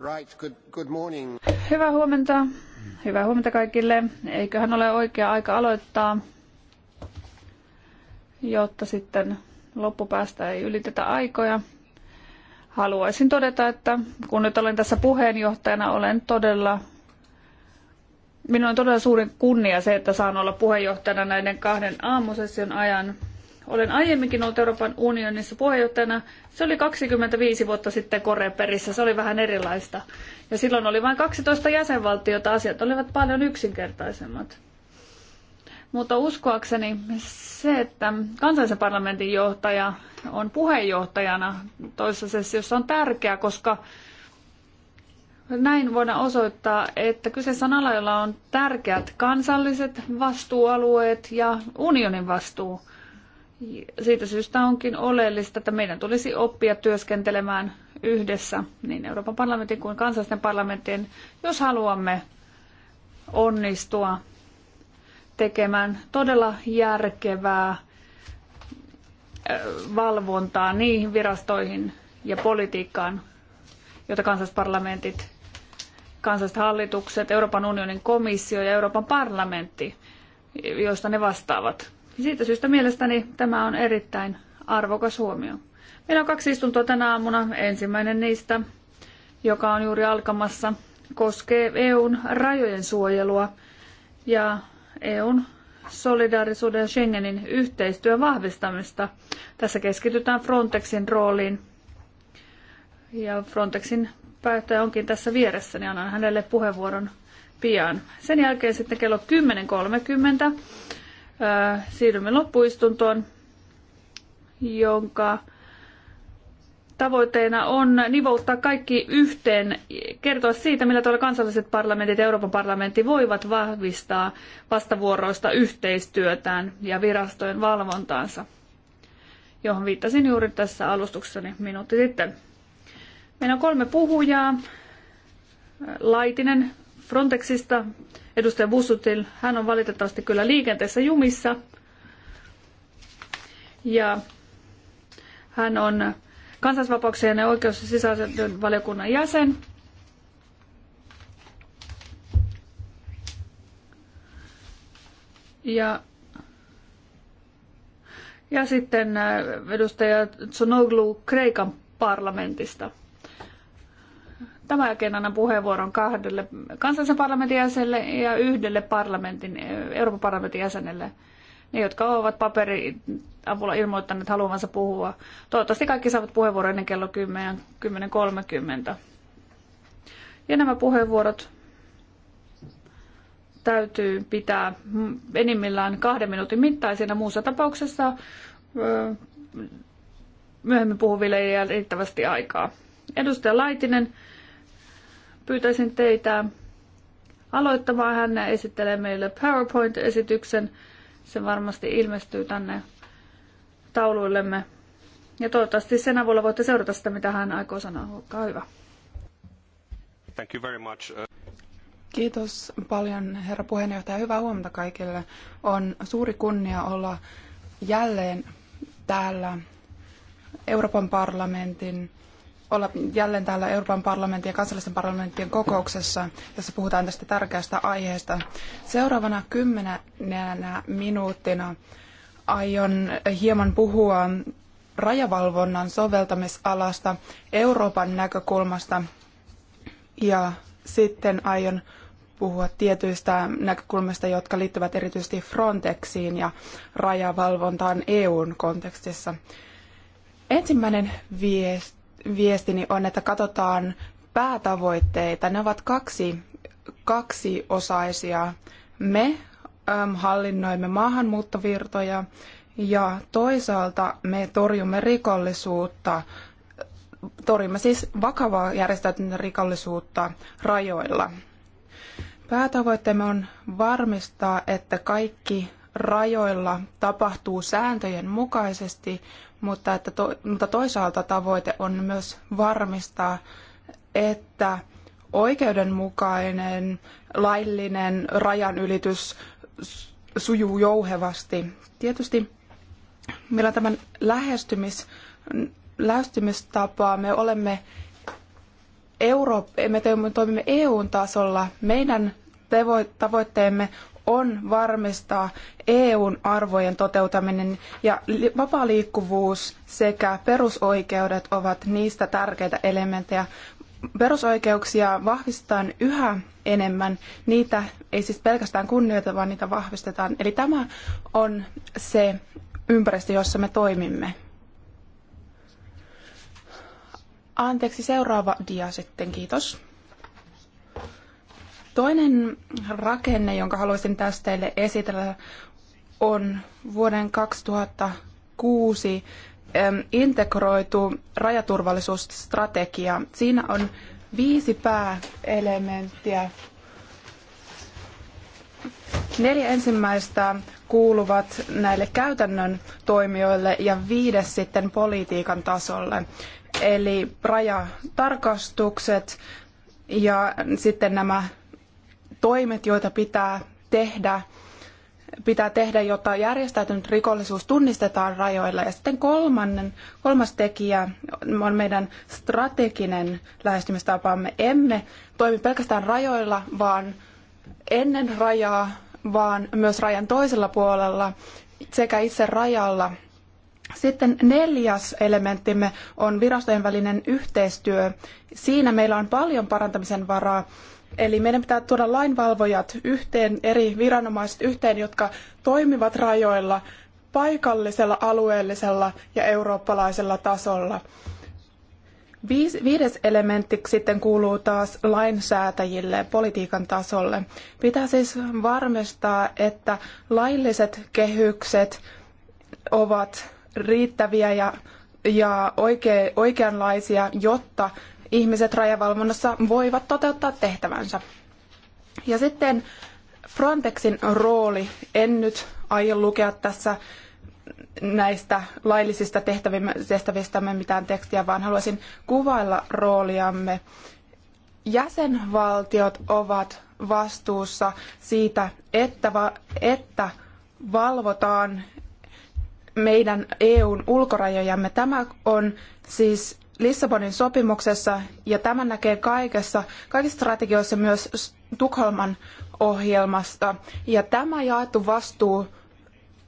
Right, good, good morning. Hyvää huomenta. Hyvää huomenta kaikille. Eiköhän ole oikea aika aloittaa, jotta sitten loppupäästä ei ylitetä aikoja. Haluaisin todeta, että kun nyt olen tässä puheenjohtajana, olen todella Minun on todella suuri kunnia se, että saan olla puheenjohtajana näiden kahden aamusession ajan. Olen aiemminkin ollut Euroopan unionissa puheenjohtajana. Se oli 25 vuotta sitten Koreperissä. Se oli vähän erilaista. Ja silloin oli vain 12 jäsenvaltiota. Asiat olivat paljon yksinkertaisemmat. Mutta uskoakseni se, että kansallisen parlamentin johtaja on puheenjohtajana toisessa sessiossa on tärkeää, koska näin voidaan osoittaa, että kyseessä on ala, jolla on tärkeät kansalliset vastuualueet ja unionin vastuu. Siitä syystä onkin oleellista, että meidän tulisi oppia työskentelemään yhdessä niin Euroopan parlamentin kuin kansallisten parlamenttien, jos haluamme onnistua tekemään todella järkevää valvontaa niihin virastoihin ja politiikkaan, jota parlamentit, kansalliset hallitukset, Euroopan unionin komissio ja Euroopan parlamentti, joista ne vastaavat. Siitä syystä mielestäni tämä on erittäin arvokas huomio. Meillä on kaksi istuntoa tänä aamuna. Ensimmäinen niistä, joka on juuri alkamassa, koskee EUn rajojen suojelua ja EUn solidaarisuuden ja Schengenin yhteistyön vahvistamista. Tässä keskitytään Frontexin rooliin. Ja Frontexin päättäjä onkin tässä vieressä, niin annan hänelle puheenvuoron pian. Sen jälkeen sitten kello 10.30 Äh, siirrymme loppuistuntoon, jonka tavoitteena on nivouttaa kaikki yhteen, kertoa siitä, millä tavalla kansalliset parlamentit ja Euroopan parlamentti voivat vahvistaa vastavuoroista yhteistyötään ja virastojen valvontaansa, johon viittasin juuri tässä alustuksessani minuutti sitten. Meillä on kolme puhujaa. Laitinen Frontexista, edustaja Bussutil. Hän on valitettavasti kyllä liikenteessä jumissa. Ja hän on kansallisvapauksien ja oikeus- ja sisäisen valiokunnan jäsen. Ja, ja sitten äh, edustaja Tsonoglu Kreikan parlamentista. Tämän jälkeen annan puheenvuoron kahdelle kansallisen parlamentin jäsenelle ja yhdelle parlamentin, Euroopan parlamentin jäsenelle. Ne, jotka ovat paperin avulla ilmoittaneet haluavansa puhua. Toivottavasti kaikki saavat puheenvuoron ennen kello 10.30. Ja nämä puheenvuorot täytyy pitää enimmillään kahden minuutin mittaisina. Muussa tapauksessa myöhemmin puhuville ei jää riittävästi aikaa. Edustaja Laitinen, Pyytäisin teitä aloittamaan. Hän esittelee meille PowerPoint-esityksen. Se varmasti ilmestyy tänne tauluillemme. Ja toivottavasti sen avulla voitte seurata sitä, mitä hän aikoo sanoa. Olkaa hyvä. Thank you very much. Uh, Kiitos paljon, herra puheenjohtaja. Hyvää huomenta kaikille. On suuri kunnia olla jälleen täällä Euroopan parlamentin olla jälleen täällä Euroopan parlamentin ja kansallisten parlamenttien kokouksessa, jossa puhutaan tästä tärkeästä aiheesta. Seuraavana kymmenenä minuuttina aion hieman puhua rajavalvonnan soveltamisalasta Euroopan näkökulmasta ja sitten aion puhua tietyistä näkökulmista, jotka liittyvät erityisesti Frontexiin ja rajavalvontaan EUn kontekstissa. Ensimmäinen viesti viestini on, että katsotaan päätavoitteita. Ne ovat kaksi, kaksi osaisia. Me äm, hallinnoimme maahanmuuttovirtoja ja toisaalta me torjumme rikollisuutta. Torjumme siis vakavaa järjestäytynyttä rikollisuutta rajoilla. Päätavoitteemme on varmistaa, että kaikki rajoilla tapahtuu sääntöjen mukaisesti, mutta, että to, mutta toisaalta tavoite on myös varmistaa, että oikeudenmukainen, laillinen rajanylitys sujuu jouhevasti. Tietysti meillä tämän lähestymis, lähestymistapaa me olemme Euro, me toimimme EUn e tasolla. Meidän tavoitteemme on varmistaa EUn arvojen toteutuminen ja vapaa liikkuvuus sekä perusoikeudet ovat niistä tärkeitä elementtejä. Perusoikeuksia vahvistetaan yhä enemmän. Niitä ei siis pelkästään kunnioiteta, vaan niitä vahvistetaan. Eli tämä on se ympäristö, jossa me toimimme. Anteeksi, seuraava dia sitten, kiitos. Toinen rakenne, jonka haluaisin tässä teille esitellä, on vuoden 2006 integroitu rajaturvallisuusstrategia. Siinä on viisi pääelementtiä. Neljä ensimmäistä kuuluvat näille käytännön toimijoille ja viides sitten politiikan tasolle. Eli rajatarkastukset ja sitten nämä toimet, joita pitää tehdä, pitää tehdä, jotta järjestäytynyt rikollisuus tunnistetaan rajoilla. Ja sitten kolmannen, kolmas tekijä on meidän strateginen lähestymistapamme. Emme toimi pelkästään rajoilla, vaan ennen rajaa, vaan myös rajan toisella puolella sekä itse rajalla. Sitten neljäs elementtimme on virastojen välinen yhteistyö. Siinä meillä on paljon parantamisen varaa Eli meidän pitää tuoda lainvalvojat yhteen, eri viranomaiset yhteen, jotka toimivat rajoilla paikallisella, alueellisella ja eurooppalaisella tasolla. Viides elementti sitten kuuluu taas lainsäätäjille politiikan tasolle. Pitää siis varmistaa, että lailliset kehykset ovat riittäviä ja, ja oikeanlaisia, jotta ihmiset rajavalvonnassa voivat toteuttaa tehtävänsä. Ja sitten Frontexin rooli, en nyt aio lukea tässä näistä laillisista tehtävistämme mitään tekstiä, vaan haluaisin kuvailla rooliamme. Jäsenvaltiot ovat vastuussa siitä, että, va- että valvotaan meidän EUn ulkorajojamme. Tämä on siis Lissabonin sopimuksessa ja tämän näkee kaikessa, kaikissa strategioissa myös Tukholman ohjelmasta. Ja tämä jaettu vastuu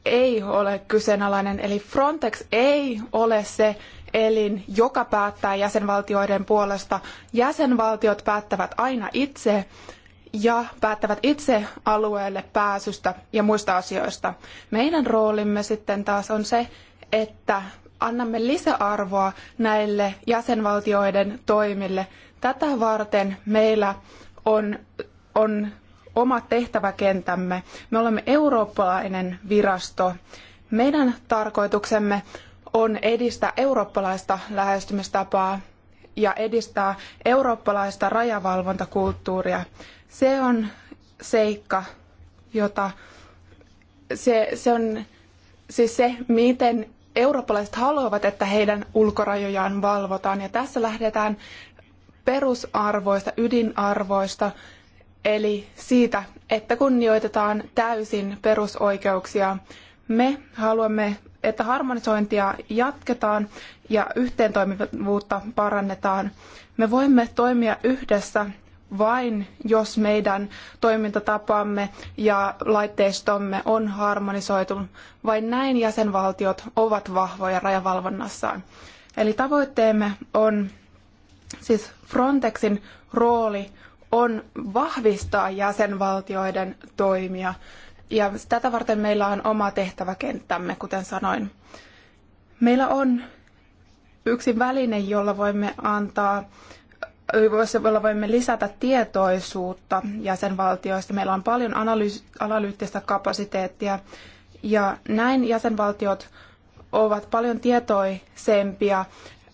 ei ole kyseenalainen, eli Frontex ei ole se elin, joka päättää jäsenvaltioiden puolesta. Jäsenvaltiot päättävät aina itse ja päättävät itse alueelle pääsystä ja muista asioista. Meidän roolimme sitten taas on se, että annamme lisäarvoa näille jäsenvaltioiden toimille. Tätä varten meillä on, on oma tehtäväkentämme. Me olemme eurooppalainen virasto. Meidän tarkoituksemme on edistää eurooppalaista lähestymistapaa ja edistää eurooppalaista rajavalvontakulttuuria. Se on seikka, jota se, se on siis se, miten eurooppalaiset haluavat, että heidän ulkorajojaan valvotaan. Ja tässä lähdetään perusarvoista, ydinarvoista, eli siitä, että kunnioitetaan täysin perusoikeuksia. Me haluamme, että harmonisointia jatketaan ja yhteentoimivuutta parannetaan. Me voimme toimia yhdessä vain, jos meidän toimintatapamme ja laitteistomme on harmonisoitu. Vain näin jäsenvaltiot ovat vahvoja rajavalvonnassaan. Eli tavoitteemme on, siis Frontexin rooli on vahvistaa jäsenvaltioiden toimia. Ja tätä varten meillä on oma tehtäväkenttämme, kuten sanoin. Meillä on yksi väline, jolla voimme antaa joilla voimme lisätä tietoisuutta jäsenvaltioista. Meillä on paljon analyyttistä kapasiteettia ja näin jäsenvaltiot ovat paljon tietoisempia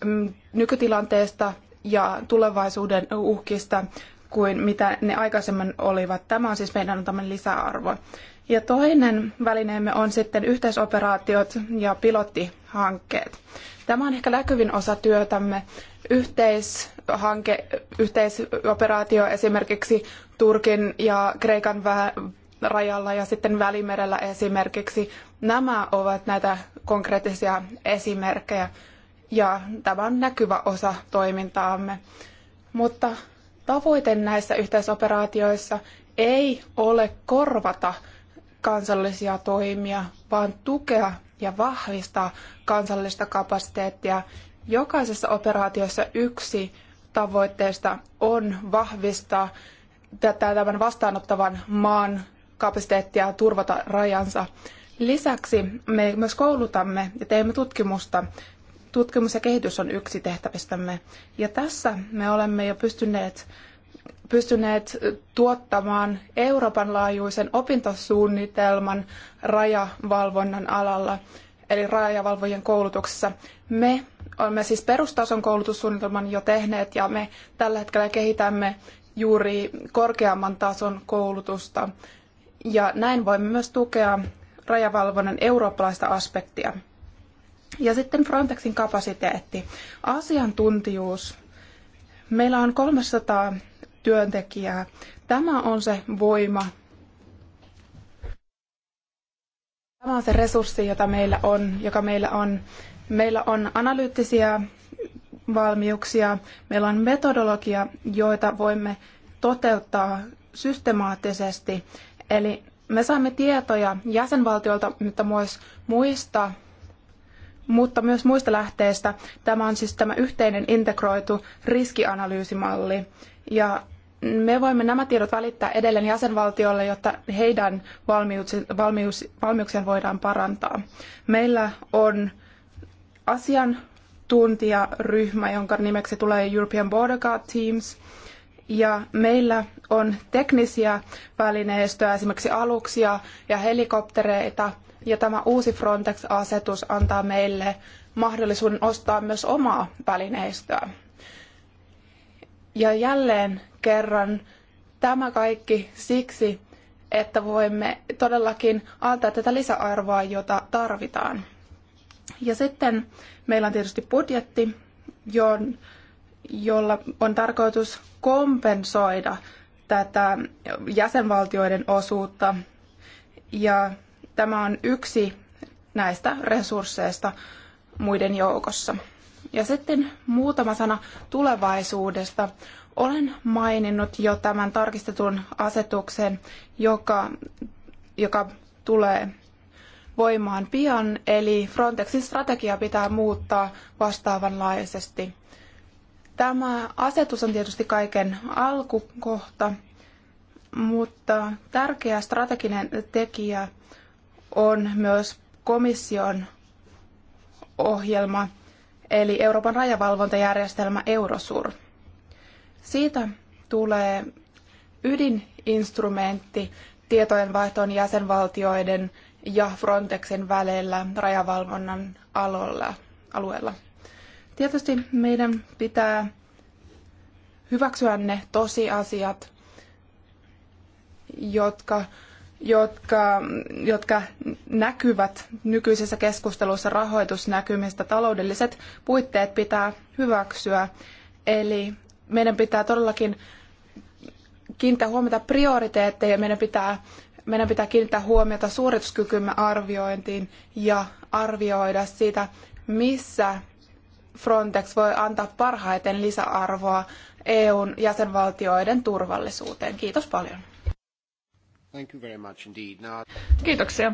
mm, nykytilanteesta ja tulevaisuuden uhkista kuin mitä ne aikaisemmin olivat. Tämä on siis meidän antamme lisäarvo. Ja toinen välineemme on sitten yhteisoperaatiot ja pilottihankkeet. Tämä on ehkä näkyvin osa työtämme. Yhteishanke, yhteisoperaatio esimerkiksi Turkin ja Kreikan rajalla ja sitten Välimerellä esimerkiksi. Nämä ovat näitä konkreettisia esimerkkejä ja tämä on näkyvä osa toimintaamme. Mutta tavoite näissä yhteisoperaatioissa ei ole korvata – kansallisia toimia, vaan tukea ja vahvistaa kansallista kapasiteettia. Jokaisessa operaatiossa yksi tavoitteista on vahvistaa tätä tämän vastaanottavan maan kapasiteettia ja turvata rajansa. Lisäksi me myös koulutamme ja teemme tutkimusta. Tutkimus ja kehitys on yksi tehtävistämme. Ja tässä me olemme jo pystyneet pystyneet tuottamaan Euroopan laajuisen opintosuunnitelman rajavalvonnan alalla, eli rajavalvojien koulutuksessa. Me olemme siis perustason koulutussuunnitelman jo tehneet ja me tällä hetkellä kehitämme juuri korkeamman tason koulutusta. Ja näin voimme myös tukea rajavalvonnan eurooppalaista aspektia. Ja sitten Frontexin kapasiteetti. Asiantuntijuus. Meillä on 300 työntekijää. Tämä on se voima. Tämä on se resurssi, jota meillä on, joka meillä on. Meillä on analyyttisiä valmiuksia, meillä on metodologia, joita voimme toteuttaa systemaattisesti. Eli me saamme tietoja jäsenvaltiolta, mutta myös muista, mutta myös muista lähteistä. Tämä on siis tämä yhteinen integroitu riskianalyysimalli. Ja me voimme nämä tiedot välittää edelleen jäsenvaltiolle, jotta heidän valmiuksiaan voidaan parantaa. Meillä on asiantuntijaryhmä, jonka nimeksi tulee European Border Guard Teams, ja meillä on teknisiä välineistöjä, esimerkiksi aluksia ja helikoptereita, ja tämä uusi Frontex-asetus antaa meille mahdollisuuden ostaa myös omaa välineistöä. Ja jälleen kerran tämä kaikki siksi, että voimme todellakin antaa tätä lisäarvoa, jota tarvitaan. Ja sitten meillä on tietysti budjetti, jolla on tarkoitus kompensoida tätä jäsenvaltioiden osuutta. Ja tämä on yksi näistä resursseista muiden joukossa. Ja sitten muutama sana tulevaisuudesta. Olen maininnut jo tämän tarkistetun asetuksen, joka, joka tulee voimaan pian, eli Frontexin strategia pitää muuttaa vastaavanlaisesti. Tämä asetus on tietysti kaiken alkukohta, mutta tärkeä strateginen tekijä on myös komission ohjelma eli Euroopan rajavalvontajärjestelmä Eurosur. Siitä tulee ydininstrumentti tietojenvaihtoon jäsenvaltioiden ja Frontexin välillä rajavalvonnan alolla, alueella. Tietysti meidän pitää hyväksyä ne tosiasiat, jotka jotka, jotka näkyvät nykyisessä keskustelussa rahoitusnäkymistä. Taloudelliset puitteet pitää hyväksyä. Eli meidän pitää todellakin kiinnittää huomiota prioriteetteihin ja meidän pitää, meidän pitää kiinnittää huomiota suorituskykymme arviointiin ja arvioida sitä, missä Frontex voi antaa parhaiten lisäarvoa EUn jäsenvaltioiden turvallisuuteen. Kiitos paljon. Kiitoksia.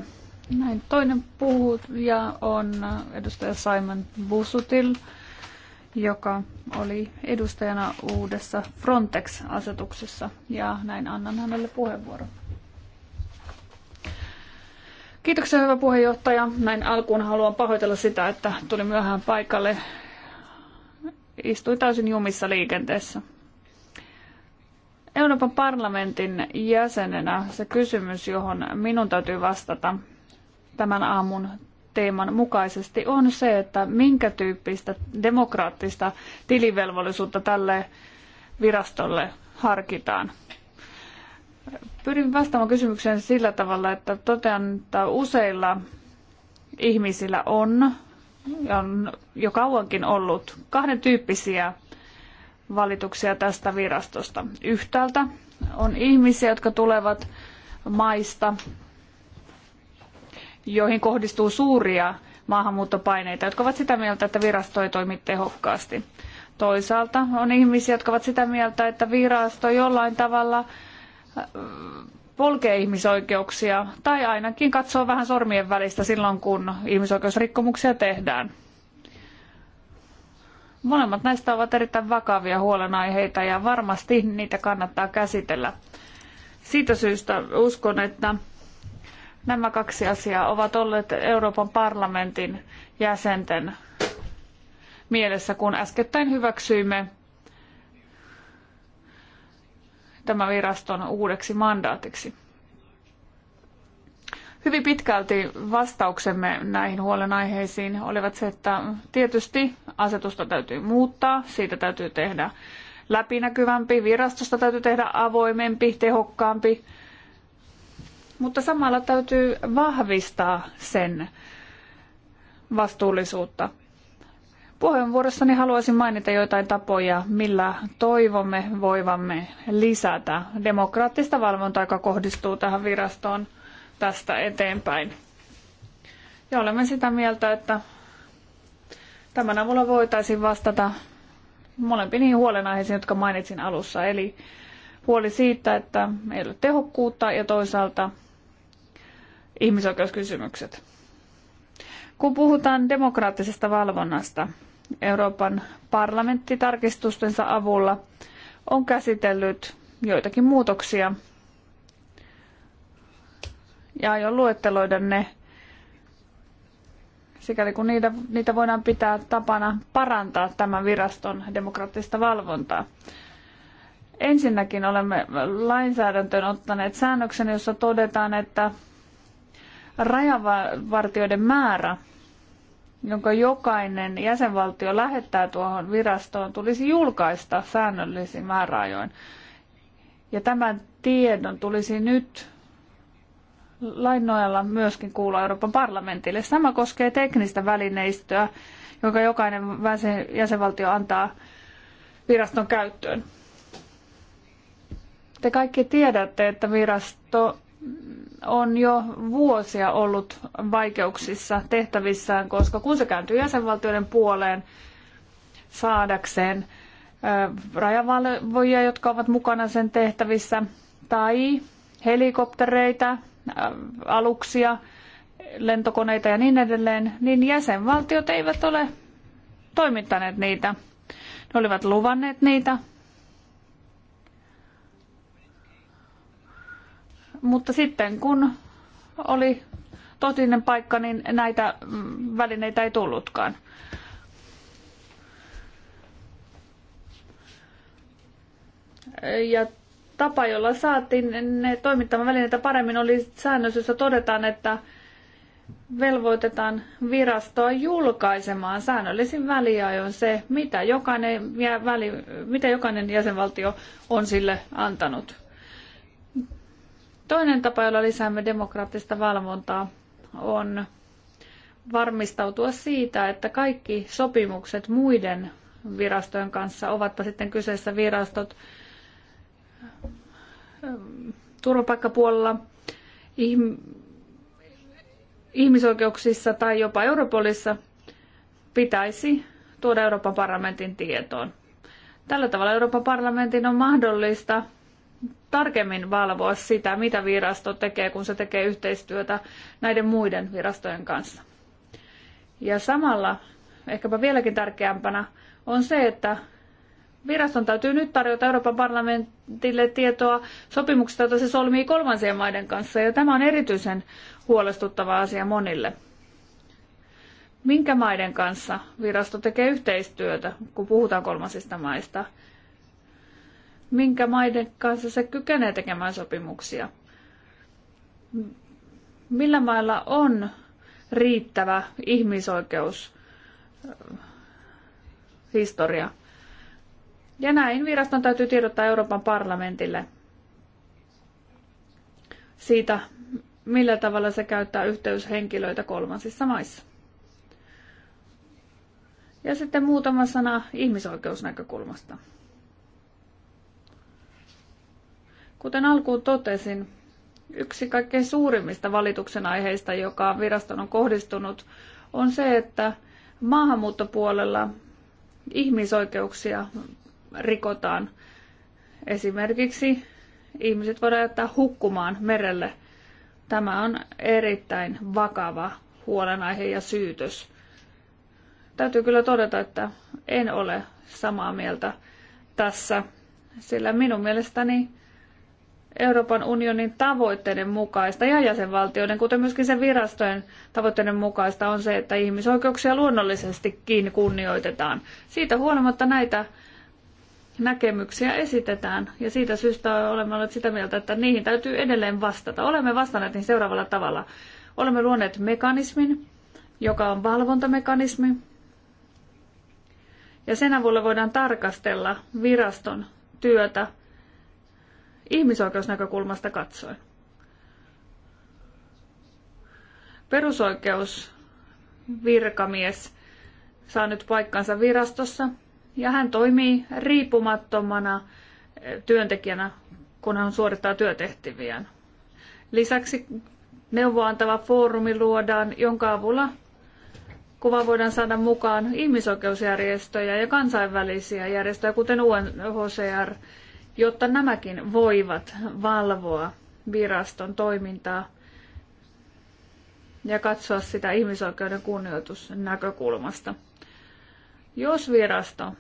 Näin toinen puhuja on edustaja Simon Busutil, joka oli edustajana uudessa Frontex-asetuksessa ja näin annan hänelle puheenvuoron. Kiitoksia hyvä puheenjohtaja. Näin alkuun haluan pahoitella sitä, että tulin myöhään paikalle. Istuin täysin jumissa liikenteessä. Euroopan parlamentin jäsenenä se kysymys, johon minun täytyy vastata tämän aamun teeman mukaisesti, on se, että minkä tyyppistä demokraattista tilivelvollisuutta tälle virastolle harkitaan. Pyrin vastaamaan kysymykseen sillä tavalla, että totean, että useilla ihmisillä on ja on jo kauankin ollut kahden tyyppisiä valituksia tästä virastosta. Yhtäältä on ihmisiä, jotka tulevat maista, joihin kohdistuu suuria maahanmuuttopaineita, jotka ovat sitä mieltä, että virasto ei toimi tehokkaasti. Toisaalta on ihmisiä, jotka ovat sitä mieltä, että virasto jollain tavalla äh, polkee ihmisoikeuksia tai ainakin katsoo vähän sormien välistä silloin, kun ihmisoikeusrikkomuksia tehdään. Molemmat näistä ovat erittäin vakavia huolenaiheita ja varmasti niitä kannattaa käsitellä. Siitä syystä uskon, että nämä kaksi asiaa ovat olleet Euroopan parlamentin jäsenten mielessä, kun äskettäin hyväksyimme tämän viraston uudeksi mandaatiksi. Hyvin pitkälti vastauksemme näihin huolenaiheisiin olivat se, että tietysti asetusta täytyy muuttaa, siitä täytyy tehdä läpinäkyvämpi, virastosta täytyy tehdä avoimempi, tehokkaampi, mutta samalla täytyy vahvistaa sen vastuullisuutta. Puheenvuorossani haluaisin mainita joitain tapoja, millä toivomme voivamme lisätä demokraattista valvontaa, joka kohdistuu tähän virastoon tästä eteenpäin. Ja olemme sitä mieltä, että Tämän avulla voitaisiin vastata molempiin niihin huolenaiheisiin, jotka mainitsin alussa. Eli huoli siitä, että ei ole tehokkuutta ja toisaalta ihmisoikeuskysymykset. Kun puhutaan demokraattisesta valvonnasta, Euroopan parlamentti tarkistustensa avulla on käsitellyt joitakin muutoksia ja aion luetteloida ne sikäli kun niitä, niitä voidaan pitää tapana parantaa tämän viraston demokraattista valvontaa. Ensinnäkin olemme lainsäädäntöön ottaneet säännöksen, jossa todetaan, että rajavartioiden määrä, jonka jokainen jäsenvaltio lähettää tuohon virastoon, tulisi julkaista säännöllisin määräajoin. Ja tämän tiedon tulisi nyt lain nojalla myöskin kuulua Euroopan parlamentille. Sama koskee teknistä välineistöä, jonka jokainen jäsenvaltio antaa viraston käyttöön. Te kaikki tiedätte, että virasto on jo vuosia ollut vaikeuksissa tehtävissään, koska kun se kääntyy jäsenvaltioiden puoleen saadakseen rajavalvojia, jotka ovat mukana sen tehtävissä, tai helikoptereita, Äh, aluksia, lentokoneita ja niin edelleen, niin jäsenvaltiot eivät ole toimittaneet niitä. Ne olivat luvanneet niitä, mutta sitten kun oli totinen paikka, niin näitä mm, välineitä ei tullutkaan. Ja tapa, jolla saatiin ne toimittamaan välineitä paremmin, oli säännös, jossa todetaan, että velvoitetaan virastoa julkaisemaan säännöllisin väliajoin se, mitä jokainen, väli, mitä jokainen jäsenvaltio on sille antanut. Toinen tapa, jolla lisäämme demokraattista valvontaa, on varmistautua siitä, että kaikki sopimukset muiden virastojen kanssa, ovatpa sitten kyseessä virastot, turvapaikkapuolella, ihmisoikeuksissa tai jopa Europolissa pitäisi tuoda Euroopan parlamentin tietoon. Tällä tavalla Euroopan parlamentin on mahdollista tarkemmin valvoa sitä, mitä virasto tekee, kun se tekee yhteistyötä näiden muiden virastojen kanssa. Ja samalla, ehkäpä vieläkin tärkeämpänä, on se, että Viraston täytyy nyt tarjota Euroopan parlamentille tietoa sopimuksista, joita se solmii kolmansien maiden kanssa, ja tämä on erityisen huolestuttava asia monille. Minkä maiden kanssa virasto tekee yhteistyötä, kun puhutaan kolmansista maista? Minkä maiden kanssa se kykenee tekemään sopimuksia? Millä mailla on riittävä ihmisoikeushistoria? Ja näin viraston täytyy tiedottaa Euroopan parlamentille siitä, millä tavalla se käyttää yhteyshenkilöitä kolmansissa maissa. Ja sitten muutama sana ihmisoikeusnäkökulmasta. Kuten alkuun totesin, yksi kaikkein suurimmista valituksen aiheista, joka viraston on kohdistunut, on se, että maahanmuuttopuolella ihmisoikeuksia rikotaan. Esimerkiksi ihmiset voidaan jättää hukkumaan merelle. Tämä on erittäin vakava huolenaihe ja syytös. Täytyy kyllä todeta, että en ole samaa mieltä tässä, sillä minun mielestäni Euroopan unionin tavoitteiden mukaista ja jäsenvaltioiden, kuten myöskin sen virastojen tavoitteiden mukaista on se, että ihmisoikeuksia luonnollisestikin kunnioitetaan. Siitä huolimatta näitä näkemyksiä esitetään. Ja siitä syystä olemme olleet sitä mieltä, että niihin täytyy edelleen vastata. Olemme vastanneet niin seuraavalla tavalla. Olemme luoneet mekanismin, joka on valvontamekanismi. Ja sen avulla voidaan tarkastella viraston työtä ihmisoikeusnäkökulmasta katsoen. Perusoikeusvirkamies saa nyt paikkansa virastossa ja hän toimii riippumattomana eh, työntekijänä, kun hän suorittaa työtehtäviään. Lisäksi neuvoantava foorumi luodaan, jonka avulla kuva voidaan saada mukaan ihmisoikeusjärjestöjä ja kansainvälisiä järjestöjä, kuten UNHCR, jotta nämäkin voivat valvoa viraston toimintaa ja katsoa sitä ihmisoikeuden kunnioitusnäkökulmasta. Jos virasto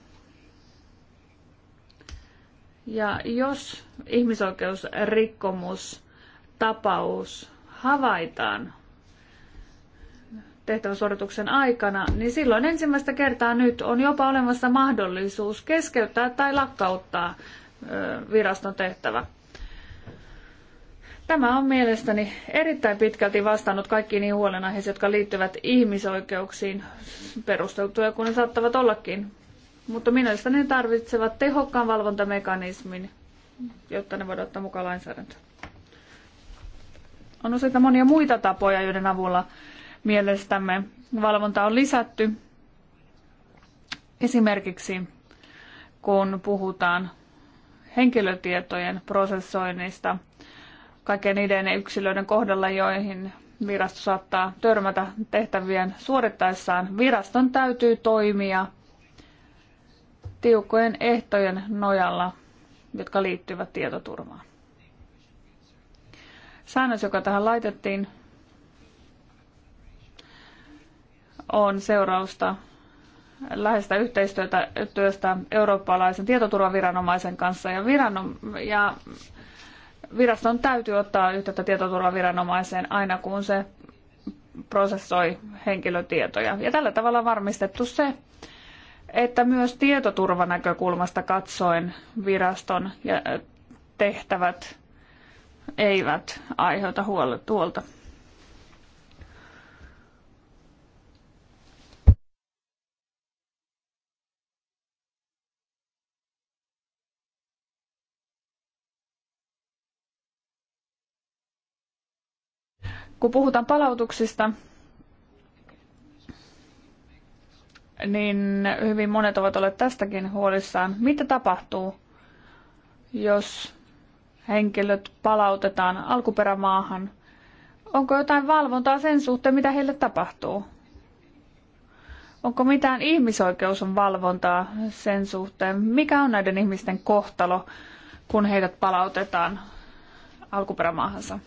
ja jos ihmisoikeusrikkomus tapaus havaitaan tehtävän suorituksen aikana, niin silloin ensimmäistä kertaa nyt on jopa olemassa mahdollisuus keskeyttää tai lakkauttaa viraston tehtävä. Tämä on mielestäni erittäin pitkälti vastannut kaikkiin niihin huolenaiheisiin, jotka liittyvät ihmisoikeuksiin perusteltuja, kun ne saattavat ollakin. Mutta mielestäni ne tarvitsevat tehokkaan valvontamekanismin, jotta ne voidaan ottaa mukaan lainsäädäntöön. On useita monia muita tapoja, joiden avulla mielestämme valvonta on lisätty. Esimerkiksi kun puhutaan henkilötietojen prosessoinnista – kaikkien niiden yksilöiden kohdalla, joihin virasto saattaa törmätä tehtävien suorittaessaan. Viraston täytyy toimia tiukkojen ehtojen nojalla, jotka liittyvät tietoturvaan. Säännös, joka tähän laitettiin, on seurausta läheistä yhteistyötä työstä eurooppalaisen tietoturvaviranomaisen kanssa ja, viranom- ja viraston täytyy ottaa yhteyttä tietoturvaviranomaiseen aina kun se prosessoi henkilötietoja. Ja tällä tavalla on varmistettu se, että myös tietoturvanäkökulmasta katsoen viraston tehtävät eivät aiheuta huolta. kun puhutaan palautuksista, niin hyvin monet ovat olleet tästäkin huolissaan. Mitä tapahtuu, jos henkilöt palautetaan alkuperämaahan? Onko jotain valvontaa sen suhteen, mitä heille tapahtuu? Onko mitään valvontaa sen suhteen? Mikä on näiden ihmisten kohtalo, kun heidät palautetaan alkuperämaahansa?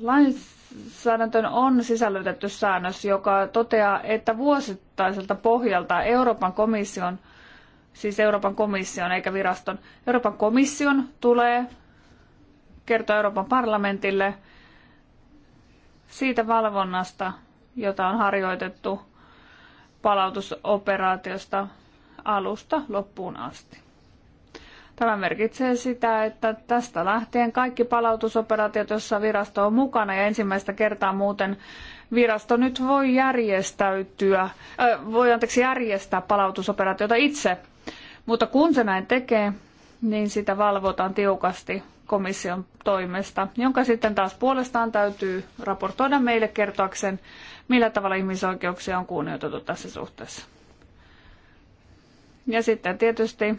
Lainsäädäntöön on sisällytetty säännös, joka toteaa, että vuosittaiselta pohjalta Euroopan komission, siis Euroopan komission eikä viraston, Euroopan komission tulee kertoa Euroopan parlamentille siitä valvonnasta, jota on harjoitettu palautusoperaatiosta alusta loppuun asti. Tämä merkitsee sitä, että tästä lähtien kaikki palautusoperaatiot, joissa virasto on mukana ja ensimmäistä kertaa muuten virasto nyt voi järjestäytyä, äh, voi anteeksi järjestää palautusoperaatiota itse, mutta kun se näin tekee, niin sitä valvotaan tiukasti komission toimesta, jonka sitten taas puolestaan täytyy raportoida meille kertoakseen, millä tavalla ihmisoikeuksia on kunnioitettu tässä suhteessa. Ja sitten tietysti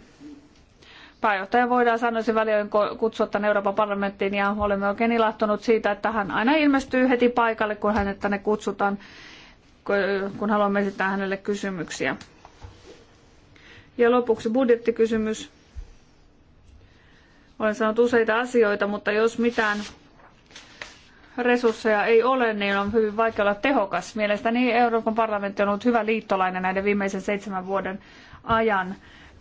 Pääjohtaja voidaan sanoisin väliin kutsua tänne Euroopan parlamenttiin ja olemme oikein ilahtunut siitä, että hän aina ilmestyy heti paikalle, kun hänet tänne kutsutaan, kun haluamme esittää hänelle kysymyksiä. Ja lopuksi budjettikysymys. Olen sanonut useita asioita, mutta jos mitään resursseja ei ole, niin on hyvin vaikea olla tehokas. Mielestäni Euroopan parlamentti on ollut hyvä liittolainen näiden viimeisen seitsemän vuoden ajan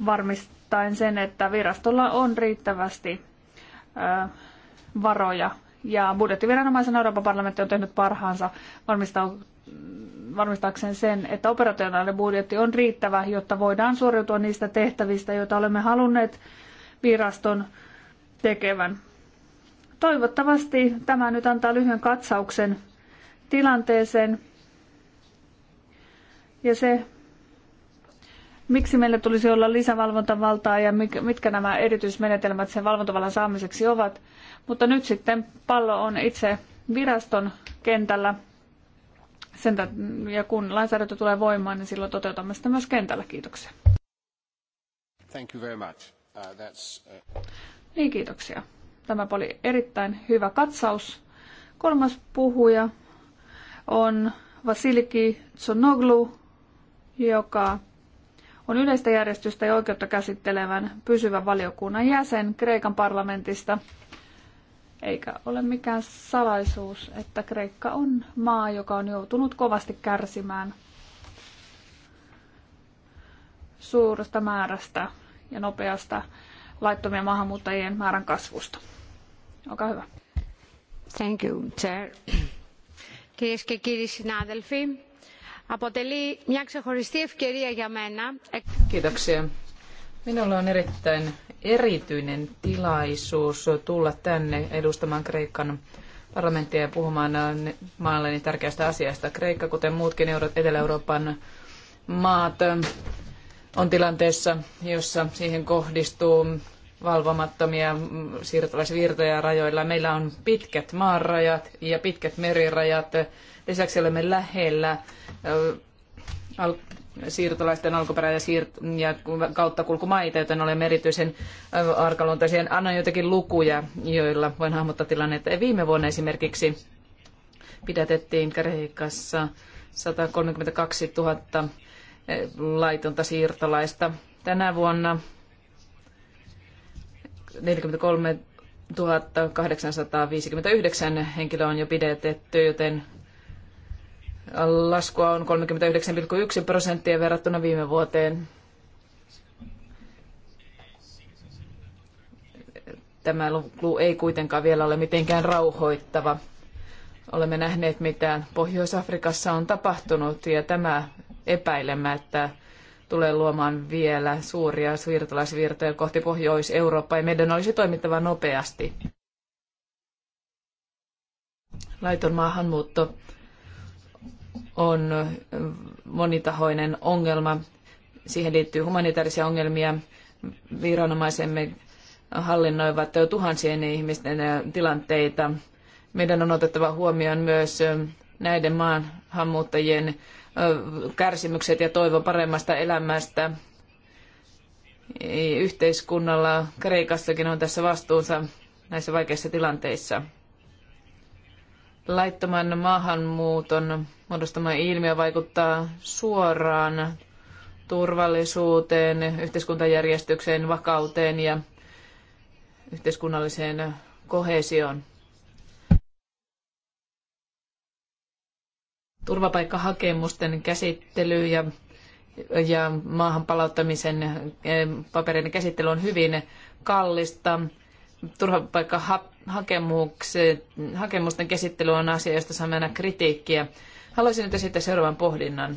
varmist- varmistaen sen, että virastolla on riittävästi varoja. Ja budjettiviranomaisen Euroopan parlamentti on tehnyt parhaansa varmistaakseen sen, että operationaalinen budjetti on riittävä, jotta voidaan suoriutua niistä tehtävistä, joita olemme halunneet viraston tekevän. Toivottavasti tämä nyt antaa lyhyen katsauksen tilanteeseen ja se miksi meillä tulisi olla lisävalvontavaltaa ja mitkä nämä erityismenetelmät sen valvontavallan saamiseksi ovat. Mutta nyt sitten pallo on itse viraston kentällä. Sen ja kun lainsäädäntö tulee voimaan, niin silloin toteutamme sitä myös kentällä. Kiitoksia. Thank you very much. Uh, that's, uh... Niin, kiitoksia. Tämä oli erittäin hyvä katsaus. Kolmas puhuja on Vasiliki Tsonoglu, joka on yleistä järjestystä ja oikeutta käsittelevän pysyvän valiokunnan jäsen Kreikan parlamentista. Eikä ole mikään salaisuus, että Kreikka on maa, joka on joutunut kovasti kärsimään suuresta määrästä ja nopeasta laittomien maahanmuuttajien määrän kasvusta. Olkaa hyvä. Thank you, chair. Kiitos, και κύριοι αποτελεί μια ξεχωριστή ευκαιρία για μένα. Kiitoksia. Minulla on erittäin erityinen tilaisuus tulla tänne edustamaan Kreikan parlamenttia ja puhumaan maalleni tärkeästä asiasta. Kreikka, kuten muutkin Etelä-Euroopan maat, on tilanteessa, jossa siihen kohdistuu valvomattomia mm, siirtolaisvirtoja rajoilla. Meillä on pitkät maanrajat ja pitkät merirajat. Lisäksi olemme lähellä siirtolaisten alkuperä- ja, siir- ja kauttakulkumaita, joten olemme erityisen arkaluontoisia. Annan jotakin lukuja, joilla voin hahmottaa tilannetta. Viime vuonna esimerkiksi pidätettiin Kreikassa 132 000 laitonta siirtolaista. Tänä vuonna 43 859 henkilöä on jo pidetetty, joten laskua on 39,1 prosenttia verrattuna viime vuoteen. Tämä luku ei kuitenkaan vielä ole mitenkään rauhoittava. Olemme nähneet, mitä Pohjois-Afrikassa on tapahtunut, ja tämä epäilemättä tulee luomaan vielä suuria siirtolaisvirtoja kohti Pohjois-Eurooppaa ja meidän olisi toimittava nopeasti. Laiton maahanmuutto on monitahoinen ongelma. Siihen liittyy humanitaarisia ongelmia. Viranomaisemme hallinnoivat tuhansien ihmisten äh, tilanteita. Meidän on otettava huomioon myös äh, näiden maahanmuuttajien kärsimykset ja toivon paremmasta elämästä. Yhteiskunnalla Kreikassakin on tässä vastuunsa näissä vaikeissa tilanteissa. Laittoman maahanmuuton muodostama ilmiö vaikuttaa suoraan turvallisuuteen, yhteiskuntajärjestykseen, vakauteen ja yhteiskunnalliseen kohesioon. turvapaikkahakemusten käsittely ja, ja maahan palauttamisen eh, papereiden käsittely on hyvin kallista. Turvapaikkahakemusten käsittely on asia, josta saamme aina kritiikkiä. Haluaisin nyt esittää seuraavan pohdinnan.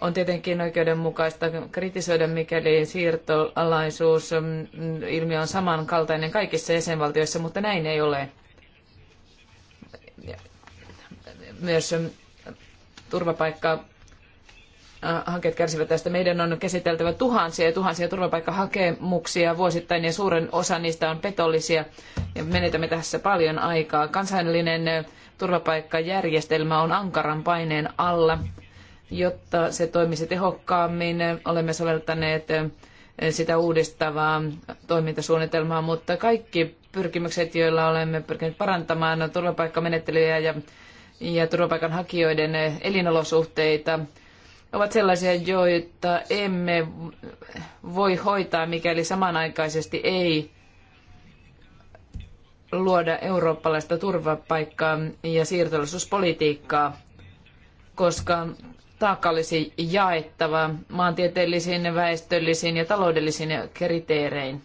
On tietenkin oikeudenmukaista kritisoida, mikäli siirtolaisuus mm, ilmiö on samankaltainen kaikissa jäsenvaltioissa, mutta näin ei ole myös turvapaikka- hankkeet kärsivät tästä. Meidän on käsiteltävä tuhansia ja tuhansia turvapaikkahakemuksia vuosittain ja suuren osa niistä on petollisia ja menetämme tässä paljon aikaa. Kansainvälinen turvapaikkajärjestelmä on ankaran paineen alla. Jotta se toimisi tehokkaammin, olemme soveltaneet sitä uudistavaa toimintasuunnitelmaa, mutta kaikki pyrkimykset, joilla olemme pyrkineet parantamaan turvapaikkamenettelyjä ja ja turvapaikanhakijoiden elinolosuhteita ovat sellaisia, joita emme voi hoitaa, mikäli samanaikaisesti ei luoda eurooppalaista turvapaikkaa ja siirtolaisuuspolitiikkaa, koska taakka olisi jaettava maantieteellisin, väestöllisin ja taloudellisin kriteerein.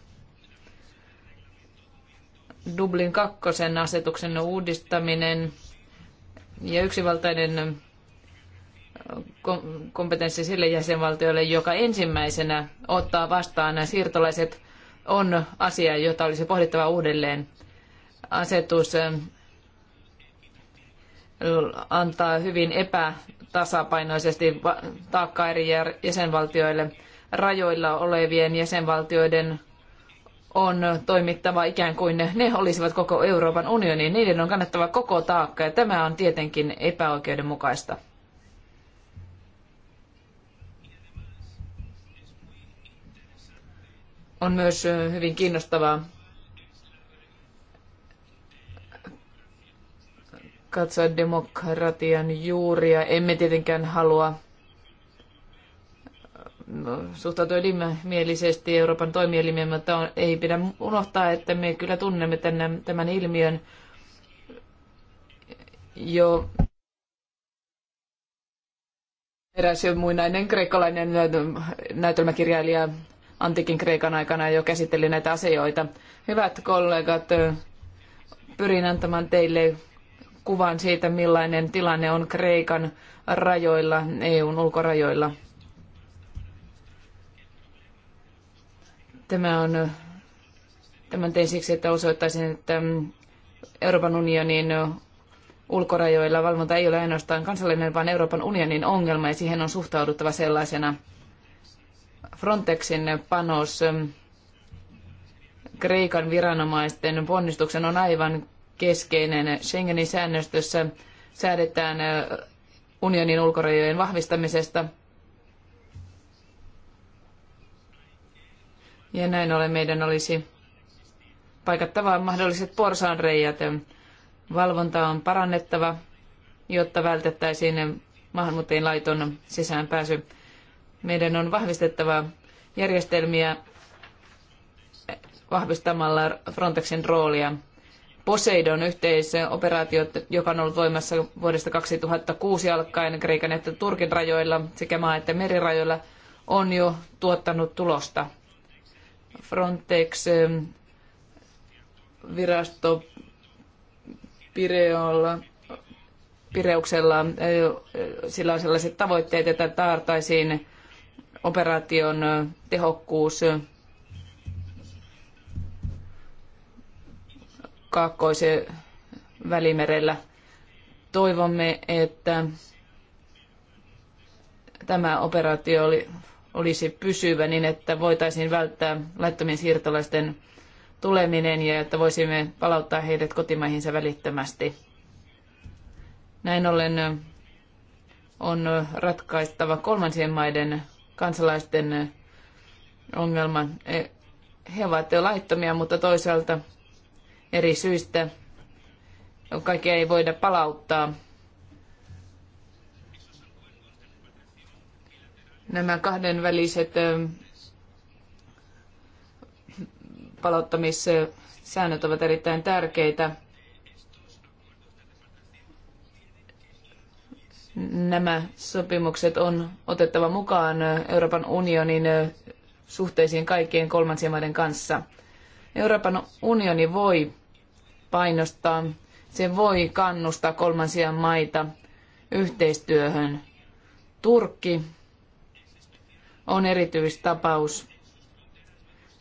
Dublin kakkosen asetuksen uudistaminen – ja yksivaltainen kompetenssi sille jäsenvaltiolle, joka ensimmäisenä ottaa vastaan nämä siirtolaiset, on asia, jota olisi pohdittava uudelleen. Asetus antaa hyvin epätasapainoisesti taakkaa eri jäsenvaltioille rajoilla olevien jäsenvaltioiden on toimittava ikään kuin ne, ne olisivat koko Euroopan unioni. Niiden on kannettava koko taakka ja tämä on tietenkin epäoikeudenmukaista. On myös hyvin kiinnostavaa katsoa demokratian juuria. Emme tietenkään halua No, suhtautui mielisesti Euroopan toimielimiin, mutta on, ei pidä unohtaa, että me kyllä tunnemme tänne tämän ilmiön jo eräs jo muinainen kreikkalainen näytelmäkirjailija antiikin Kreikan aikana jo käsitteli näitä asioita. Hyvät kollegat, pyrin antamaan teille kuvan siitä, millainen tilanne on Kreikan rajoilla, EUn ulkorajoilla. Tämä on tämän tein siksi, että osoittaisin, että Euroopan unionin ulkorajoilla valvonta ei ole ainoastaan kansallinen, vaan Euroopan unionin ongelma ja siihen on suhtauduttava sellaisena. Frontexin panos Kreikan viranomaisten ponnistuksen on aivan keskeinen. Schengenin säännöstössä säädetään unionin ulkorajojen vahvistamisesta – Ja näin ollen meidän olisi paikattava mahdolliset porsaanreijät. Valvontaa on parannettava, jotta vältettäisiin maahanmuuttajien laiton sisäänpääsy. Meidän on vahvistettava järjestelmiä vahvistamalla Frontexin roolia. Poseidon yhteisoperaatio, joka on ollut voimassa vuodesta 2006 alkaen Kreikan että Turkin rajoilla sekä maa- että merirajoilla, on jo tuottanut tulosta. Frontex-virasto ähm, Pireolla, Pireuksella, äh, sillä on sellaiset tavoitteet, että taartaisiin operaation äh, tehokkuus äh, kaakkoisen välimerellä. Toivomme, että tämä operaatio oli olisi pysyvä niin, että voitaisiin välttää laittomien siirtolaisten tuleminen ja että voisimme palauttaa heidät kotimaihinsa välittömästi. Näin ollen on ratkaistava kolmansien maiden kansalaisten ongelma. E, he ovat jo laittomia, mutta toisaalta eri syistä kaikkea ei voida palauttaa nämä kahdenväliset palauttamissäännöt ovat erittäin tärkeitä. Nämä sopimukset on otettava mukaan Euroopan unionin suhteisiin kaikkien kolmansien maiden kanssa. Euroopan unioni voi painostaa, se voi kannustaa kolmansia maita yhteistyöhön. Turkki on erityistapaus,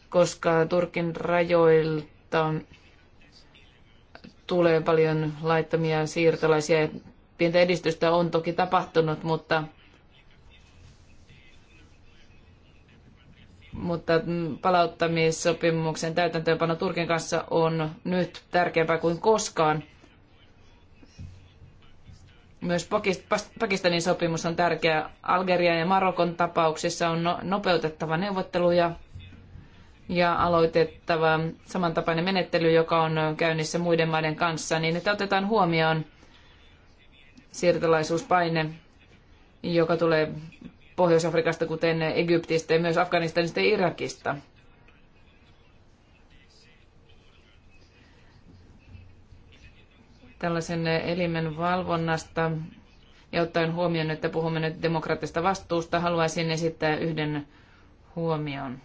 koska Turkin rajoilta tulee paljon laittomia siirtolaisia. Pientä edistystä on toki tapahtunut, mutta, mutta palauttamissopimuksen täytäntöönpano Turkin kanssa on nyt tärkeämpää kuin koskaan – myös Pakistanin sopimus on tärkeä. Algerian ja Marokon tapauksissa on no- nopeutettava neuvotteluja ja aloitettava samantapainen menettely, joka on käynnissä muiden maiden kanssa, niin että otetaan huomioon siirtolaisuuspaine, joka tulee Pohjois-Afrikasta, kuten Egyptistä ja myös Afganistanista ja Irakista. tällaisen elimen valvonnasta ja ottaen huomioon, että puhumme nyt demokraattista vastuusta, haluaisin esittää yhden huomion.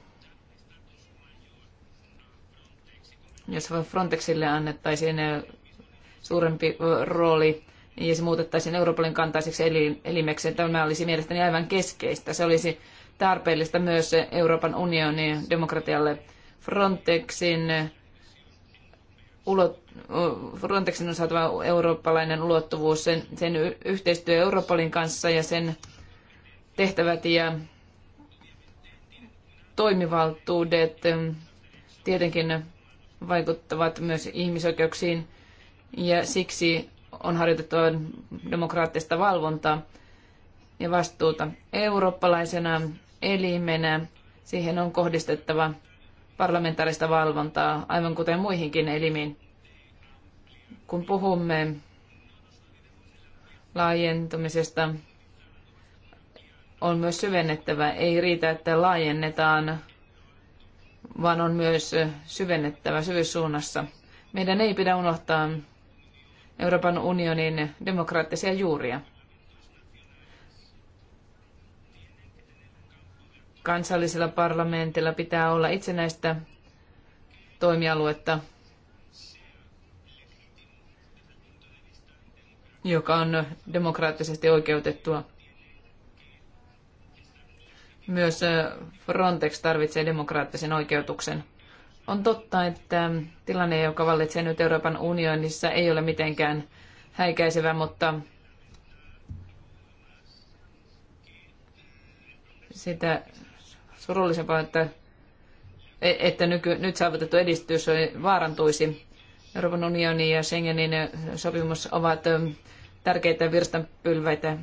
Jos Frontexille annettaisiin suurempi rooli ja se muutettaisiin Euroopan kantaiseksi elimeksi, tämä olisi mielestäni aivan keskeistä. Se olisi tarpeellista myös Euroopan unionin demokratialle. Frontexin ulot, Frontexin on saatava eurooppalainen ulottuvuus, sen, sen yhteistyö Europolin kanssa ja sen tehtävät ja toimivaltuudet tietenkin vaikuttavat myös ihmisoikeuksiin ja siksi on harjoitettava demokraattista valvontaa ja vastuuta eurooppalaisena elimenä. Siihen on kohdistettava parlamentaarista valvontaa, aivan kuten muihinkin elimiin. Kun puhumme laajentumisesta, on myös syvennettävä. Ei riitä, että laajennetaan, vaan on myös syvennettävä syvyyssuunnassa. Meidän ei pidä unohtaa Euroopan unionin demokraattisia juuria. kansallisella parlamentilla pitää olla itsenäistä toimialuetta, joka on demokraattisesti oikeutettua. Myös Frontex tarvitsee demokraattisen oikeutuksen. On totta, että tilanne, joka vallitsee nyt Euroopan unionissa, ei ole mitenkään häikäisevä, mutta sitä surullisempaa, että, e, että nyky, nyt saavutettu edistys vaarantuisi. Euroopan unioni ja Schengenin sopimus ovat tärkeitä virstanpylväitä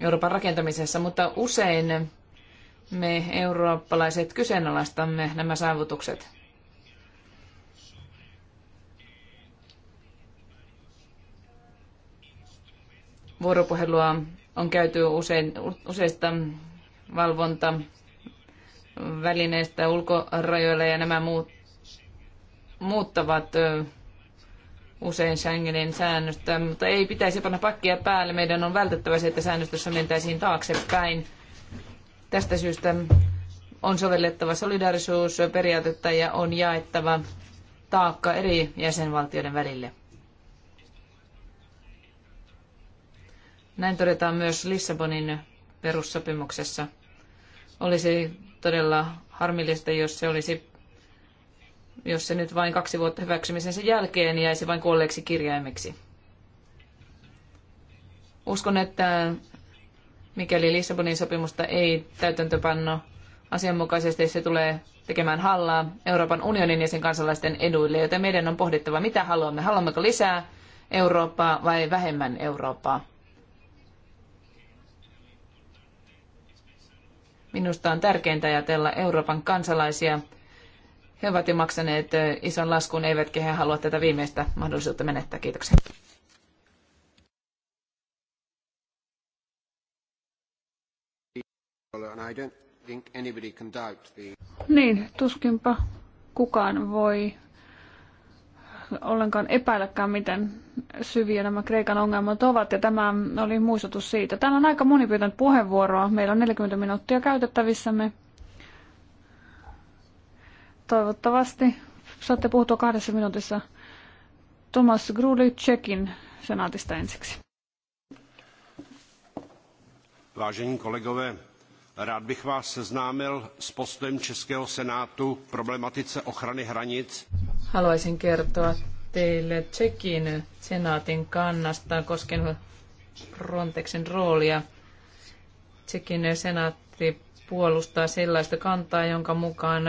Euroopan rakentamisessa, mutta usein me eurooppalaiset kyseenalaistamme nämä saavutukset. Vuoropuhelua on käyty usein, useista valvonta välineistä ulkorajoilla ja nämä muut, muuttavat usein Schengenin säännöstä, mutta ei pitäisi panna pakkia päälle. Meidän on vältettävä se, että säännöstössä mentäisiin taaksepäin. Tästä syystä on sovellettava solidaarisuusperiaatetta ja on jaettava taakka eri jäsenvaltioiden välille. Näin todetaan myös Lissabonin perussopimuksessa. Olisi todella harmillista, jos se olisi jos se nyt vain kaksi vuotta sen jälkeen jäisi vain kuolleeksi kirjaimeksi. Uskon, että mikäli Lissabonin sopimusta ei täytäntöpanno asianmukaisesti, se tulee tekemään hallaa Euroopan unionin ja sen kansalaisten eduille, joten meidän on pohdittava, mitä haluamme. Haluammeko lisää Eurooppaa vai vähemmän Eurooppaa? Minusta on tärkeintä ajatella Euroopan kansalaisia. He ovat jo maksaneet ison laskun, eivätkä he halua tätä viimeistä mahdollisuutta menettää. Kiitoksia. Niin, tuskinpa kukaan voi ollenkaan epäilläkään, miten syviä nämä Kreikan ongelmat ovat, ja tämä oli muistutus siitä. Täällä on aika moni pyytänyt puheenvuoroa. Meillä on 40 minuuttia käytettävissämme. Toivottavasti saatte puhua kahdessa minuutissa. Thomas Gruli Tsekin senaatista ensiksi. Vážení kolegové, Rád bych vás seznámil s postojem Českého senátu k problematice ochrany hranic. Haluaisin kertoa teille Tsekin senaatin kannasta koskien Frontexin roolia. Tsekin senaatti puolustaa sellaista kantaa, jonka mukaan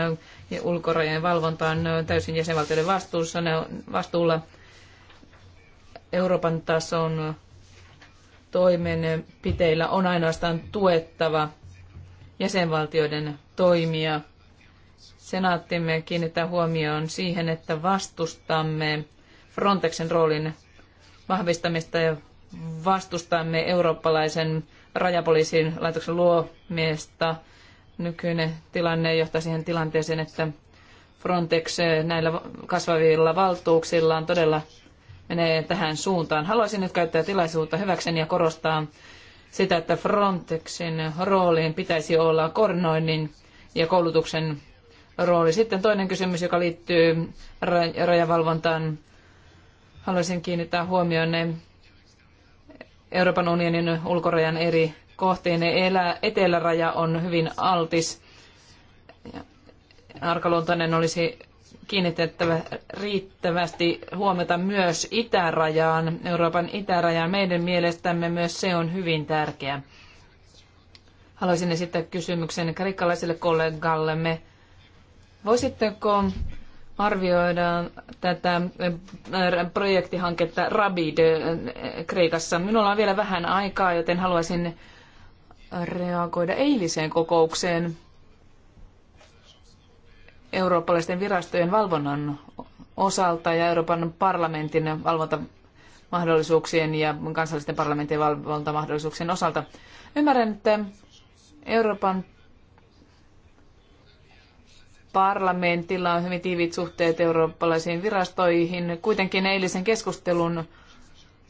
ulkorajojen valvonta on täysin jäsenvaltioiden vastuussa, vastuulla Euroopan tason toimenpiteillä on ainoastaan tuettava jäsenvaltioiden toimia. Senaattimme kiinnittää huomioon siihen, että vastustamme Frontexin roolin vahvistamista ja vastustamme eurooppalaisen rajapoliisin laitoksen luomista. Nykyinen tilanne johtaa siihen tilanteeseen, että Frontex näillä kasvavilla valtuuksillaan todella menee tähän suuntaan. Haluaisin nyt käyttää tilaisuutta hyväkseni ja korostaa sitä, että Frontexin rooliin pitäisi olla koordinoinnin ja koulutuksen rooli. Sitten toinen kysymys, joka liittyy rajavalvontaan. Haluaisin kiinnittää huomioon Euroopan unionin ulkorajan eri kohtiin. Eteläraja on hyvin altis. Arkaluontainen olisi kiinnitettävä riittävästi huomiota myös itärajaan, Euroopan itärajaan. Meidän mielestämme myös se on hyvin tärkeä. Haluaisin esittää kysymyksen kreikkalaiselle kollegallemme. Voisitteko arvioida tätä äh, projektihanketta Rabid äh, Kreikassa? Minulla on vielä vähän aikaa, joten haluaisin reagoida eiliseen kokoukseen eurooppalaisten virastojen valvonnan osalta ja Euroopan parlamentin valvontamahdollisuuksien ja kansallisten parlamentin valvontamahdollisuuksien osalta. Ymmärrän, että Euroopan parlamentilla on hyvin tiiviit suhteet eurooppalaisiin virastoihin. Kuitenkin eilisen keskustelun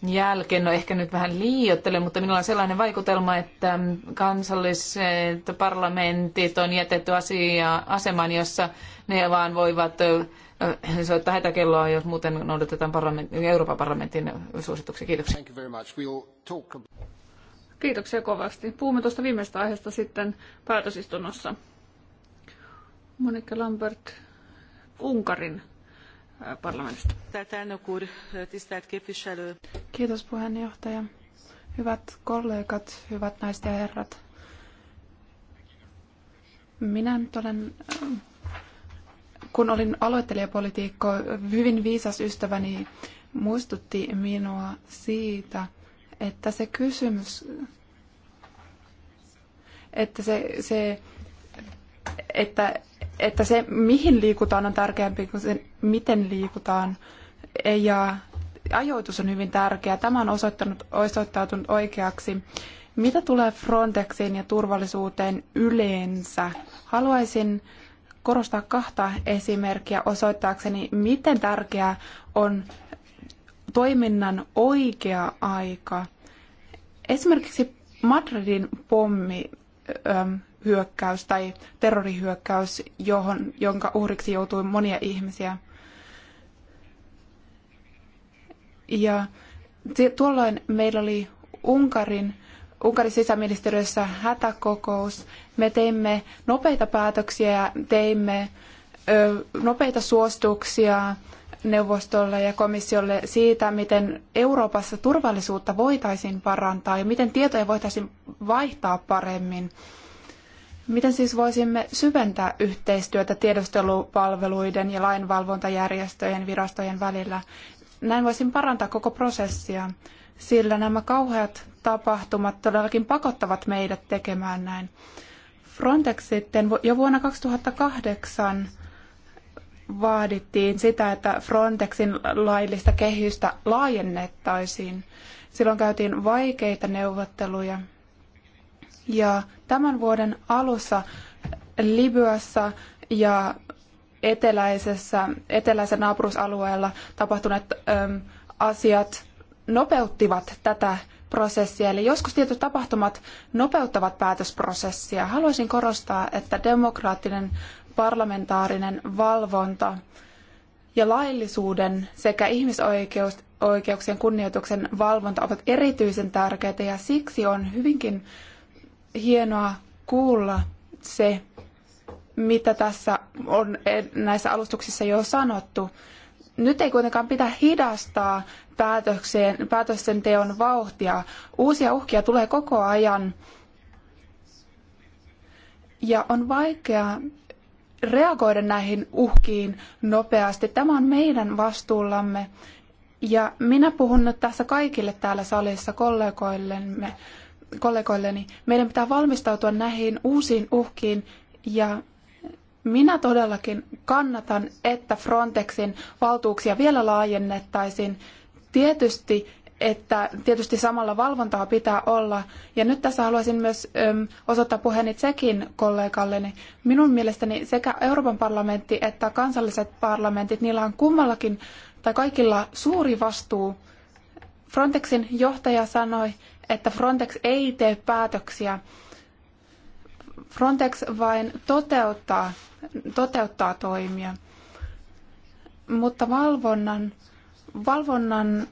jälkeen, no ehkä nyt vähän liiottelen, mutta minulla on sellainen vaikutelma, että kansalliset parlamentit on jätetty asia, asemaan, jossa ne vaan voivat soittaa hätäkelloa, jos muuten noudatetaan parlament, Euroopan parlamentin suosituksia. Kiitoksia. Kiitoksia kovasti. Puhumme tuosta viimeistä aiheesta sitten päätösistunnossa. Monika Lambert, Unkarin parlamentista. Kiitos puheenjohtaja. Hyvät kollegat, hyvät naiset ja herrat. Minä nyt olen, kun olin aloittelijapolitiikko, hyvin viisas ystäväni muistutti minua siitä, että se kysymys, että se, se että että se, mihin liikutaan, on tärkeämpi kuin se, miten liikutaan. Ja ajoitus on hyvin tärkeä. Tämä on osoittanut, osoittautunut oikeaksi. Mitä tulee Frontexiin ja turvallisuuteen yleensä? Haluaisin korostaa kahta esimerkkiä osoittaakseni, miten tärkeää on toiminnan oikea aika. Esimerkiksi Madridin pommi hyökkäys tai terrorihyökkäys, johon, jonka uhriksi joutui monia ihmisiä. Ja tuolloin meillä oli Unkarin, Unkarin sisäministeriössä hätäkokous. Me teimme nopeita päätöksiä ja teimme ö, nopeita suostuksia neuvostolle ja komissiolle siitä, miten Euroopassa turvallisuutta voitaisiin parantaa ja miten tietoja voitaisiin vaihtaa paremmin. Miten siis voisimme syventää yhteistyötä tiedustelupalveluiden ja lainvalvontajärjestöjen virastojen välillä? Näin voisin parantaa koko prosessia, sillä nämä kauheat tapahtumat todellakin pakottavat meidät tekemään näin. Frontex sitten jo vuonna 2008 vaadittiin sitä, että Frontexin laillista kehystä laajennettaisiin. Silloin käytiin vaikeita neuvotteluja – ja tämän vuoden alussa Libyassa ja eteläisessä, eteläisen naapurusalueella tapahtuneet äm, asiat nopeuttivat tätä prosessia. Eli joskus tietyt tapahtumat nopeuttavat päätösprosessia. Haluaisin korostaa, että demokraattinen parlamentaarinen valvonta ja laillisuuden sekä ihmisoikeuksien kunnioituksen valvonta ovat erityisen tärkeitä ja siksi on hyvinkin hienoa kuulla se, mitä tässä on e- näissä alustuksissa jo sanottu. Nyt ei kuitenkaan pidä hidastaa päätökseen, päätöksenteon vauhtia. Uusia uhkia tulee koko ajan. Ja on vaikea reagoida näihin uhkiin nopeasti. Tämä on meidän vastuullamme. Ja minä puhun nyt tässä kaikille täällä salissa kollegoillemme kollegoilleni. Meidän pitää valmistautua näihin uusiin uhkiin ja minä todellakin kannatan, että Frontexin valtuuksia vielä laajennettaisiin. Tietysti, että tietysti samalla valvontaa pitää olla. Ja nyt tässä haluaisin myös öm, osoittaa puheeni Tsekin kollegalleni. Minun mielestäni sekä Euroopan parlamentti että kansalliset parlamentit, niillä on kummallakin tai kaikilla suuri vastuu. Frontexin johtaja sanoi, että Frontex ei tee päätöksiä. Frontex vain toteuttaa, toteuttaa toimia. Mutta valvonnan, valvonnan,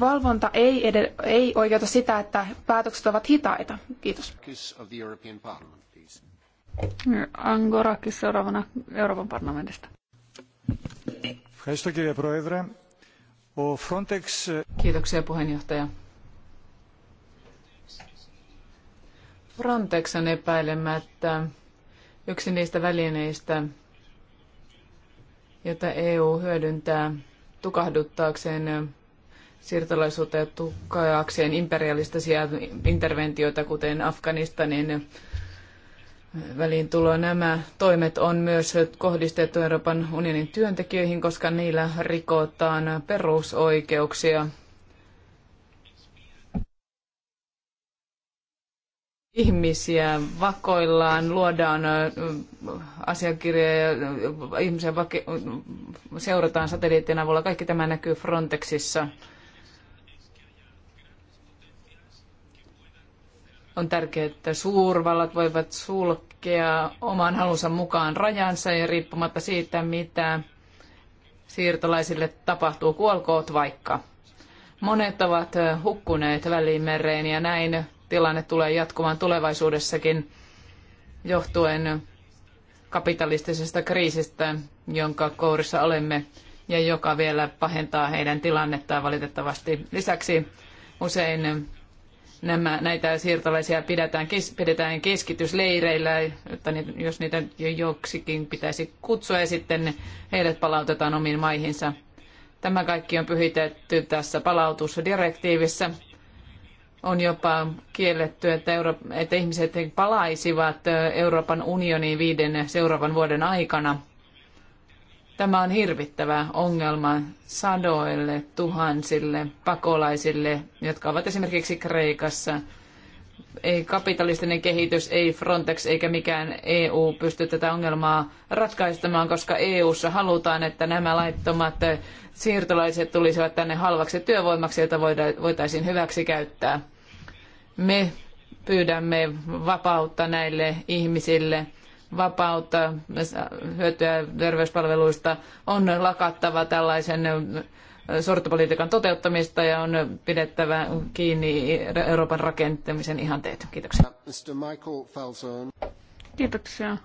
valvonta ei, ed- ei oikeuta sitä, että päätökset ovat hitaita. Kiitos. Angorakis seuraavana Euroopan parlamentista. Kiitoksia puheenjohtaja. Frontex on epäilemättä yksi niistä välineistä, jota EU hyödyntää tukahduttaakseen siirtolaisuutta ja tukkaakseen imperialistisia interventioita, kuten Afganistanin väliintulo. Nämä toimet on myös kohdistettu Euroopan unionin työntekijöihin, koska niillä rikotaan perusoikeuksia – ihmisiä vakoillaan, luodaan asiakirjoja, ihmisiä vake- seurataan satelliittien avulla. Kaikki tämä näkyy Frontexissa. On tärkeää, että suurvallat voivat sulkea oman halunsa mukaan rajansa ja riippumatta siitä, mitä siirtolaisille tapahtuu, kuolkoot vaikka. Monet ovat hukkuneet välimereen ja näin tilanne tulee jatkumaan tulevaisuudessakin johtuen kapitalistisesta kriisistä, jonka kourissa olemme ja joka vielä pahentaa heidän tilannettaan valitettavasti. Lisäksi usein nämä, näitä siirtolaisia pidetään, kes, pidetään keskitysleireillä, että ni, jos niitä jo joksikin pitäisi kutsua ja sitten heidät palautetaan omiin maihinsa. Tämä kaikki on pyhitetty tässä palautusdirektiivissä on jopa kielletty, että, Euro- että ihmiset palaisivat Euroopan unioniin viiden seuraavan vuoden aikana. Tämä on hirvittävä ongelma sadoille tuhansille pakolaisille, jotka ovat esimerkiksi Kreikassa. Ei kapitalistinen kehitys, ei Frontex eikä mikään EU pysty tätä ongelmaa ratkaistamaan, koska EUssa halutaan, että nämä laittomat siirtolaiset tulisivat tänne halvaksi työvoimaksi, jota voitaisiin hyväksi käyttää. Me pyydämme vapautta näille ihmisille, vapautta, hyötyä terveyspalveluista. On lakattava tällaisen sortopolitiikan toteuttamista ja on pidettävä kiinni Euroopan rakentamisen ihanteet. Kiitoksia. Mr. Michael Falzon. Kiitoksia.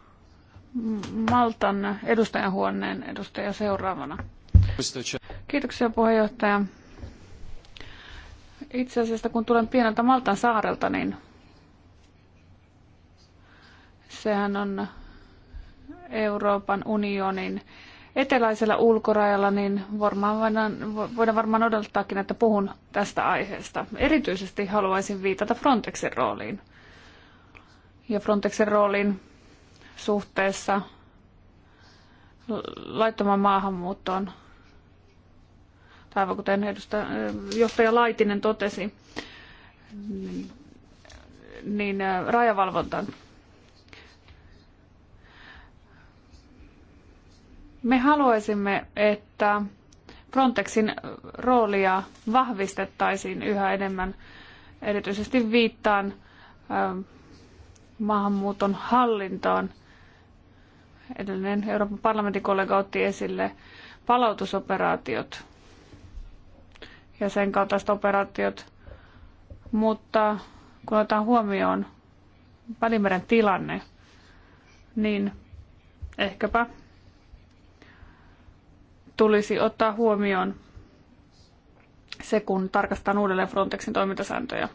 Maltan edustajahuoneen edustaja seuraavana. Kiitoksia puheenjohtaja. Itse asiassa kun tulen pieneltä Maltan saarelta, niin sehän on Euroopan unionin eteläisellä ulkorajalla, niin varmaan voidaan, voidaan varmaan odottaakin, että puhun tästä aiheesta. Erityisesti haluaisin viitata Frontexin rooliin ja Frontexin rooliin suhteessa laittoman maahanmuuttoon aivan kuten edustaja, johtaja Laitinen totesi, niin rajavalvontaan. Me haluaisimme, että Frontexin roolia vahvistettaisiin yhä enemmän. Erityisesti viittaan maahanmuuton hallintaan. Edellinen Euroopan parlamentin kollega otti esille palautusoperaatiot – ja sen kaltaiset operaatiot. Mutta kun otetaan huomioon Välimeren tilanne, niin ehkäpä tulisi ottaa huomioon se, kun tarkastetaan uudelleen Frontexin toimintasääntöjä.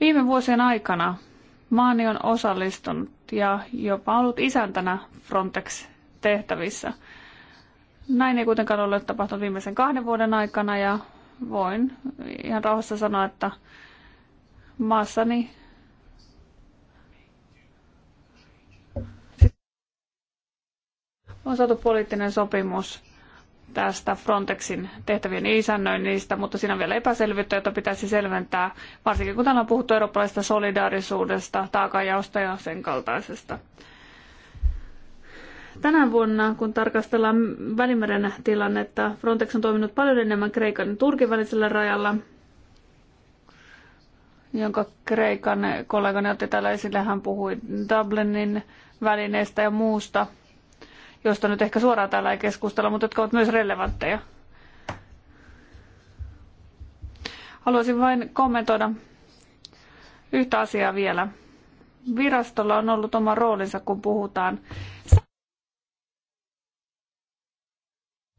Viime vuosien aikana maani on osallistunut ja jopa ollut isäntänä Frontex-tehtävissä. Näin ei kuitenkaan ole tapahtunut viimeisen kahden vuoden aikana ja voin ihan rauhassa sanoa, että maassani on saatu poliittinen sopimus tästä Frontexin tehtävien isännöinnistä, mutta siinä on vielä epäselvyyttä, jota pitäisi selventää, varsinkin kun täällä on puhuttu eurooppalaisesta solidaarisuudesta, taakajaosta ja sen kaltaisesta. Tänä vuonna, kun tarkastellaan Välimeren tilannetta, Frontex on toiminut paljon enemmän Kreikan ja Turkin välisellä rajalla, jonka Kreikan kollegani otti täällä esille. Hän puhui Dublinin välineestä ja muusta, josta nyt ehkä suoraan täällä ei keskustella, mutta jotka ovat myös relevantteja. Haluaisin vain kommentoida yhtä asiaa vielä. Virastolla on ollut oma roolinsa, kun puhutaan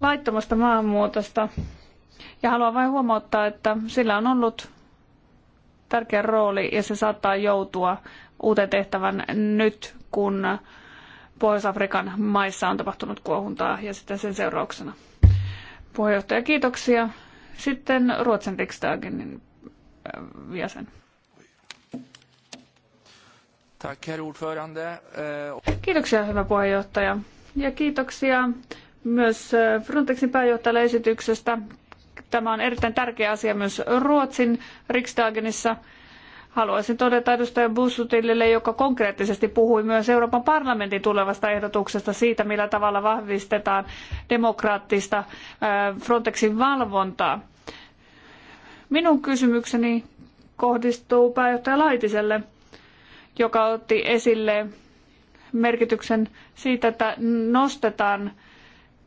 laittomasta maahanmuutosta. Ja haluan vain huomauttaa, että sillä on ollut tärkeä rooli ja se saattaa joutua uuteen tehtävän nyt, kun Pohjois-Afrikan maissa on tapahtunut kuohuntaa ja sitten sen seurauksena. Puheenjohtaja, kiitoksia. Sitten Ruotsin riksdagen äh, jäsen. Eh, kiitoksia, hyvä puheenjohtaja. Ja kiitoksia myös Frontexin pääjohtajalle esityksestä. Tämä on erittäin tärkeä asia myös Ruotsin Riksdagenissa. Haluaisin todeta edustaja Bussutille, joka konkreettisesti puhui myös Euroopan parlamentin tulevasta ehdotuksesta siitä, millä tavalla vahvistetaan demokraattista Frontexin valvontaa. Minun kysymykseni kohdistuu pääjohtaja Laitiselle, joka otti esille merkityksen siitä, että nostetaan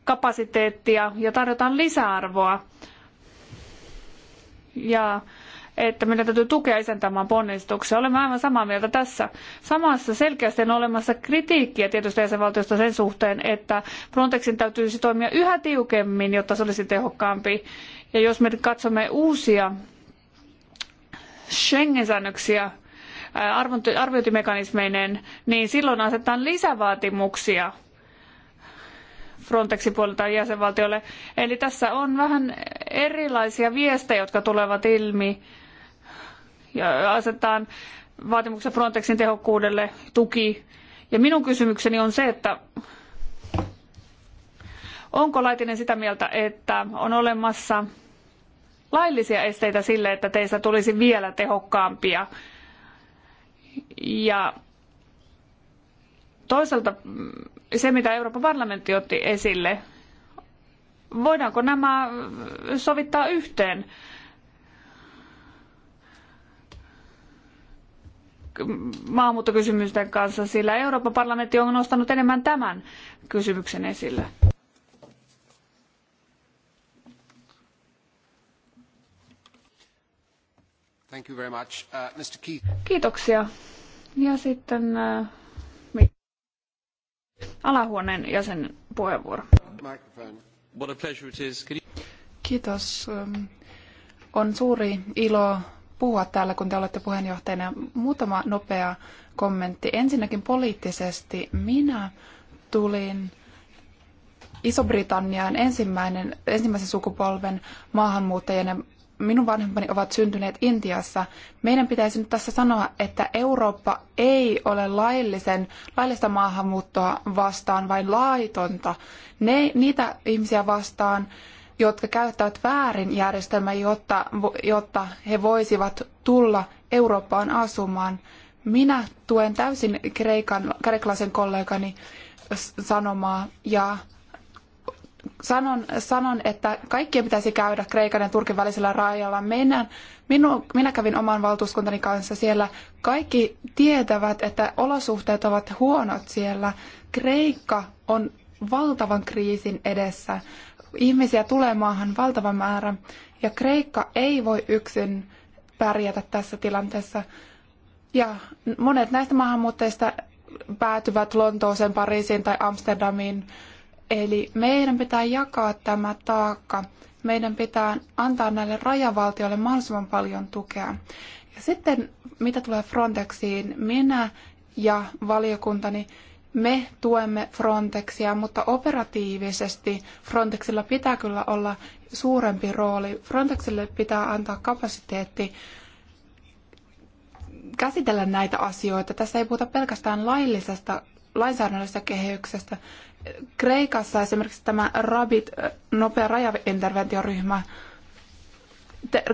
kapasiteettia ja tarjotaan lisäarvoa. Ja että meidän täytyy tukea isäntämaan ponnistuksia. Olemme aivan samaa mieltä tässä. Samassa selkeästi on olemassa kritiikkiä tietystä jäsenvaltiosta sen suhteen, että Frontexin täytyisi toimia yhä tiukemmin, jotta se olisi tehokkaampi. Ja jos me katsomme uusia Schengen-säännöksiä arviointimekanismeineen, niin silloin asetetaan lisävaatimuksia Frontexin puolelta jäsenvaltiolle. Eli tässä on vähän erilaisia viestejä, jotka tulevat ilmi ja asetetaan vaatimuksia Frontexin tehokkuudelle, tuki. Ja minun kysymykseni on se, että onko Laitinen sitä mieltä, että on olemassa laillisia esteitä sille, että teistä tulisi vielä tehokkaampia. Ja toisaalta se, mitä Euroopan parlamentti otti esille, voidaanko nämä sovittaa yhteen? maahanmuuttokysymysten kanssa, sillä Euroopan parlamentti on nostanut enemmän tämän kysymyksen esille. Thank you very much. Uh, Mr. Keith. Kiitoksia. Ja sitten uh, alahuoneen jäsenen puheenvuoro. Kiitos. Ähm, on suuri ilo puhua täällä, kun te olette puheenjohtajana. Muutama nopea kommentti. Ensinnäkin poliittisesti minä tulin Iso-Britanniaan ensimmäinen, ensimmäisen sukupolven maahanmuuttajien minun vanhempani ovat syntyneet Intiassa. Meidän pitäisi nyt tässä sanoa, että Eurooppa ei ole laillisen, laillista maahanmuuttoa vastaan, vain laitonta. Ne, niitä ihmisiä vastaan, jotka käyttävät väärin järjestelmää, jotta, jotta he voisivat tulla Eurooppaan asumaan. Minä tuen täysin kreikan, kreikkalaisen kollegani sanomaa ja sanon, sanon, että kaikkien pitäisi käydä Kreikan ja Turkin välisellä rajalla. Meidän, minu, minä kävin oman valtuuskuntani kanssa siellä. Kaikki tietävät, että olosuhteet ovat huonot siellä. Kreikka on valtavan kriisin edessä. Ihmisiä tulee maahan valtava määrä ja Kreikka ei voi yksin pärjätä tässä tilanteessa. Ja monet näistä maahanmuuttajista päätyvät Lontooseen, Pariisiin tai Amsterdamiin Eli meidän pitää jakaa tämä taakka. Meidän pitää antaa näille rajavaltioille mahdollisimman paljon tukea. Ja sitten mitä tulee Frontexiin, minä ja valiokuntani, me tuemme Frontexia, mutta operatiivisesti Frontexilla pitää kyllä olla suurempi rooli. Frontexille pitää antaa kapasiteetti käsitellä näitä asioita. Tässä ei puhuta pelkästään laillisesta lainsäädännöllisestä kehyksestä. Kreikassa esimerkiksi tämä RABIT, nopea rajainterventioryhmä,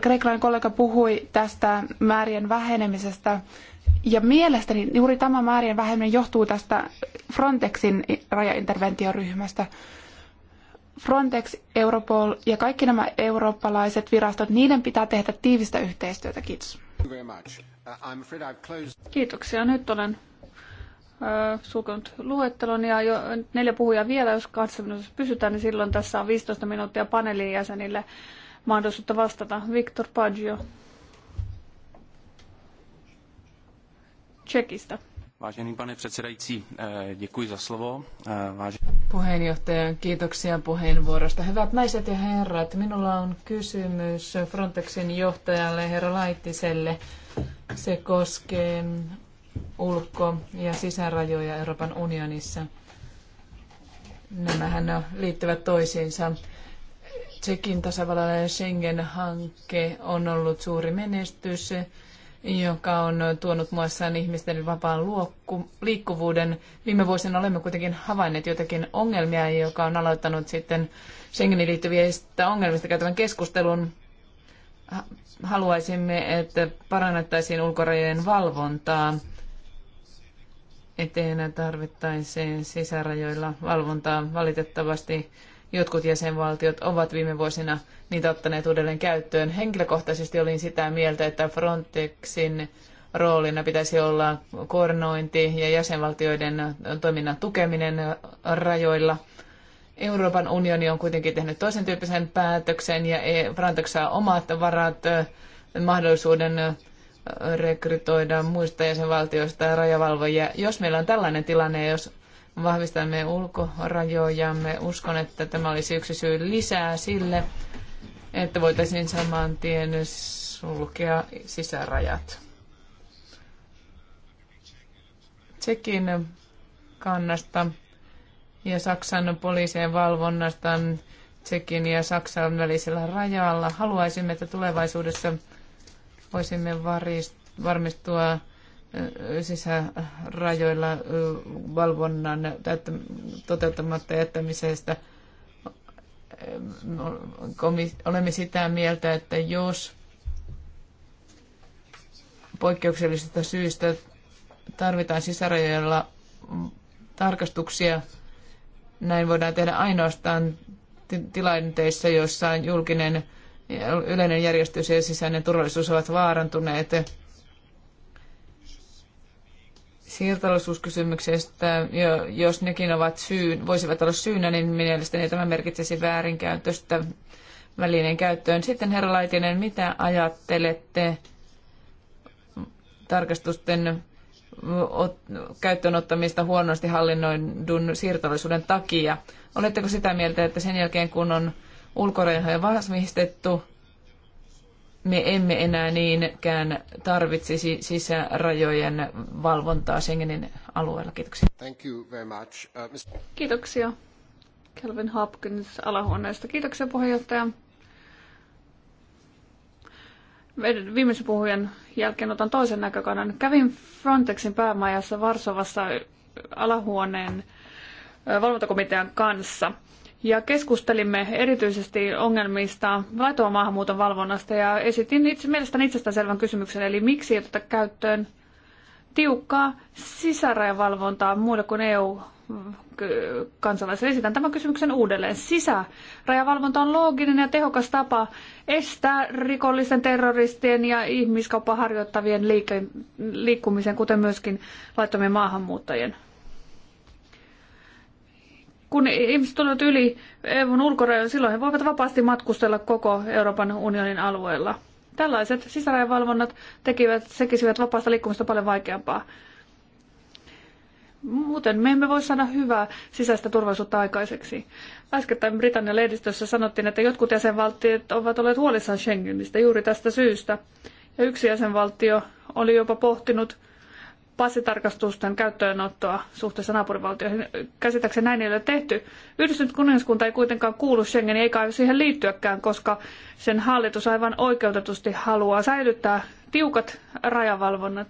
kreikkalainen kollega puhui tästä määrien vähenemisestä, ja mielestäni juuri tämä määrien väheneminen johtuu tästä Frontexin rajainterventioryhmästä. Frontex, Europol ja kaikki nämä eurooppalaiset virastot, niiden pitää tehdä tiivistä yhteistyötä. Kiitos. Uh, Kiitoksia. Nyt olen sulkenut luettelon ja jo neljä puhujaa vielä, jos kahdessa minuutissa pysytään, niin silloin tässä on 15 minuuttia paneelin jäsenille mahdollisuutta vastata. Victor Paggio. Tsekistä. Vážený pane předsedající, e, děkuji za slovo. E, Puheenjohtaja, kiitoksia puheenvuorosta. Hyvät naiset ja herrat, minulla on kysymys Frontexin johtajalle herra Laittiselle. Se koskee ulko- ja sisärajoja Euroopan unionissa. Nämähän liittyvät toisiinsa. Tsekin tasavallan Schengen-hanke on ollut suuri menestys, joka on tuonut muassaan ihmisten vapaan luokku, liikkuvuuden. Viime vuosina olemme kuitenkin havainneet jotakin ongelmia, joka on aloittanut sitten Schengenin liittyvistä ongelmista käytävän keskustelun. Haluaisimme, että parannettaisiin ulkorajojen valvontaa eteen tarvittaisiin sisärajoilla valvontaa. Valitettavasti jotkut jäsenvaltiot ovat viime vuosina niitä ottaneet uudelleen käyttöön. Henkilökohtaisesti olin sitä mieltä, että Frontexin roolina pitäisi olla koordinointi ja jäsenvaltioiden toiminnan tukeminen rajoilla. Euroopan unioni on kuitenkin tehnyt toisen tyyppisen päätöksen ja e- Frontex saa omat varat mahdollisuuden rekrytoidaan muista jäsenvaltioista ja rajavalvojia. Jos meillä on tällainen tilanne, jos vahvistamme ulkorajojamme, uskon, että tämä olisi yksi syy lisää sille, että voitaisiin saman tien sulkea sisärajat. Tsekin kannasta ja Saksan poliisien valvonnasta Tsekin ja Saksan välisellä rajalla. Haluaisimme, että tulevaisuudessa voisimme varmistua sisärajoilla valvonnan toteuttamatta jättämisestä. Olemme sitä mieltä, että jos poikkeuksellisista syistä tarvitaan sisärajoilla tarkastuksia, näin voidaan tehdä ainoastaan tilanteissa, joissa julkinen yleinen järjestys ja sisäinen turvallisuus ovat vaarantuneet. Siirtolaisuuskysymyksestä, jos nekin ovat syyn, voisivat olla syynä, niin mielestäni tämä merkitsisi väärinkäytöstä välineen käyttöön. Sitten herra Laitinen, mitä ajattelette tarkastusten käyttöönottamista huonosti hallinnoidun siirtolaisuuden takia? Oletteko sitä mieltä, että sen jälkeen kun on ulkorajoja vahvistettu, me emme enää niinkään tarvitsisi sisärajojen valvontaa Schengenin alueella. Kiitoksia. Thank you very much. Uh, Mr. Kiitoksia. Kelvin Hopkins alahuoneesta. Kiitoksia puheenjohtaja. Viimeisen puhujan jälkeen otan toisen näkökannan. Kävin Frontexin päämajassa Varsovassa alahuoneen valvontakomitean kanssa – ja keskustelimme erityisesti ongelmista laitoa maahanmuuton valvonnasta ja esitin itse, mielestäni itsestäänselvän kysymyksen, eli miksi ei oteta käyttöön tiukkaa sisärajavalvontaa muille kuin EU-kansalaisille. Esitän tämän kysymyksen uudelleen. Sisärajavalvonta on looginen ja tehokas tapa estää rikollisten terroristien ja ihmiskauppaharjoittavien liike- liikkumisen, kuten myöskin laittomien maahanmuuttajien kun ihmiset tulevat yli EUn ulkorajojen, silloin he voivat vapaasti matkustella koko Euroopan unionin alueella. Tällaiset sisärajavalvonnat tekivät, tekisivät vapaasta liikkumista paljon vaikeampaa. Muuten me emme voi saada hyvää sisäistä turvallisuutta aikaiseksi. Äskettäin Britannian lehdistössä sanottiin, että jotkut jäsenvaltiot ovat olleet huolissaan Schengenistä juuri tästä syystä. Ja yksi jäsenvaltio oli jopa pohtinut passitarkastusten käyttöönottoa suhteessa naapurivaltioihin. Käsittääkseni näin ei ole tehty. Yhdistynyt kuningaskunta ei kuitenkaan kuulu Schengeniin eikä aio siihen liittyäkään, koska sen hallitus aivan oikeutetusti haluaa säilyttää tiukat rajavalvonnat.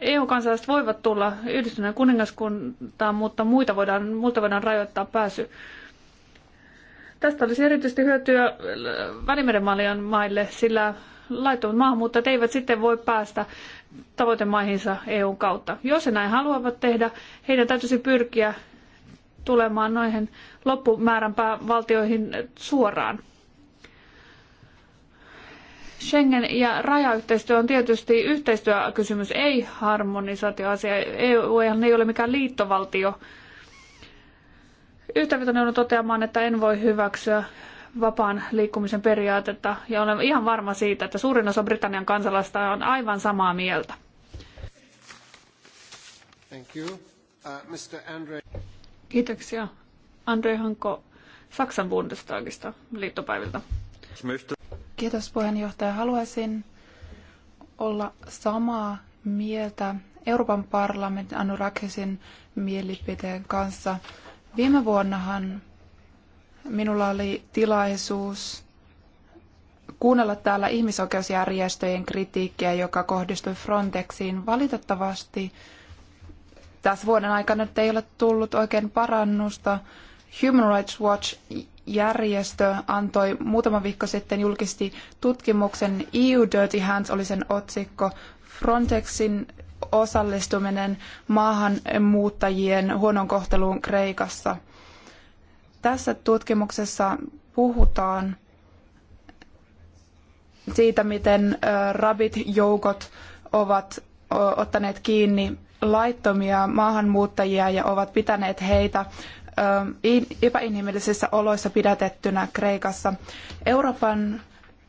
EU-kansalaiset voivat tulla yhdistyneen kuningaskuntaan, mutta muita voidaan, muilta voidaan rajoittaa pääsy. Tästä olisi erityisesti hyötyä Välimeren maille, sillä laittomat maahanmuuttajat eivät sitten voi päästä tavoitemaihinsa EUn kautta. Jos he näin haluavat tehdä, heidän täytyisi pyrkiä tulemaan noihin loppumääränpää valtioihin suoraan. Schengen ja rajayhteistyö on tietysti yhteistyökysymys, ei harmonisaatioasia. EU e ei ole mikään liittovaltio. Yhtävetoinen on toteamaan, että en voi hyväksyä vapaan liikkumisen periaatetta ja olen ihan varma siitä, että suurin osa Britannian kansalaista on aivan samaa mieltä. Thank you. Uh, Mr. Andre... Kiitoksia. Andre Hanko Saksan Bundestagista liittopäiviltä. Kiitos puheenjohtaja. Haluaisin olla samaa mieltä Euroopan parlamentin Anurakisin mielipiteen kanssa. Viime vuonnahan Minulla oli tilaisuus kuunnella täällä ihmisoikeusjärjestöjen kritiikkiä, joka kohdistui Frontexiin. Valitettavasti tässä vuoden aikana nyt ei ole tullut oikein parannusta. Human Rights Watch järjestö antoi muutama viikko sitten julkisti tutkimuksen EU Dirty Hands oli sen otsikko Frontexin osallistuminen maahanmuuttajien huonon kohteluun Kreikassa – tässä tutkimuksessa puhutaan siitä, miten Rabbit-joukot ovat ottaneet kiinni laittomia maahanmuuttajia ja ovat pitäneet heitä epäinhimillisissä oloissa pidätettynä Kreikassa. Euroopan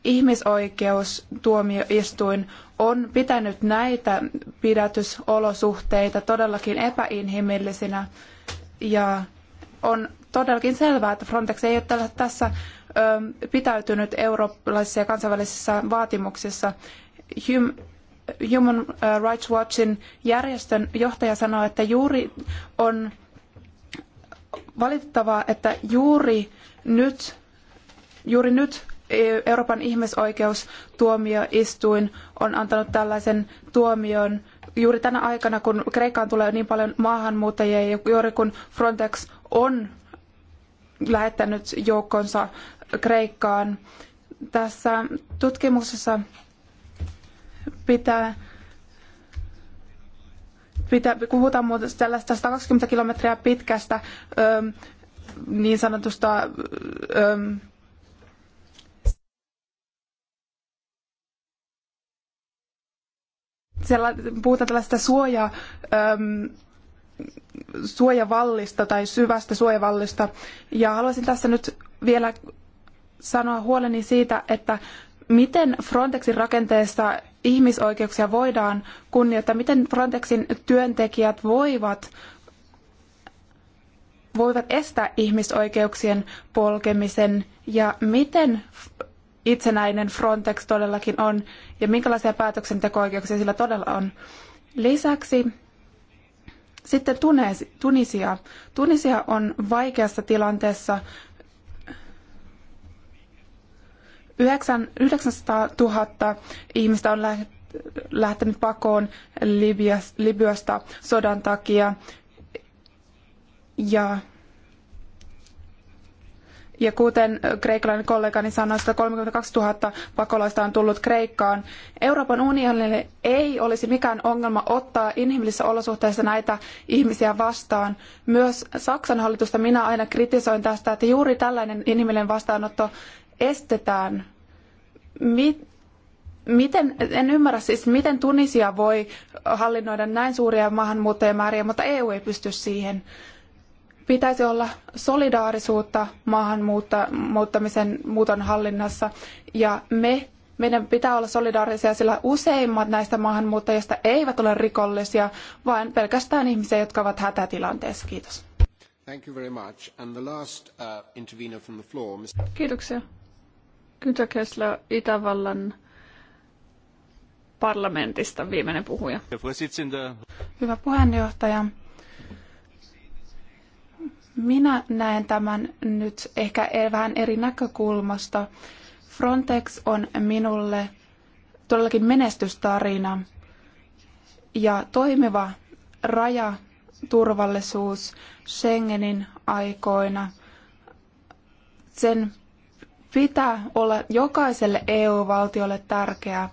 ihmisoikeustuomioistuin on pitänyt näitä pidätysolosuhteita todellakin epäinhimillisinä ja on todellakin selvää, että Frontex ei ole tässä pitäytynyt eurooppalaisissa ja kansainvälisissä vaatimuksissa. Human Rights Watchin järjestön johtaja sanoi, että juuri on valitettavaa, että juuri nyt, juuri nyt Euroopan ihmisoikeustuomioistuin on antanut tällaisen tuomion juuri tänä aikana, kun Kreikkaan tulee niin paljon maahanmuuttajia ja juuri kun Frontex on lähettänyt joukkonsa Kreikkaan. Tässä tutkimuksessa pitää pitää, puhutaan muuten tällaista 120 kilometriä pitkästä ö, niin sanotusta ö, Siellä puhutaan tällaista suojaa suojavallista tai syvästä suojavallista. Ja haluaisin tässä nyt vielä sanoa huoleni siitä, että miten Frontexin rakenteessa ihmisoikeuksia voidaan kunnioittaa, miten Frontexin työntekijät voivat voivat estää ihmisoikeuksien polkemisen ja miten itsenäinen Frontex todellakin on ja minkälaisia päätöksenteko-oikeuksia sillä todella on. Lisäksi sitten Tunisia. Tunisia on vaikeassa tilanteessa. 900 000 ihmistä on lähtenyt pakoon Libyasta sodan takia. Ja ja kuten kreikkalainen kollegani sanoi, 132 000 pakolaista on tullut Kreikkaan. Euroopan unionille ei olisi mikään ongelma ottaa inhimillisissä olosuhteissa näitä ihmisiä vastaan. Myös Saksan hallitusta minä aina kritisoin tästä, että juuri tällainen inhimillinen vastaanotto estetään. miten, en ymmärrä siis, miten Tunisia voi hallinnoida näin suuria maahanmuuttajamääriä, mutta EU ei pysty siihen pitäisi olla solidaarisuutta maahanmuuttamisen muuton hallinnassa ja me meidän pitää olla solidaarisia, sillä useimmat näistä maahanmuuttajista eivät ole rikollisia, vaan pelkästään ihmisiä, jotka ovat hätätilanteessa. Kiitos. Thank you very much. And the last uh, from the floor, Mr. Kiitoksia. Günther Kessler, Itävallan parlamentista viimeinen puhuja. Hyvä puheenjohtaja. Minä näen tämän nyt ehkä e- vähän eri näkökulmasta. Frontex on minulle todellakin menestystarina ja toimiva rajaturvallisuus Schengenin aikoina. Sen pitää olla jokaiselle EU-valtiolle tärkeää.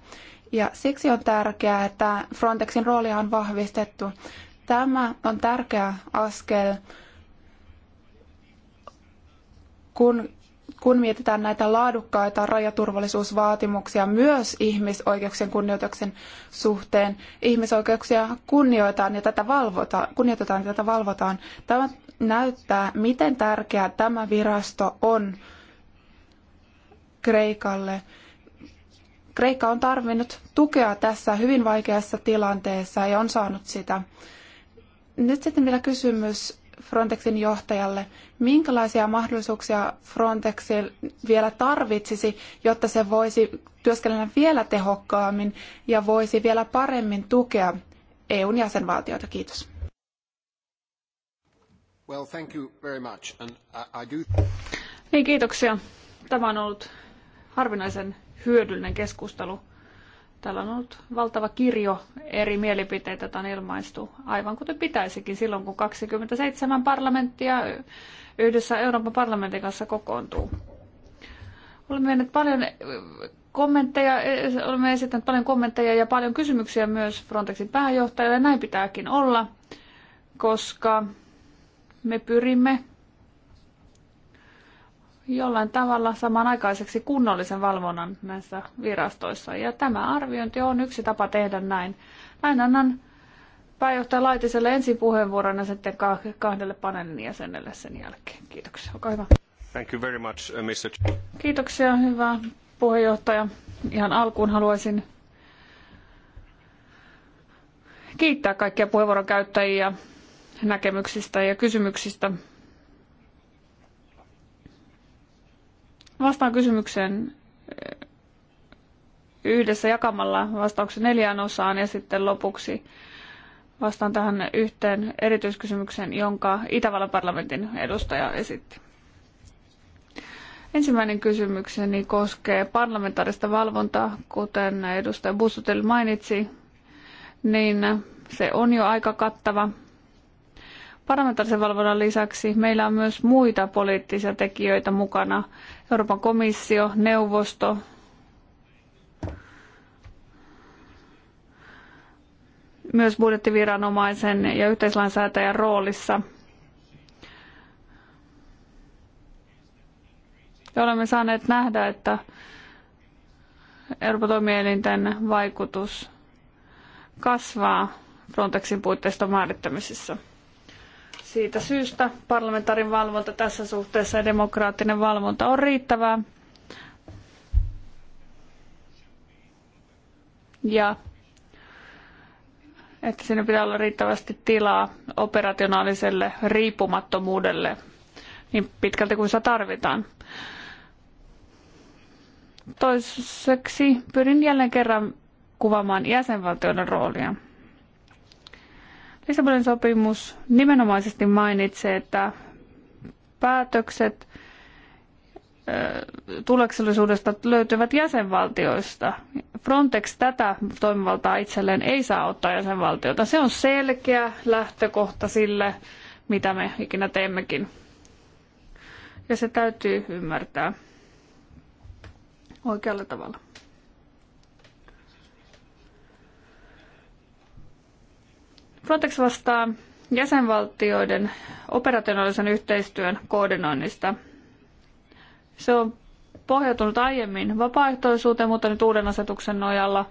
Ja siksi on tärkeää, että Frontexin roolia on vahvistettu. Tämä on tärkeä askel kun, kun mietitään näitä laadukkaita rajaturvallisuusvaatimuksia myös ihmisoikeuksien kunnioituksen suhteen, ihmisoikeuksia kunnioitetaan ja tätä valvotaan, kunnioitetaan ja tätä valvotaan. Tämä näyttää, miten tärkeä tämä virasto on Kreikalle. Kreikka on tarvinnut tukea tässä hyvin vaikeassa tilanteessa ja on saanut sitä. Nyt sitten vielä kysymys Frontexin johtajalle, minkälaisia mahdollisuuksia Frontex vielä tarvitsisi, jotta se voisi työskennellä vielä tehokkaammin ja voisi vielä paremmin tukea EUn jäsenvaltioita. Kiitos. Well, thank you very much. And I do... Niin, kiitoksia. Tämä on ollut harvinaisen hyödyllinen keskustelu. Täällä on ollut valtava kirjo eri mielipiteitä, joita on ilmaistu, aivan kuten pitäisikin silloin, kun 27 parlamenttia yhdessä Euroopan parlamentin kanssa kokoontuu. Olemme menneet paljon eh, kommentteja, eh, olemme esittäneet paljon kommentteja ja paljon kysymyksiä myös Frontexin pääjohtajalle. Näin pitääkin olla, koska me pyrimme jollain tavalla samanaikaiseksi kunnollisen valvonnan näissä virastoissa. Ja tämä arviointi on yksi tapa tehdä näin. Näin annan pääjohtaja Laitiselle ensin puheenvuoron ja sitten kahdelle paneelin jäsenelle sen jälkeen. Kiitoksia. Olkaa hyvä. Thank you very much, uh, Mr. Kiitoksia, hyvä puheenjohtaja. Ihan alkuun haluaisin kiittää kaikkia puheenvuoron käyttäjiä näkemyksistä ja kysymyksistä. vastaan kysymykseen eh, yhdessä jakamalla vastauksen neljään osaan ja sitten lopuksi vastaan tähän yhteen erityiskysymykseen, jonka Itävallan parlamentin edustaja esitti. Ensimmäinen kysymykseni koskee parlamentaarista valvontaa, kuten edustaja Bussutel mainitsi, niin se on jo aika kattava Parlamentaarisen valvonnan lisäksi meillä on myös muita poliittisia tekijöitä mukana. Euroopan komissio, neuvosto, myös budjettiviranomaisen ja yhteislainsäätäjän roolissa. Ja olemme saaneet nähdä, että Euroopan toimielinten vaikutus kasvaa Frontexin puitteista määrittämisessä. Siitä syystä parlamentaarin valvonta tässä suhteessa ja demokraattinen valvonta on riittävää. Ja että siinä pitää olla riittävästi tilaa operationaaliselle riippumattomuudelle niin pitkälti kuin sitä tarvitaan. Toiseksi pyrin jälleen kerran kuvaamaan jäsenvaltioiden roolia. Lissabonin sopimus nimenomaisesti mainitsee, että päätökset tuloksellisuudesta löytyvät jäsenvaltioista. Frontex tätä toimivaltaa itselleen ei saa ottaa jäsenvaltiota. Se on selkeä lähtökohta sille, mitä me ikinä teemmekin. Ja se täytyy ymmärtää oikealla tavalla. Frontex vastaa jäsenvaltioiden operationaalisen yhteistyön koordinoinnista. Se on pohjautunut aiemmin vapaaehtoisuuteen, mutta nyt uuden asetuksen nojalla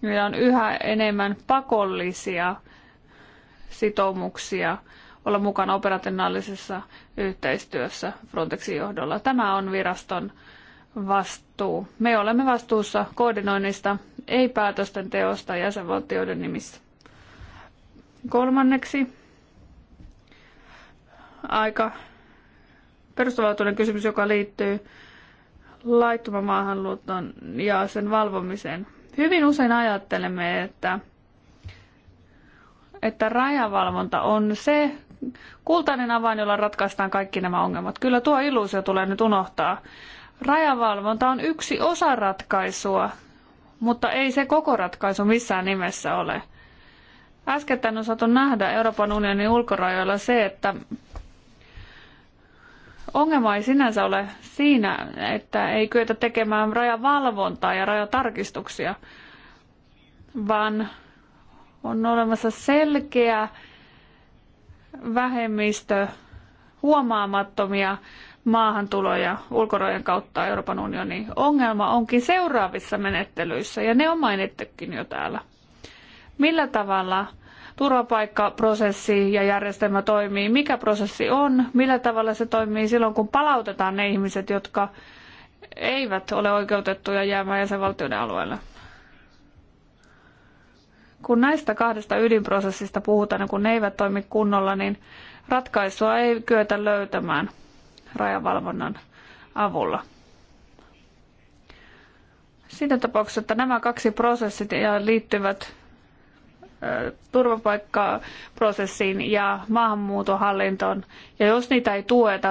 meillä on yhä enemmän pakollisia sitoumuksia olla mukana operationaalisessa yhteistyössä Frontexin johdolla. Tämä on viraston vastuu. Me olemme vastuussa koordinoinnista, ei päätösten teosta jäsenvaltioiden nimissä. Kolmanneksi aika perustavaltuuden kysymys, joka liittyy laittoman maahanluuton ja sen valvomiseen. Hyvin usein ajattelemme, että, että rajavalvonta on se kultainen avain, jolla ratkaistaan kaikki nämä ongelmat. Kyllä tuo illuusio tulee nyt unohtaa. Rajavalvonta on yksi osa ratkaisua, mutta ei se koko ratkaisu missään nimessä ole – Äskettäin on saatu nähdä Euroopan unionin ulkorajoilla se, että ongelma ei sinänsä ole siinä, että ei kyetä tekemään rajavalvontaa ja rajatarkistuksia, vaan on olemassa selkeä vähemmistö huomaamattomia maahantuloja ulkorajan kautta Euroopan unioniin. Ongelma onkin seuraavissa menettelyissä, ja ne on mainittukin jo täällä millä tavalla turvapaikkaprosessi ja järjestelmä toimii, mikä prosessi on, millä tavalla se toimii silloin, kun palautetaan ne ihmiset, jotka eivät ole oikeutettuja jäämään jäsenvaltioiden alueelle. Kun näistä kahdesta ydinprosessista puhutaan ja kun ne eivät toimi kunnolla, niin ratkaisua ei kyetä löytämään rajavalvonnan avulla. Siinä tapauksessa, että nämä kaksi prosessit liittyvät turvapaikkaprosessiin ja maahanmuutohallintoon. Ja jos niitä ei tueta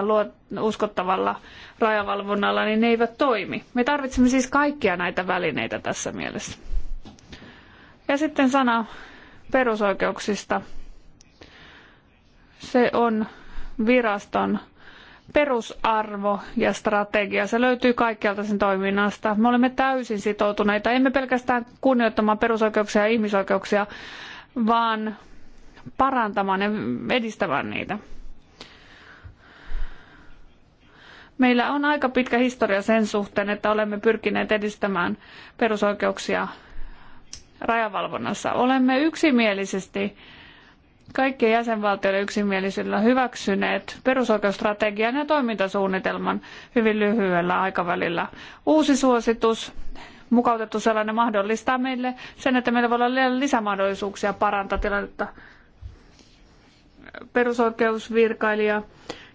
uskottavalla rajavalvonnalla, niin ne eivät toimi. Me tarvitsemme siis kaikkia näitä välineitä tässä mielessä. Ja sitten sana perusoikeuksista. Se on viraston perusarvo ja strategia. Se löytyy kaikkialta sen toiminnasta. Me olemme täysin sitoutuneita, emme pelkästään kunnioittamaan perusoikeuksia ja ihmisoikeuksia, vaan parantamaan ja edistämään niitä. Meillä on aika pitkä historia sen suhteen, että olemme pyrkineet edistämään perusoikeuksia rajavalvonnassa. Olemme yksimielisesti kaikkien jäsenvaltioiden yksimielisillä hyväksyneet perusoikeusstrategian ja toimintasuunnitelman hyvin lyhyellä aikavälillä. Uusi suositus, mukautettu sellainen, mahdollistaa meille sen, että meillä voi olla lisämahdollisuuksia parantaa tilannetta perusoikeusvirkailija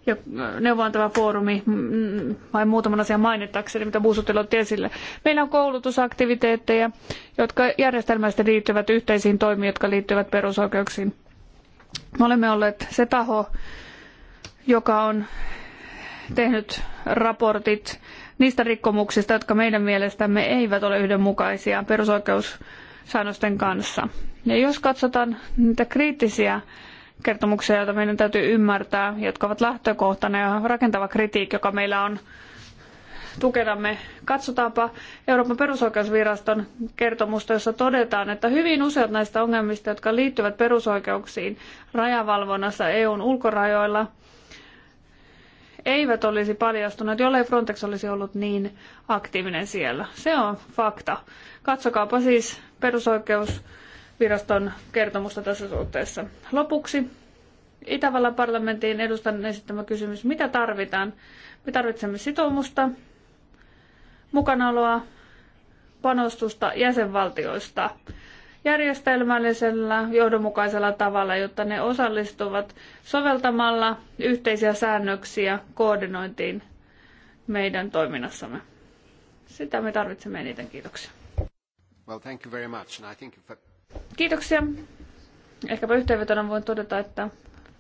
ja neuvontava foorumi, mm, vain muutaman asian mainittakseni, mitä Buusutil otti esille. Meillä on koulutusaktiviteetteja, jotka järjestelmästä liittyvät yhteisiin toimiin, jotka liittyvät perusoikeuksiin. Me olemme olleet se taho, joka on tehnyt raportit niistä rikkomuksista, jotka meidän mielestämme eivät ole yhdenmukaisia perusoikeussäännösten kanssa. Ja jos katsotaan niitä kriittisiä kertomuksia, joita meidän täytyy ymmärtää, jotka ovat lähtökohtana ja rakentava kritiikki, joka meillä on tukenamme. Katsotaanpa Euroopan perusoikeusviraston kertomusta, jossa todetaan, että hyvin useat näistä ongelmista, jotka liittyvät perusoikeuksiin rajavalvonnassa EUn ulkorajoilla, eivät olisi paljastuneet, jollei Frontex olisi ollut niin aktiivinen siellä. Se on fakta. Katsokaapa siis perusoikeusviraston kertomusta tässä suhteessa. Lopuksi Itävallan parlamentin edustajan esittämä kysymys, mitä tarvitaan? Me tarvitsemme sitoumusta, mukanaoloa panostusta jäsenvaltioista järjestelmällisellä johdonmukaisella tavalla, jotta ne osallistuvat soveltamalla yhteisiä säännöksiä koordinointiin meidän toiminnassamme. Sitä me tarvitsemme eniten. Kiitoksia. Well, thank you very much. And I think if... Kiitoksia. Ehkäpä yhteenvetona voin todeta, että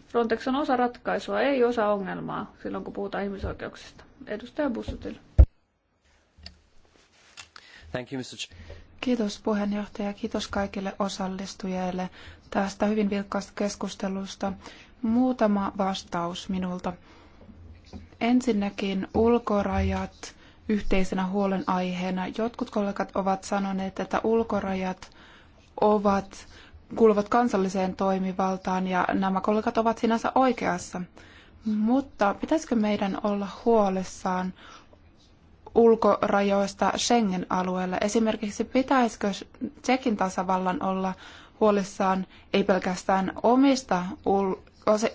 Frontex on osa ratkaisua, ei osa ongelmaa silloin, kun puhutaan ihmisoikeuksista. Edustaja Bussutil. Thank you, Mr. Kiitos puheenjohtaja, kiitos kaikille osallistujille tästä hyvin vilkkaasta keskustelusta. Muutama vastaus minulta. Ensinnäkin ulkorajat yhteisenä huolenaiheena. Jotkut kollegat ovat sanoneet, että ulkorajat ovat, kuuluvat kansalliseen toimivaltaan ja nämä kollegat ovat sinänsä oikeassa. Mutta pitäisikö meidän olla huolissaan ulkorajoista Schengen-alueelle. Esimerkiksi pitäisikö Tsekin tasavallan olla huolissaan ei pelkästään omista,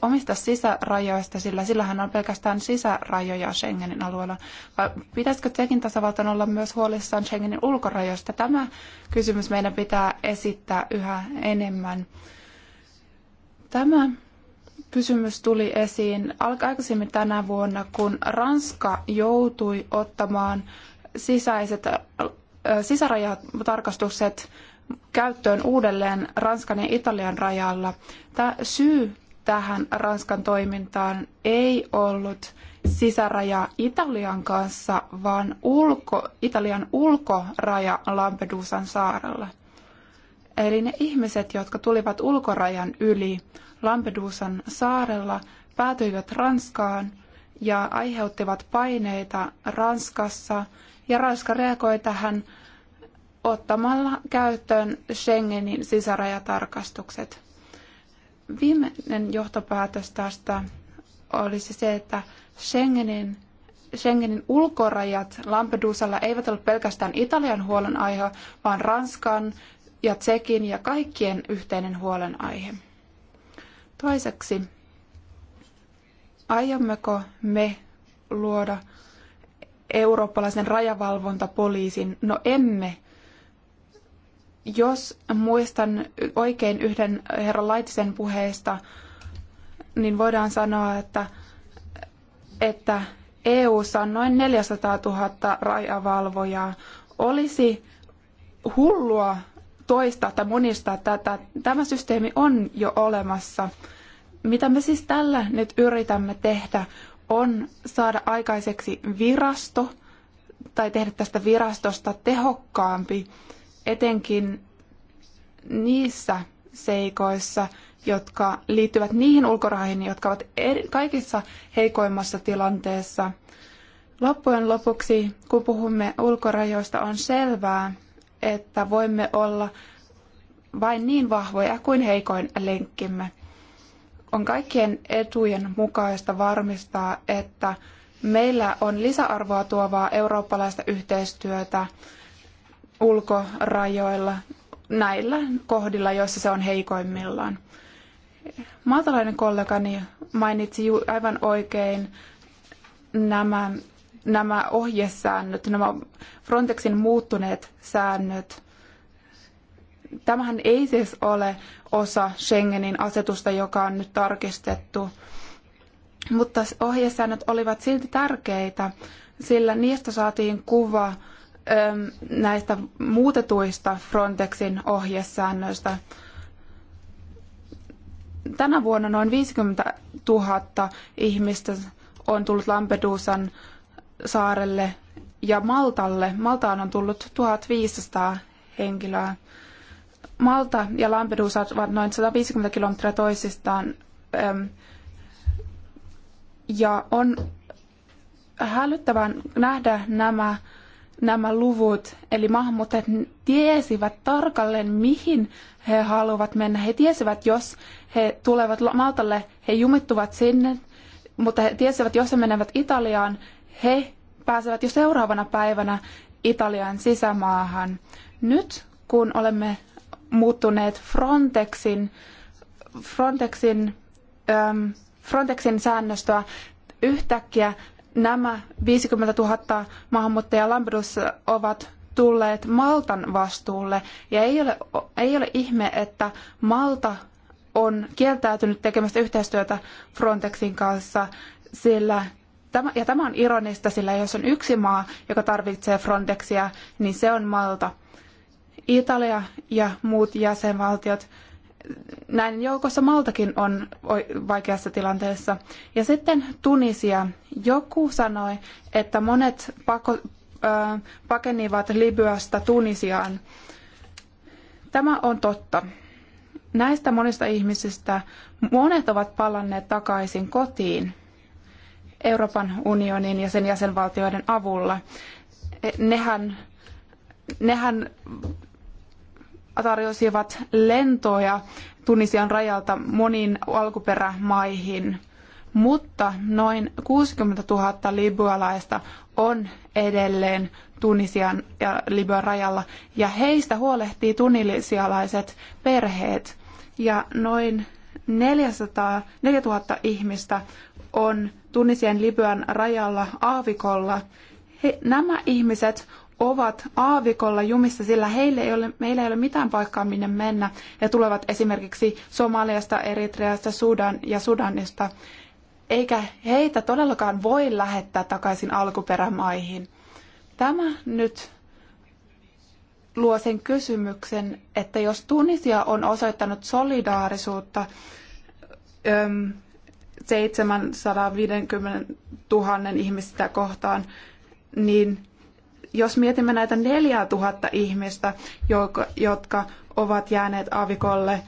omista sisärajoista, sillä sillähän on pelkästään sisärajoja Schengenin alueella, vai pitäisikö Tsekin tasavaltan olla myös huolissaan Schengenin ulkorajoista? Tämä kysymys meidän pitää esittää yhä enemmän. Tämä kysymys tuli esiin aikaisemmin tänä vuonna, kun Ranska joutui ottamaan sisäiset äh, sisärajatarkastukset käyttöön uudelleen Ranskan ja Italian rajalla. Tämä syy tähän Ranskan toimintaan ei ollut sisäraja Italian kanssa, vaan ulko, Italian ulkoraja Lampedusan saarella. Eli ne ihmiset, jotka tulivat ulkorajan yli Lampedusan saarella, päätyivät Ranskaan ja aiheuttivat paineita Ranskassa. Ja Ranska reagoi tähän ottamalla käyttöön Schengenin sisärajatarkastukset. Viimeinen johtopäätös tästä olisi se, että Schengenin Schengenin ulkorajat Lampedusalla eivät ole pelkästään Italian huolenaihe, vaan Ranskan, ja Tsekin ja kaikkien yhteinen huolenaihe. Toiseksi, aiommeko me luoda eurooppalaisen rajavalvontapoliisin? No emme. Jos muistan oikein yhden herra Laitisen puheesta, niin voidaan sanoa, että, että EU:ssa on noin 400 000 rajavalvojaa. Olisi hullua toistaa tai monistaa tätä. Tämä systeemi on jo olemassa. Mitä me siis tällä nyt yritämme tehdä, on saada aikaiseksi virasto tai tehdä tästä virastosta tehokkaampi, etenkin niissä seikoissa, jotka liittyvät niihin ulkorahoihin, jotka ovat kaikissa heikoimmassa tilanteessa. Loppujen lopuksi, kun puhumme ulkorajoista, on selvää, että voimme olla vain niin vahvoja kuin heikoin lenkkimme. On kaikkien etujen mukaista varmistaa, että meillä on lisäarvoa tuovaa eurooppalaista yhteistyötä ulkorajoilla näillä kohdilla, joissa se on heikoimmillaan. Maatalainen kollegani mainitsi aivan oikein nämä nämä ohjesäännöt, nämä Frontexin muuttuneet säännöt. Tämähän ei siis ole osa Schengenin asetusta, joka on nyt tarkistettu, mutta ohjesäännöt olivat silti tärkeitä, sillä niistä saatiin kuva ähm, näistä muutetuista Frontexin ohjesäännöistä. Tänä vuonna noin 50 000 ihmistä on tullut Lampedusan saarelle ja Maltalle. Maltaan on tullut 1500 henkilöä. Malta ja Lampedusa ovat noin 150 kilometriä toisistaan. Ähm, ja on hälyttävän nähdä nämä, nämä luvut. Eli maahanmuuttajat tiesivät tarkalleen, mihin he haluavat mennä. He tiesivät, jos he tulevat Maltalle, he jumittuvat sinne, mutta he tiesivät, jos he menevät Italiaan, he pääsevät jo seuraavana päivänä Italian sisämaahan. Nyt kun olemme muuttuneet Frontexin, Frontexin, ähm, Frontexin säännöstöä, yhtäkkiä nämä 50 000 maahanmuuttajaa Lampedussa ovat tulleet Maltan vastuulle. Ja ei ole, ei ole ihme, että Malta on kieltäytynyt tekemästä yhteistyötä Frontexin kanssa, sillä Tämä, ja tämä on ironista, sillä jos on yksi maa, joka tarvitsee Frontexia, niin se on Malta. Italia ja muut jäsenvaltiot, näiden joukossa Maltakin on vaikeassa tilanteessa. Ja sitten Tunisia. Joku sanoi, että monet pako, äh, pakenivat Libyasta Tunisiaan. Tämä on totta. Näistä monista ihmisistä monet ovat palanneet takaisin kotiin – Euroopan unionin ja sen jäsenvaltioiden avulla. E, nehän, nehän tarjosivat lentoja Tunisian rajalta moniin alkuperämaihin, mutta noin 60 000 libyalaista on edelleen Tunisian ja Libyan rajalla, ja heistä huolehtii tunisialaiset perheet. Ja noin 400, 4000 ihmistä on Tunisian Libyan rajalla aavikolla. He, nämä ihmiset ovat aavikolla jumissa, sillä heille ei ole, meillä ei ole mitään paikkaa, minne mennä. He tulevat esimerkiksi Somaliasta, Eritreasta, Sudan ja Sudanista. Eikä heitä todellakaan voi lähettää takaisin alkuperämaihin. Tämä nyt luo sen kysymyksen, että jos Tunisia on osoittanut solidaarisuutta öm, 750 000 ihmistä kohtaan, niin jos mietimme näitä 4000 ihmistä, jotka ovat jääneet aavikolle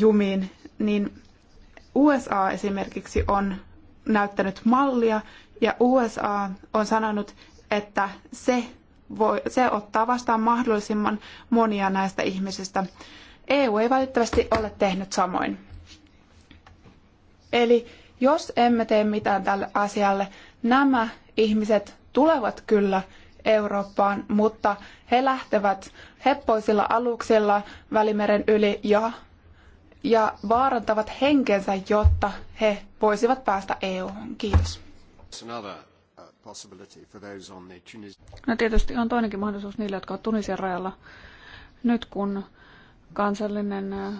jumiin, niin USA esimerkiksi on näyttänyt mallia ja USA on sanonut, että se, voi, se ottaa vastaan mahdollisimman monia näistä ihmisistä. EU ei valitettavasti ole tehnyt samoin. Eli jos emme tee mitään tälle asialle, nämä ihmiset tulevat kyllä Eurooppaan, mutta he lähtevät heppoisilla aluksilla Välimeren yli ja, ja vaarantavat henkensä, jotta he voisivat päästä eu Kiitos. Uh, no tietysti on toinenkin mahdollisuus niille, jotka ovat Tunisian rajalla. Nyt kun kansallinen uh,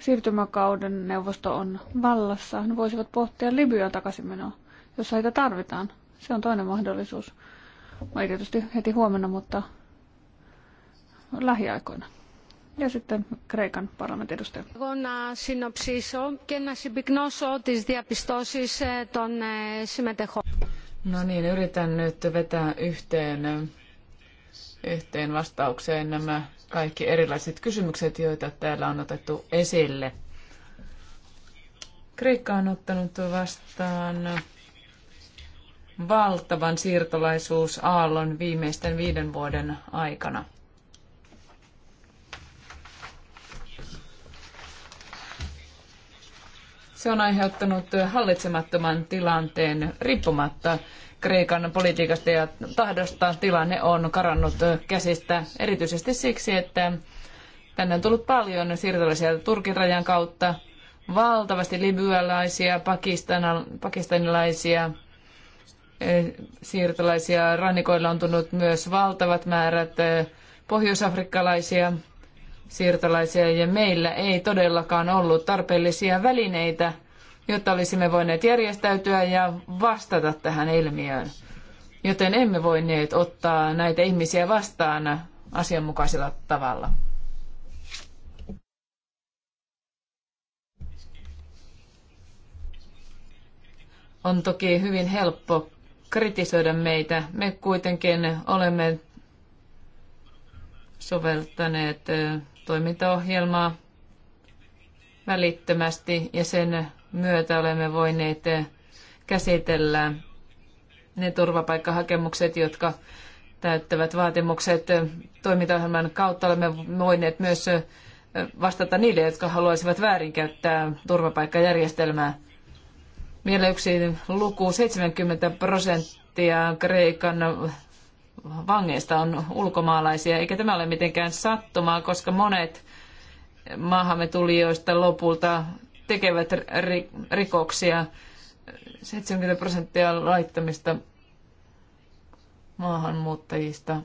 siirtymäkauden neuvosto on vallassa, ne voisivat pohtia Libyan takaisinmenoa, jos heitä tarvitaan. Se on toinen mahdollisuus. Ei tietysti heti huomenna, mutta lähiaikoina. Ja sitten Kreikan parlamentin edustaja. Εγώ να συνοψίσω και να συμπυκνώσω τις διαπιστώσεις των συμμετεχών. No niin, yritän nyt vetää yhteen, yhteen vastaukseen nämä kaikki erilaiset kysymykset, joita täällä on otettu esille. Kreikka on ottanut vastaan valtavan siirtolaisuusaallon viimeisten viiden vuoden aikana. Se on aiheuttanut hallitsemattoman tilanteen riippumatta Kreikan politiikasta ja tahdosta. Tilanne on karannut käsistä erityisesti siksi, että tänne on tullut paljon siirtolaisia Turkin rajan kautta, valtavasti libyalaisia, pakistanilaisia, e, siirtolaisia. Rannikoilla on tullut myös valtavat määrät e, pohjoisafrikkalaisia siirtolaisia ja meillä ei todellakaan ollut tarpeellisia välineitä, jotta olisimme voineet järjestäytyä ja vastata tähän ilmiöön. Joten emme voineet ottaa näitä ihmisiä vastaan asianmukaisella tavalla. On toki hyvin helppo kritisoida meitä. Me kuitenkin olemme soveltaneet toimintaohjelmaa välittömästi ja sen myötä olemme voineet käsitellä ne turvapaikkahakemukset, jotka täyttävät vaatimukset. Toimintaohjelman kautta olemme voineet myös vastata niille, jotka haluaisivat väärinkäyttää turvapaikkajärjestelmää. Vielä yksi luku, 70 prosenttia Kreikan vangeista on ulkomaalaisia, eikä tämä ole mitenkään sattumaa, koska monet maahamme tulijoista lopulta tekevät rikoksia. 70 prosenttia laittamista maahanmuuttajista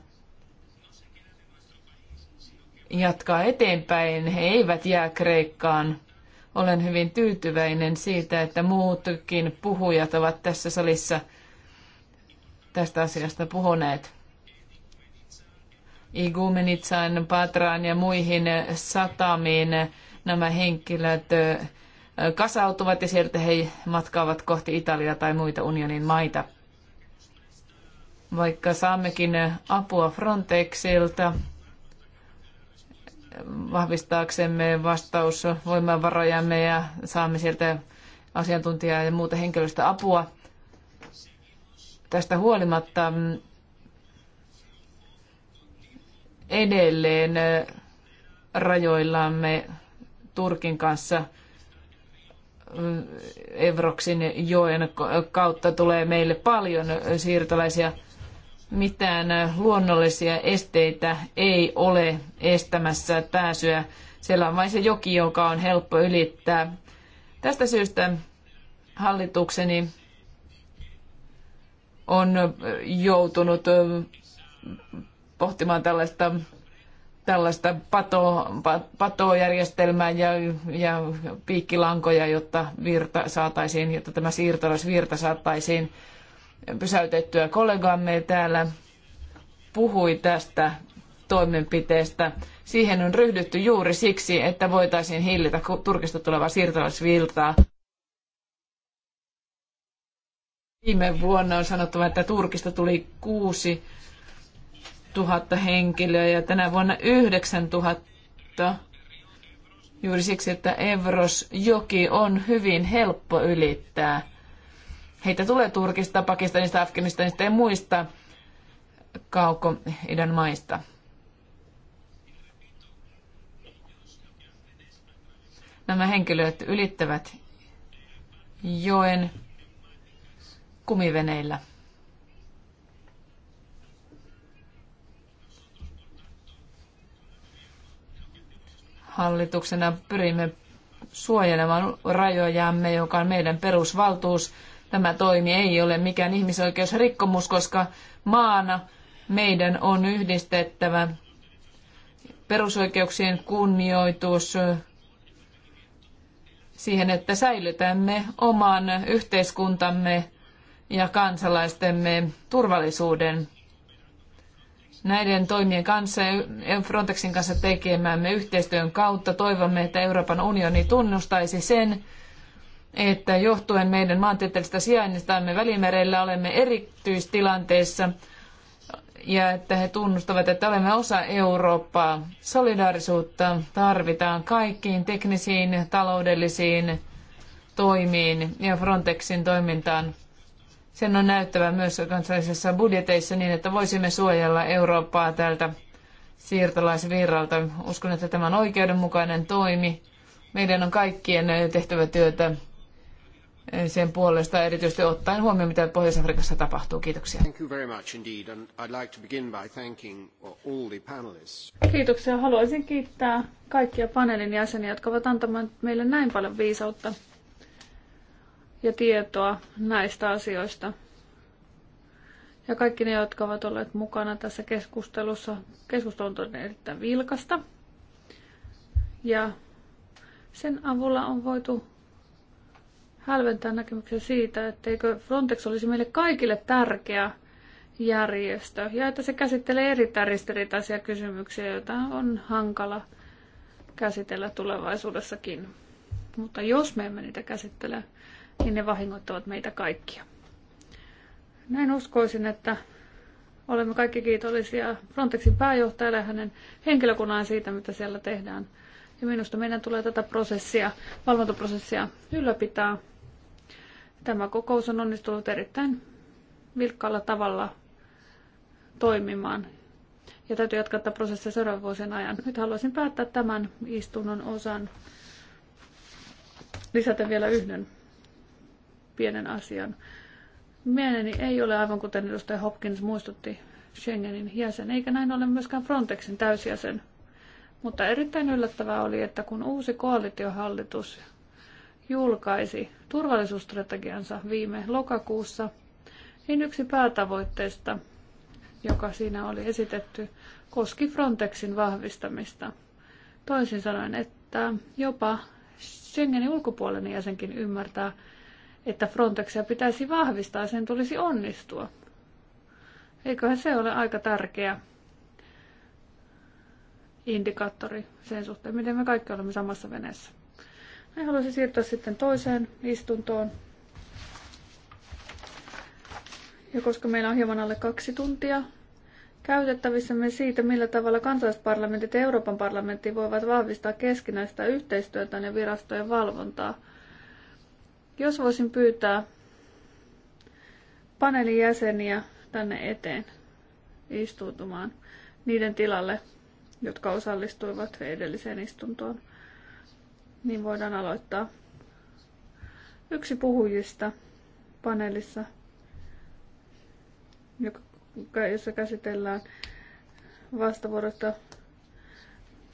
jatkaa eteenpäin. He eivät jää Kreikkaan. Olen hyvin tyytyväinen siitä, että muutkin puhujat ovat tässä salissa tästä asiasta puhuneet. Igumenitsan, Patraan ja muihin satamiin nämä henkilöt kasautuvat ja sieltä he matkaavat kohti Italiaa tai muita unionin maita. Vaikka saammekin apua Frontexilta, vahvistaaksemme vastausvoimavarojamme ja saamme sieltä asiantuntijaa ja muuta henkilöstä apua. Tästä huolimatta mm, edelleen rajoillamme Turkin kanssa Evroksin joen kautta tulee meille paljon siirtolaisia. Mitään luonnollisia esteitä ei ole estämässä pääsyä. Siellä on vain se joki, joka on helppo ylittää. Tästä syystä hallitukseni on joutunut pohtimaan tällaista, tällaista pato, patojärjestelmää ja, ja piikkilankoja, jotta virta saataisiin, jotta tämä siirtolaisvirta saataisiin pysäytettyä. Kollegamme täällä puhui tästä toimenpiteestä. Siihen on ryhdytty juuri siksi, että voitaisiin hillitä Turkista tulevaa siirtolaisvirtaa. Viime vuonna on sanottava, että Turkista tuli kuusi 000 henkilöä ja tänä vuonna 9 000 juuri siksi, että Evros joki on hyvin helppo ylittää. Heitä tulee Turkista, Pakistanista, Afganistanista ja muista kauko-idän maista. Nämä henkilöt ylittävät joen kumiveneillä. hallituksena pyrimme suojelemaan rajojamme, joka on meidän perusvaltuus. Tämä toimi ei ole mikään ihmisoikeusrikkomus, koska maana meidän on yhdistettävä perusoikeuksien kunnioitus siihen, että säilytämme oman yhteiskuntamme ja kansalaistemme turvallisuuden näiden toimien kanssa ja Frontexin kanssa tekemämme yhteistyön kautta toivomme, että Euroopan unioni tunnustaisi sen, että johtuen meidän maantieteellisestä sijainnistamme Välimerellä olemme erityistilanteessa ja että he tunnustavat, että olemme osa Eurooppaa. Solidaarisuutta tarvitaan kaikkiin teknisiin, taloudellisiin toimiin ja Frontexin toimintaan. Sen on näyttävä myös kansallisissa budjeteissa niin, että voisimme suojella Eurooppaa tältä siirtolaisvirralta. Uskon, että tämä on oikeudenmukainen toimi. Meidän on kaikkien tehtävä työtä sen puolesta, erityisesti ottaen huomioon, mitä Pohjois-Afrikassa tapahtuu. Kiitoksia. Kiitoksia. Haluaisin kiittää kaikkia paneelin jäseniä, jotka ovat antamaan meille näin paljon viisautta ja tietoa näistä asioista. Ja kaikki ne, jotka ovat olleet mukana tässä keskustelussa, keskustelu on erittäin vilkasta. Ja sen avulla on voitu hälventää näkemyksen siitä, etteikö Frontex olisi meille kaikille tärkeä järjestö ja että se käsittelee erittäin ristiriitaisia kysymyksiä, joita on hankala käsitellä tulevaisuudessakin. Mutta jos me emme niitä käsittele, niin ne vahingoittavat meitä kaikkia. Näin uskoisin, että olemme kaikki kiitollisia Frontexin pääjohtajalle ja hänen henkilökunnan siitä, mitä siellä tehdään. Ja minusta meidän tulee tätä prosessia, valvontaprosessia ylläpitää. Tämä kokous on onnistunut erittäin vilkkaalla tavalla toimimaan. Ja täytyy jatkaa tätä prosessia seuraavan vuosien ajan. Nyt haluaisin päättää tämän istunnon osan. Lisätä vielä yhden pienen asian. Mieleni ei ole, aivan kuten edustaja Hopkins muistutti, Schengenin jäsen, eikä näin ole myöskään Frontexin täysjäsen. Mutta erittäin yllättävää oli, että kun uusi koalitiohallitus julkaisi turvallisuusstrategiansa viime lokakuussa, niin yksi päätavoitteista, joka siinä oli esitetty, koski Frontexin vahvistamista. Toisin sanoen, että jopa Schengenin ulkopuolinen jäsenkin ymmärtää, että Frontexia pitäisi vahvistaa, sen tulisi onnistua. Eiköhän se ole aika tärkeä indikaattori sen suhteen, miten me kaikki olemme samassa veneessä. Mä haluaisin siirtyä sitten toiseen istuntoon. Ja koska meillä on hieman alle kaksi tuntia Käytettävissä me siitä, millä tavalla kansallisparlamentit ja Euroopan parlamentti voivat vahvistaa keskinäistä yhteistyötä ja virastojen valvontaa – jos voisin pyytää paneelin jäseniä tänne eteen istuutumaan niiden tilalle, jotka osallistuivat edelliseen istuntoon, niin voidaan aloittaa. Yksi puhujista paneelissa, jossa käsitellään vastavuoroista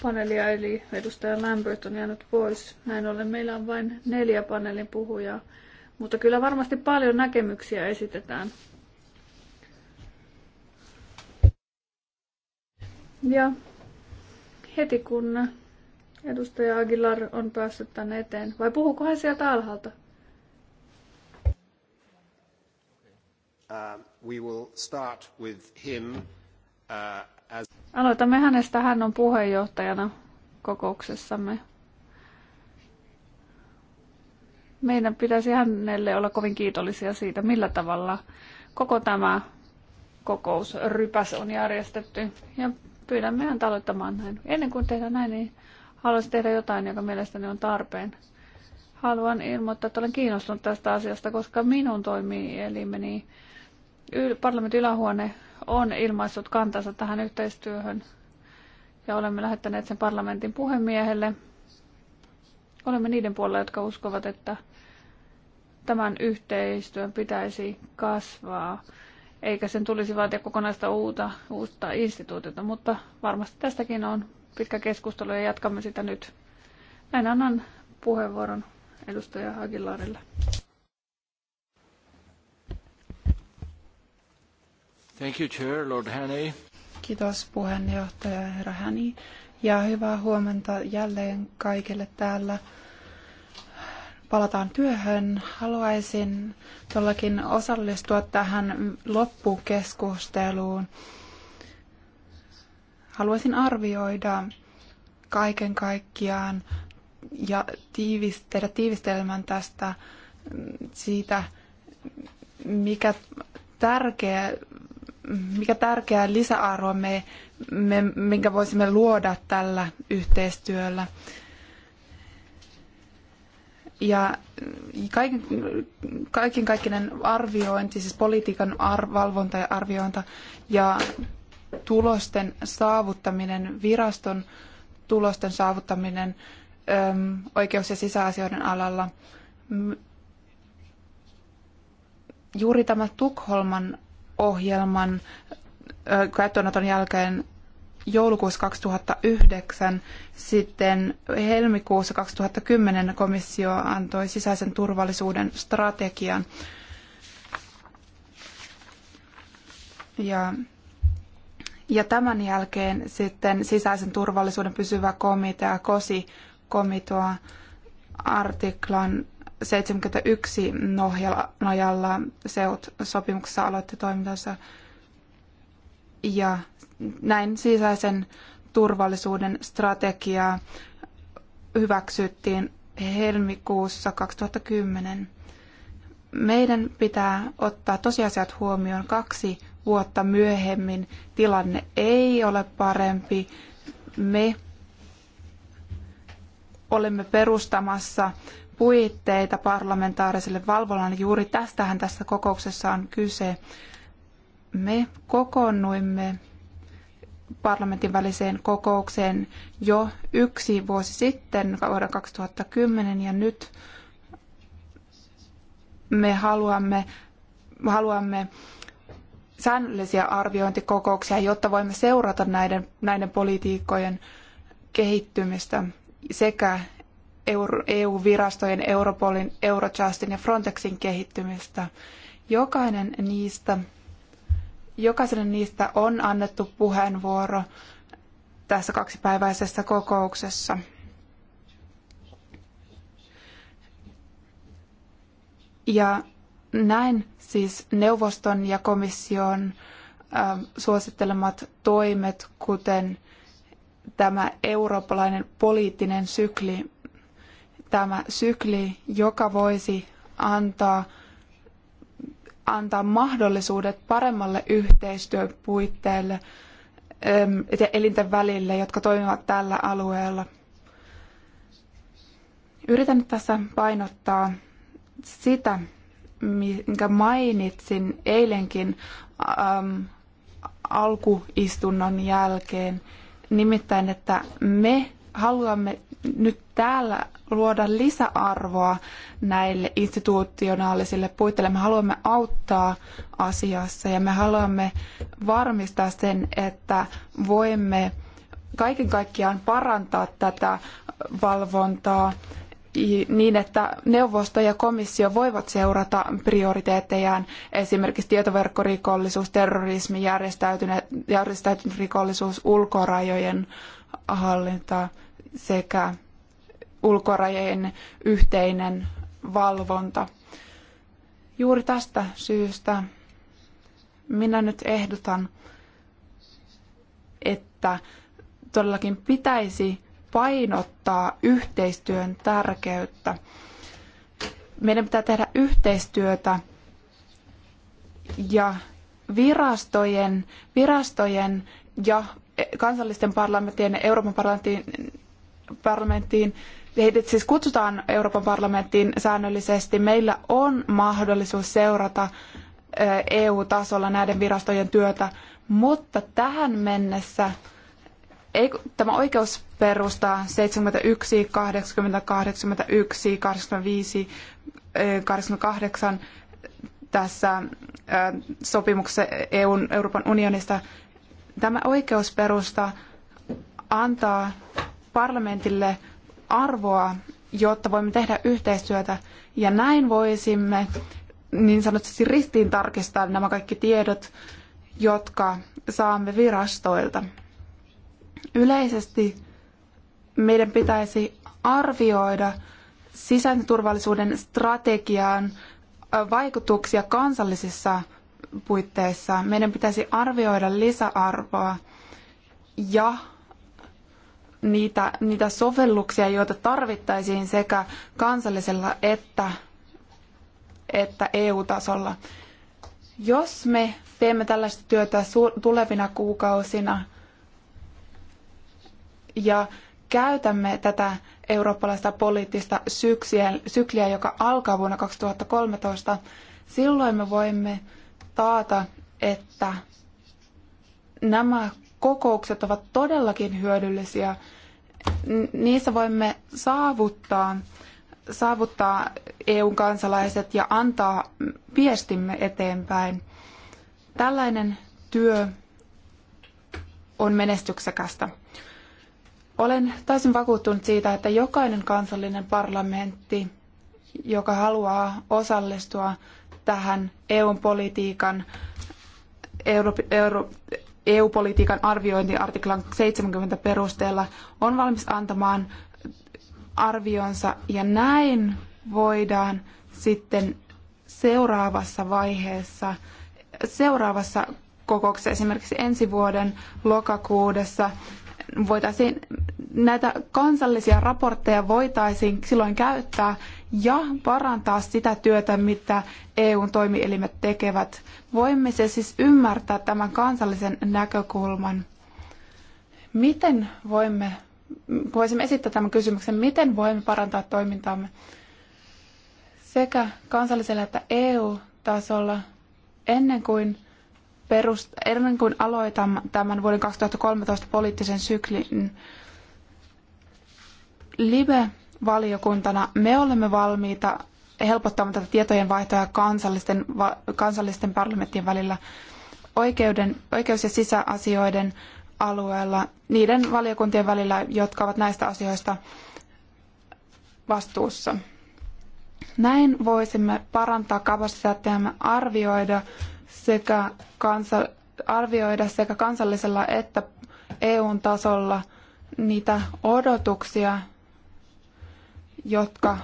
Panelia eli edustaja Lambert on jäänyt pois. Näin ollen meillä on vain neljä paneelin puhujaa, mutta kyllä varmasti paljon näkemyksiä esitetään. Ja heti kun edustaja Aguilar on päässyt tänne eteen, vai puhuuko hän sieltä alhaalta? Uh, we will start with him uh, as... Aloitamme hänestä. Hän on puheenjohtajana kokouksessamme. Meidän pitäisi hänelle olla kovin kiitollisia siitä, millä tavalla koko tämä kokousrypäs on järjestetty. Ja pyydämme häntä aloittamaan näin. Ennen kuin tehdään näin, niin haluaisin tehdä jotain, joka mielestäni on tarpeen. Haluan ilmoittaa, että olen kiinnostunut tästä asiasta, koska minun toimii meni parlamentin ylähuone on ilmaissut kantansa tähän yhteistyöhön ja olemme lähettäneet sen parlamentin puhemiehelle. Olemme niiden puolella, jotka uskovat, että tämän yhteistyön pitäisi kasvaa, eikä sen tulisi vaatia kokonaista uutta, uutta instituutiota, mutta varmasti tästäkin on pitkä keskustelu ja jatkamme sitä nyt. Näin annan puheenvuoron edustaja Aguilarille. Thank you, Chair, Lord Haney. Kiitos puheenjohtaja herra ja hyvää huomenta jälleen kaikille täällä. Palataan työhön. Haluaisin todellakin osallistua tähän loppukeskusteluun. Haluaisin arvioida kaiken kaikkiaan ja tehdä tiivistelmän tästä mm, siitä, mikä tärkeä mikä tärkeä lisäarvo me, me, minkä voisimme luoda tällä yhteistyöllä. Ja kaiken, kaiken kaikkinen arviointi, siis politiikan ar- valvonta ja arviointa ja tulosten saavuttaminen, viraston tulosten saavuttaminen äm, oikeus- ja sisäasioiden alalla. Juuri tämä Tukholman ohjelman käyttöönoton jälkeen joulukuussa 2009, sitten helmikuussa 2010 komissio antoi sisäisen turvallisuuden strategian. Ja, ja tämän jälkeen sitten sisäisen turvallisuuden pysyvä komitea, KOSI, komitoa artiklan 71 nojalla SEUT-sopimuksessa aloitti toimintansa ja näin sisäisen turvallisuuden strategiaa hyväksyttiin helmikuussa 2010. Meidän pitää ottaa tosiasiat huomioon kaksi vuotta myöhemmin. Tilanne ei ole parempi. Me olemme perustamassa puitteita parlamentaariselle valvonnalle. Juuri tästähän tässä kokouksessa on kyse. Me kokoonnuimme parlamentin väliseen kokoukseen jo yksi vuosi sitten, vuoden 2010, ja nyt me haluamme, haluamme säännöllisiä arviointikokouksia, jotta voimme seurata näiden, näiden politiikkojen kehittymistä sekä EU-virastojen, e Europolin, Eurojustin ja Frontexin kehittymistä. Jokainen niistä, jokaiselle niistä on annettu puheenvuoro tässä kaksipäiväisessä kokouksessa. Ja näin siis neuvoston ja komission äh, suosittelemat toimet, kuten tämä eurooppalainen poliittinen sykli, tämä sykli, joka voisi antaa, antaa mahdollisuudet paremmalle yhteistyöpuitteelle elinten välille, jotka toimivat tällä alueella. Yritän nyt tässä painottaa sitä, minkä mainitsin eilenkin äm, alkuistunnon jälkeen, nimittäin, että me haluamme nyt täällä luoda lisäarvoa näille institutionaalisille puitteille. Me haluamme auttaa asiassa ja me haluamme varmistaa sen, että voimme kaiken kaikkiaan parantaa tätä valvontaa niin, että neuvosto ja komissio voivat seurata prioriteettejaan esimerkiksi tietoverkkorikollisuus, terrorismi, järjestäytynyt, järjestäytynyt rikollisuus, ulkorajojen hallintaa sekä ulkorajojen yhteinen valvonta. Juuri tästä syystä minä nyt ehdotan, että todellakin pitäisi painottaa yhteistyön tärkeyttä. Meidän pitää tehdä yhteistyötä ja virastojen, virastojen ja kansallisten parlamenttien ja Euroopan parlamentin parlamenttiin, heidät siis kutsutaan Euroopan parlamenttiin säännöllisesti. Meillä on mahdollisuus seurata EU-tasolla näiden virastojen työtä, mutta tähän mennessä ei, tämä oikeus perustaa 71, 80, 81, 85, 88 tässä sopimuksessa EUn, Euroopan unionista. Tämä oikeusperusta antaa parlamentille arvoa, jotta voimme tehdä yhteistyötä ja näin voisimme niin sanotusti ristiin tarkistaa nämä kaikki tiedot, jotka saamme virastoilta. Yleisesti meidän pitäisi arvioida sisäisen turvallisuuden strategian vaikutuksia kansallisissa puitteissa. Meidän pitäisi arvioida lisäarvoa ja niitä, niitä sovelluksia, joita tarvittaisiin sekä kansallisella että, että EU-tasolla. Jos me teemme tällaista työtä tulevina kuukausina ja käytämme tätä eurooppalaista poliittista sykliä, sykliä, joka alkaa vuonna 2013, silloin me voimme taata, että nämä kokoukset ovat todellakin hyödyllisiä. Niissä voimme saavuttaa, saavuttaa EUn kansalaiset ja antaa viestimme eteenpäin. Tällainen työ on menestyksekästä. Olen täysin vakuuttunut siitä, että jokainen kansallinen parlamentti, joka haluaa osallistua tähän EU-politiikan Euro, Euro, EU-politiikan arviointi artiklan 70 perusteella on valmis antamaan arvionsa ja näin voidaan sitten seuraavassa vaiheessa, seuraavassa kokouksessa esimerkiksi ensi vuoden lokakuudessa voitaisiin näitä kansallisia raportteja voitaisiin silloin käyttää ja parantaa sitä työtä, mitä EUn toimielimet tekevät. Voimme se siis ymmärtää tämän kansallisen näkökulman. Miten voimme, voisimme esittää tämän kysymyksen, miten voimme parantaa toimintaamme sekä kansallisella että EU-tasolla ennen kuin perust, ennen kuin aloitamme tämän vuoden 2013 poliittisen syklin, Libe valiokuntana me olemme valmiita helpottamaan tätä tietojenvaihtoa kansallisten, kansallisten parlamenttien välillä oikeuden, oikeus- ja sisäasioiden alueella niiden valiokuntien välillä, jotka ovat näistä asioista vastuussa. Näin voisimme parantaa kapasiteettiamme arvioida sekä, kansa, arvioida sekä kansallisella että EUn tasolla niitä odotuksia, jotka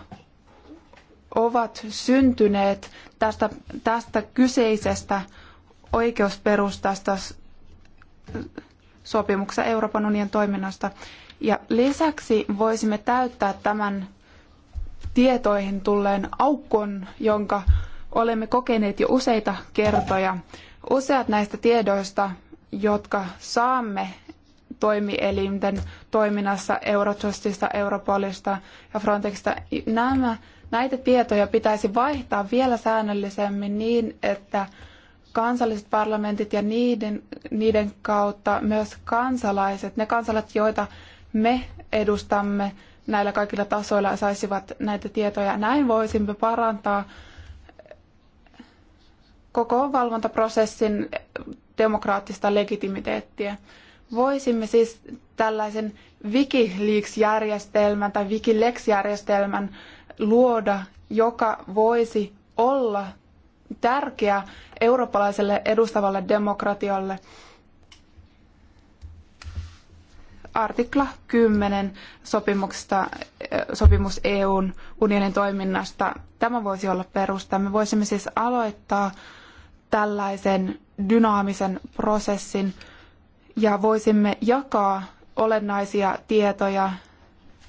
ovat syntyneet tästä, tästä kyseisestä oikeusperustasta sopimuksessa Euroopan unionin toiminnasta. Ja lisäksi voisimme täyttää tämän tietoihin tulleen aukon, jonka olemme kokeneet jo useita kertoja. Useat näistä tiedoista, jotka saamme toimielinten toiminnassa, Eurojustista, Europolista ja Frontexista. Nämä, näitä tietoja pitäisi vaihtaa vielä säännöllisemmin niin, että kansalliset parlamentit ja niiden, niiden kautta myös kansalaiset, ne kansalaiset, joita me edustamme näillä kaikilla tasoilla, saisivat näitä tietoja. Näin voisimme parantaa koko valvontaprosessin demokraattista legitimiteettiä. Voisimme siis tällaisen Wikileaks-järjestelmän tai Wikilex-järjestelmän luoda, joka voisi olla tärkeä eurooppalaiselle edustavalle demokratialle. Artikla 10 sopimuksesta, eh, sopimus EUn unionin toiminnasta. Tämä voisi olla perusta. Me voisimme siis aloittaa tällaisen dynaamisen prosessin, ja voisimme jakaa olennaisia tietoja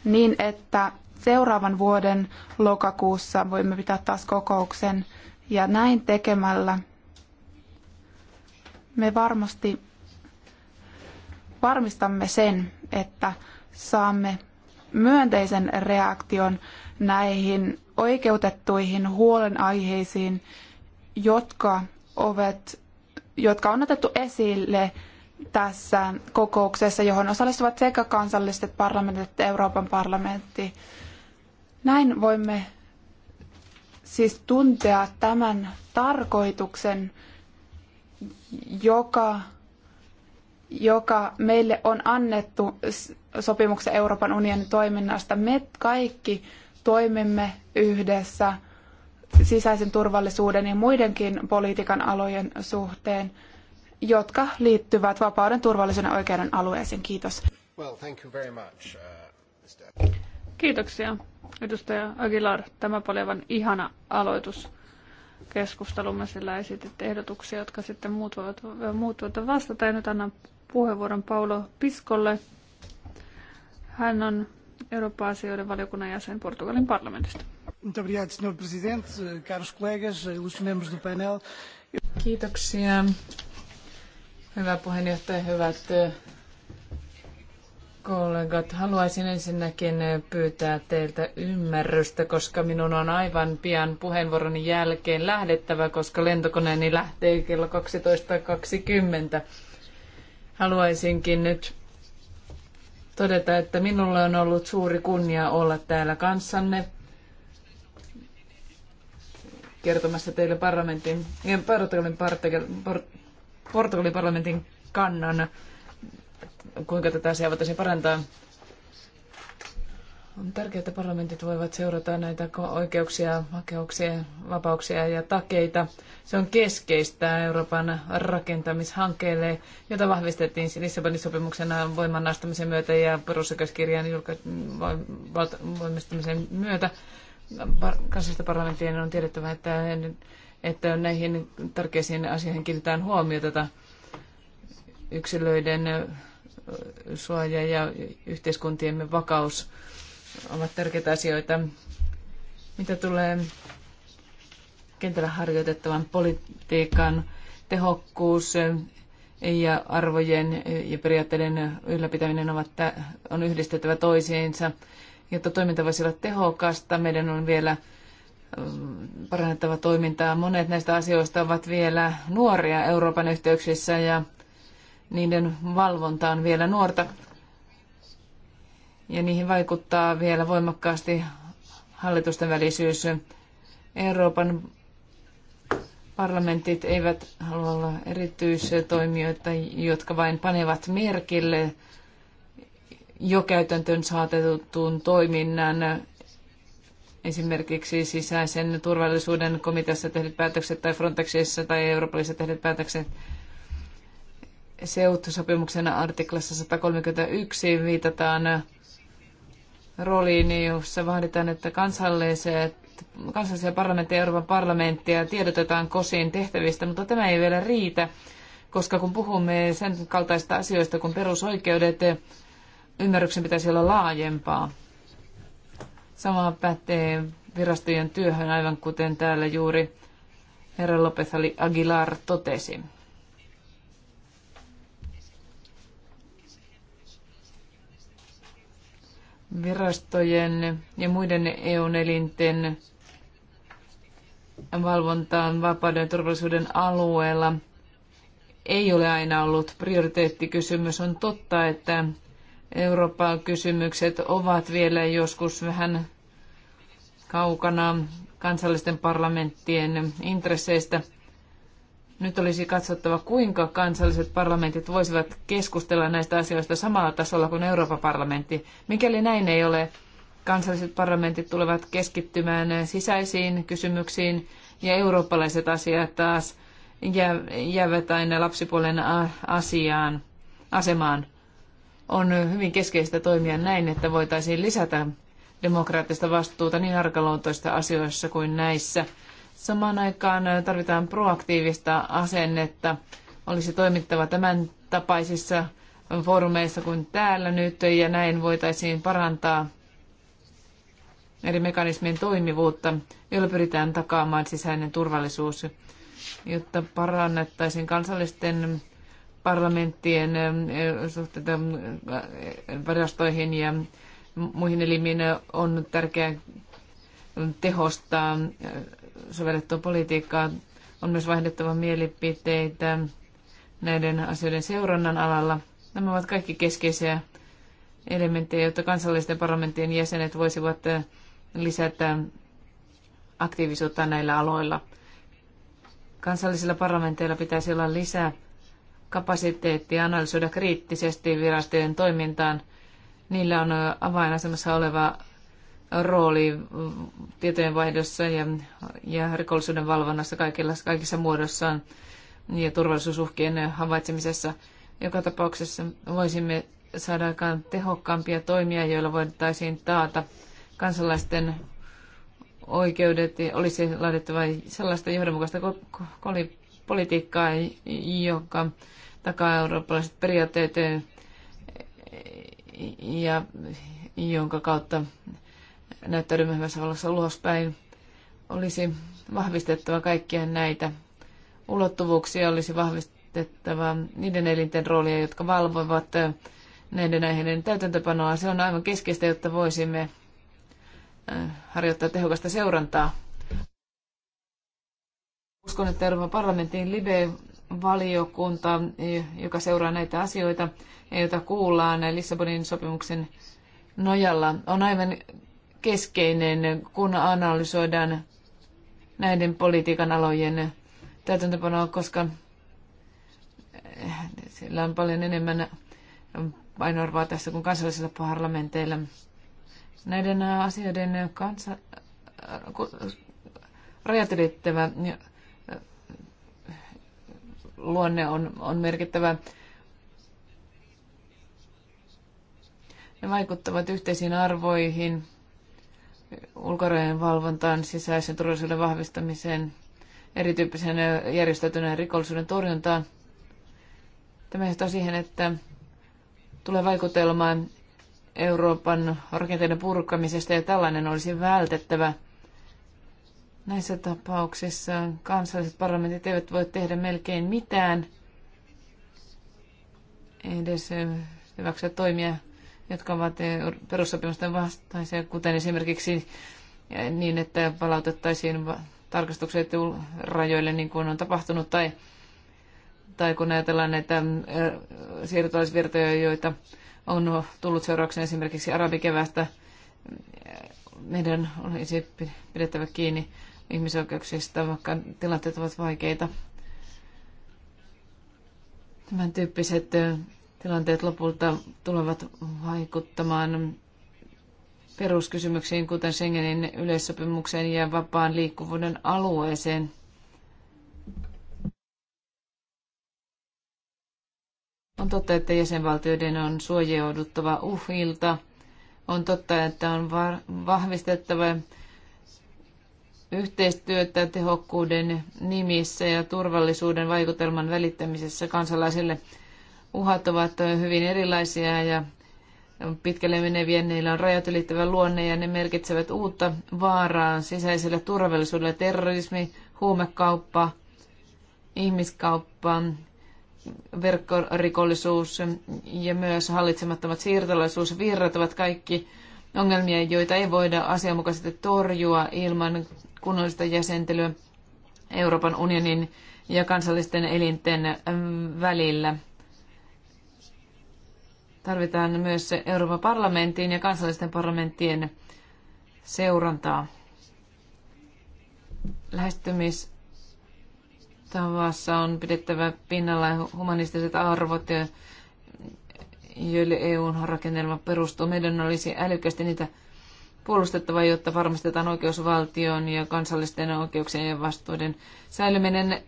niin, että seuraavan vuoden lokakuussa voimme pitää taas kokouksen ja näin tekemällä me varmasti varmistamme sen, että saamme myönteisen reaktion näihin oikeutettuihin huolenaiheisiin, jotka, ovat, jotka on otettu esille tässä kokouksessa, johon osallistuvat sekä kansalliset parlamentit että Euroopan parlamentti. Näin voimme siis tuntea tämän tarkoituksen, joka, joka meille on annettu sopimuksen Euroopan unionin toiminnasta. Me kaikki toimimme yhdessä sisäisen turvallisuuden ja muidenkin politiikan alojen suhteen – jotka liittyvät vapauden, turvallisuuden ja oikeuden alueeseen. Kiitos. Well, much, uh, Kiitoksia, edustaja Aguilar. Tämä oli aivan ihana aloitus keskustelumme, sillä esititte ehdotuksia, jotka sitten muut voivat, muut voivat vastata. Ja nyt annan puheenvuoron Paulo Piskolle. Hän on Euroopan asioiden valiokunnan jäsen Portugalin parlamentista. Kiitoksia, Hyvä puheenjohtaja, hyvät kollegat. Haluaisin ensinnäkin pyytää teiltä ymmärrystä, koska minun on aivan pian puheenvuoroni jälkeen lähdettävä, koska lentokoneeni lähtee kello 12.20. Haluaisinkin nyt todeta, että minulle on ollut suuri kunnia olla täällä kanssanne kertomassa teille parlamentin, Portugalin Portugalin parlamentin kannan, kuinka tätä asiaa voitaisiin parantaa. On tärkeää, että parlamentit voivat seurata näitä oikeuksia, vakeuksia, vapauksia ja takeita. Se on keskeistä Euroopan rakentamishankkeelle, jota vahvistettiin Lissabonin sopimuksena voiman astamisen myötä ja perusoikeuskirjan voimistamisen myötä. Kansallisten parlamenttien on tiedettävä, että että näihin tärkeisiin asioihin kiinnitetään huomiota yksilöiden suoja ja yhteiskuntiemme vakaus ovat tärkeitä asioita. Mitä tulee kentällä harjoitettavan politiikan tehokkuus ja arvojen ja periaatteiden ylläpitäminen ovat, on yhdistettävä toisiinsa. Jotta toiminta voisi olla tehokasta, meidän on vielä parannettava toimintaa. Monet näistä asioista ovat vielä nuoria Euroopan yhteyksissä ja niiden valvonta on vielä nuorta. Ja niihin vaikuttaa vielä voimakkaasti hallitusten välisyys. Euroopan parlamentit eivät halua olla erityistoimijoita, jotka vain panevat merkille jo käytäntöön saatetun toiminnan esimerkiksi sisäisen turvallisuuden komiteassa tehdyt päätökset tai Frontexissa tai Euroopassa tehdyt päätökset. Seutosopimuksen artiklassa 131 viitataan rooliin, jossa vaaditaan, että kansalliset, kansallisia parlamentteja ja Euroopan parlamenttia tiedotetaan kosin tehtävistä, mutta tämä ei vielä riitä, koska kun puhumme sen kaltaista asioista kuin perusoikeudet, ymmärryksen pitäisi olla laajempaa. Sama pätee virastojen työhön, aivan kuten täällä juuri herra Lopez Aguilar totesi. virastojen ja muiden EU-elinten valvontaan vapauden ja turvallisuuden alueella ei ole aina ollut prioriteettikysymys. On totta, että Euroopan kysymykset ovat vielä joskus vähän kaukana kansallisten parlamenttien intresseistä. Nyt olisi katsottava, kuinka kansalliset parlamentit voisivat keskustella näistä asioista samalla tasolla kuin Euroopan parlamentti. Mikäli näin ei ole, kansalliset parlamentit tulevat keskittymään sisäisiin kysymyksiin ja eurooppalaiset asiat taas jäävät aina lapsipuolen asiaan, asemaan on hyvin keskeistä toimia näin, että voitaisiin lisätä demokraattista vastuuta niin arkaluontoista asioissa kuin näissä. Samaan aikaan tarvitaan proaktiivista asennetta. Olisi toimittava tämän tapaisissa foorumeissa kuin täällä nyt, ja näin voitaisiin parantaa eri mekanismien toimivuutta, joilla pyritään takaamaan sisäinen turvallisuus, jotta parannettaisiin kansallisten parlamenttien suhteita varastoihin ja muihin elimiin on tärkeää tehostaa sovellettua politiikkaa. On myös vaihdettava mielipiteitä näiden asioiden seurannan alalla. Nämä ovat kaikki keskeisiä elementtejä, jotta kansallisten parlamenttien jäsenet voisivat lisätä aktiivisuutta näillä aloilla. Kansallisilla parlamenteilla pitäisi olla lisää kapasiteetti analysoida kriittisesti virastojen toimintaan. Niillä on avainasemassa oleva rooli tietojenvaihdossa ja, ja rikollisuuden valvonnassa kaikilla, kaikissa muodossaan ja turvallisuusuhkien havaitsemisessa. Joka tapauksessa voisimme saada aikaan tehokkaampia toimia, joilla voitaisiin taata kansalaisten oikeudet. Olisi laadittava sellaista johdonmukaista politiikkaa, joka takaa eurooppalaiset periaatteet ja jonka kautta näyttäydymme hyvässä valossa ulospäin. Olisi vahvistettava kaikkia näitä ulottuvuuksia, olisi vahvistettava niiden elinten roolia, jotka valvoivat näiden aiheiden täytäntöpanoa. Se on aivan keskeistä, jotta voisimme äh, harjoittaa tehokasta seurantaa Uskon, että Euroopan parlamentin live-valiokunta, joka seuraa näitä asioita ja jota kuullaan Lissabonin sopimuksen nojalla, on aivan keskeinen, kun analysoidaan näiden politiikan alojen täytäntöpanoa, koska eh, sillä on paljon enemmän painoarvoa tässä kuin kansallisilla parlamenteilla. Näiden asioiden kansa, eh, rajat ylittävä luonne on, on merkittävä. Ne vaikuttavat yhteisiin arvoihin, ulkorajojen valvontaan, sisäisen turvallisuuden vahvistamiseen, erityyppisen järjestäytyneen rikollisuuden torjuntaan. Tämä johtaa siihen, että tulee vaikutelmaan Euroopan rakenteiden purkamisesta ja tällainen olisi vältettävä – Näissä tapauksissa kansalliset parlamentit eivät voi tehdä melkein mitään, edes hyväksyä toimia, jotka ovat perussopimusten vastaisia, kuten esimerkiksi niin, että palautettaisiin tarkastukset rajoille niin kuin on tapahtunut, tai, tai kun ajatellaan näitä siirtolaisvirtoja, joita on tullut seurauksena esimerkiksi arabikevästä, meidän olisi pidettävä kiinni ihmisoikeuksista, vaikka tilanteet ovat vaikeita. Tämän tyyppiset tilanteet lopulta tulevat vaikuttamaan peruskysymyksiin, kuten Schengenin yleissopimukseen ja vapaan liikkuvuuden alueeseen. On totta, että jäsenvaltioiden on suojauduttava uhilta. On totta, että on vahvistettava yhteistyötä tehokkuuden nimissä ja turvallisuuden vaikutelman välittämisessä kansalaisille. Uhat ovat hyvin erilaisia ja pitkälle meneviä, niillä on rajat ylittävä luonne ja ne merkitsevät uutta vaaraa sisäiselle turvallisuudelle, terrorismi, huumekauppa, ihmiskauppa, verkkorikollisuus ja myös hallitsemattomat siirtolaisuusvirrat ovat kaikki ongelmia, joita ei voida asianmukaisesti torjua ilman kunnollista jäsentelyä Euroopan unionin ja kansallisten elinten välillä. Tarvitaan myös Euroopan parlamentin ja kansallisten parlamenttien seurantaa. Lähestymistavassa on pidettävä pinnalla humanistiset arvot, joille E.U. rakennelma perustuu. Meidän olisi älykästi niitä puolustettava, jotta varmistetaan oikeusvaltion ja kansallisten oikeuksien ja vastuuden säilyminen.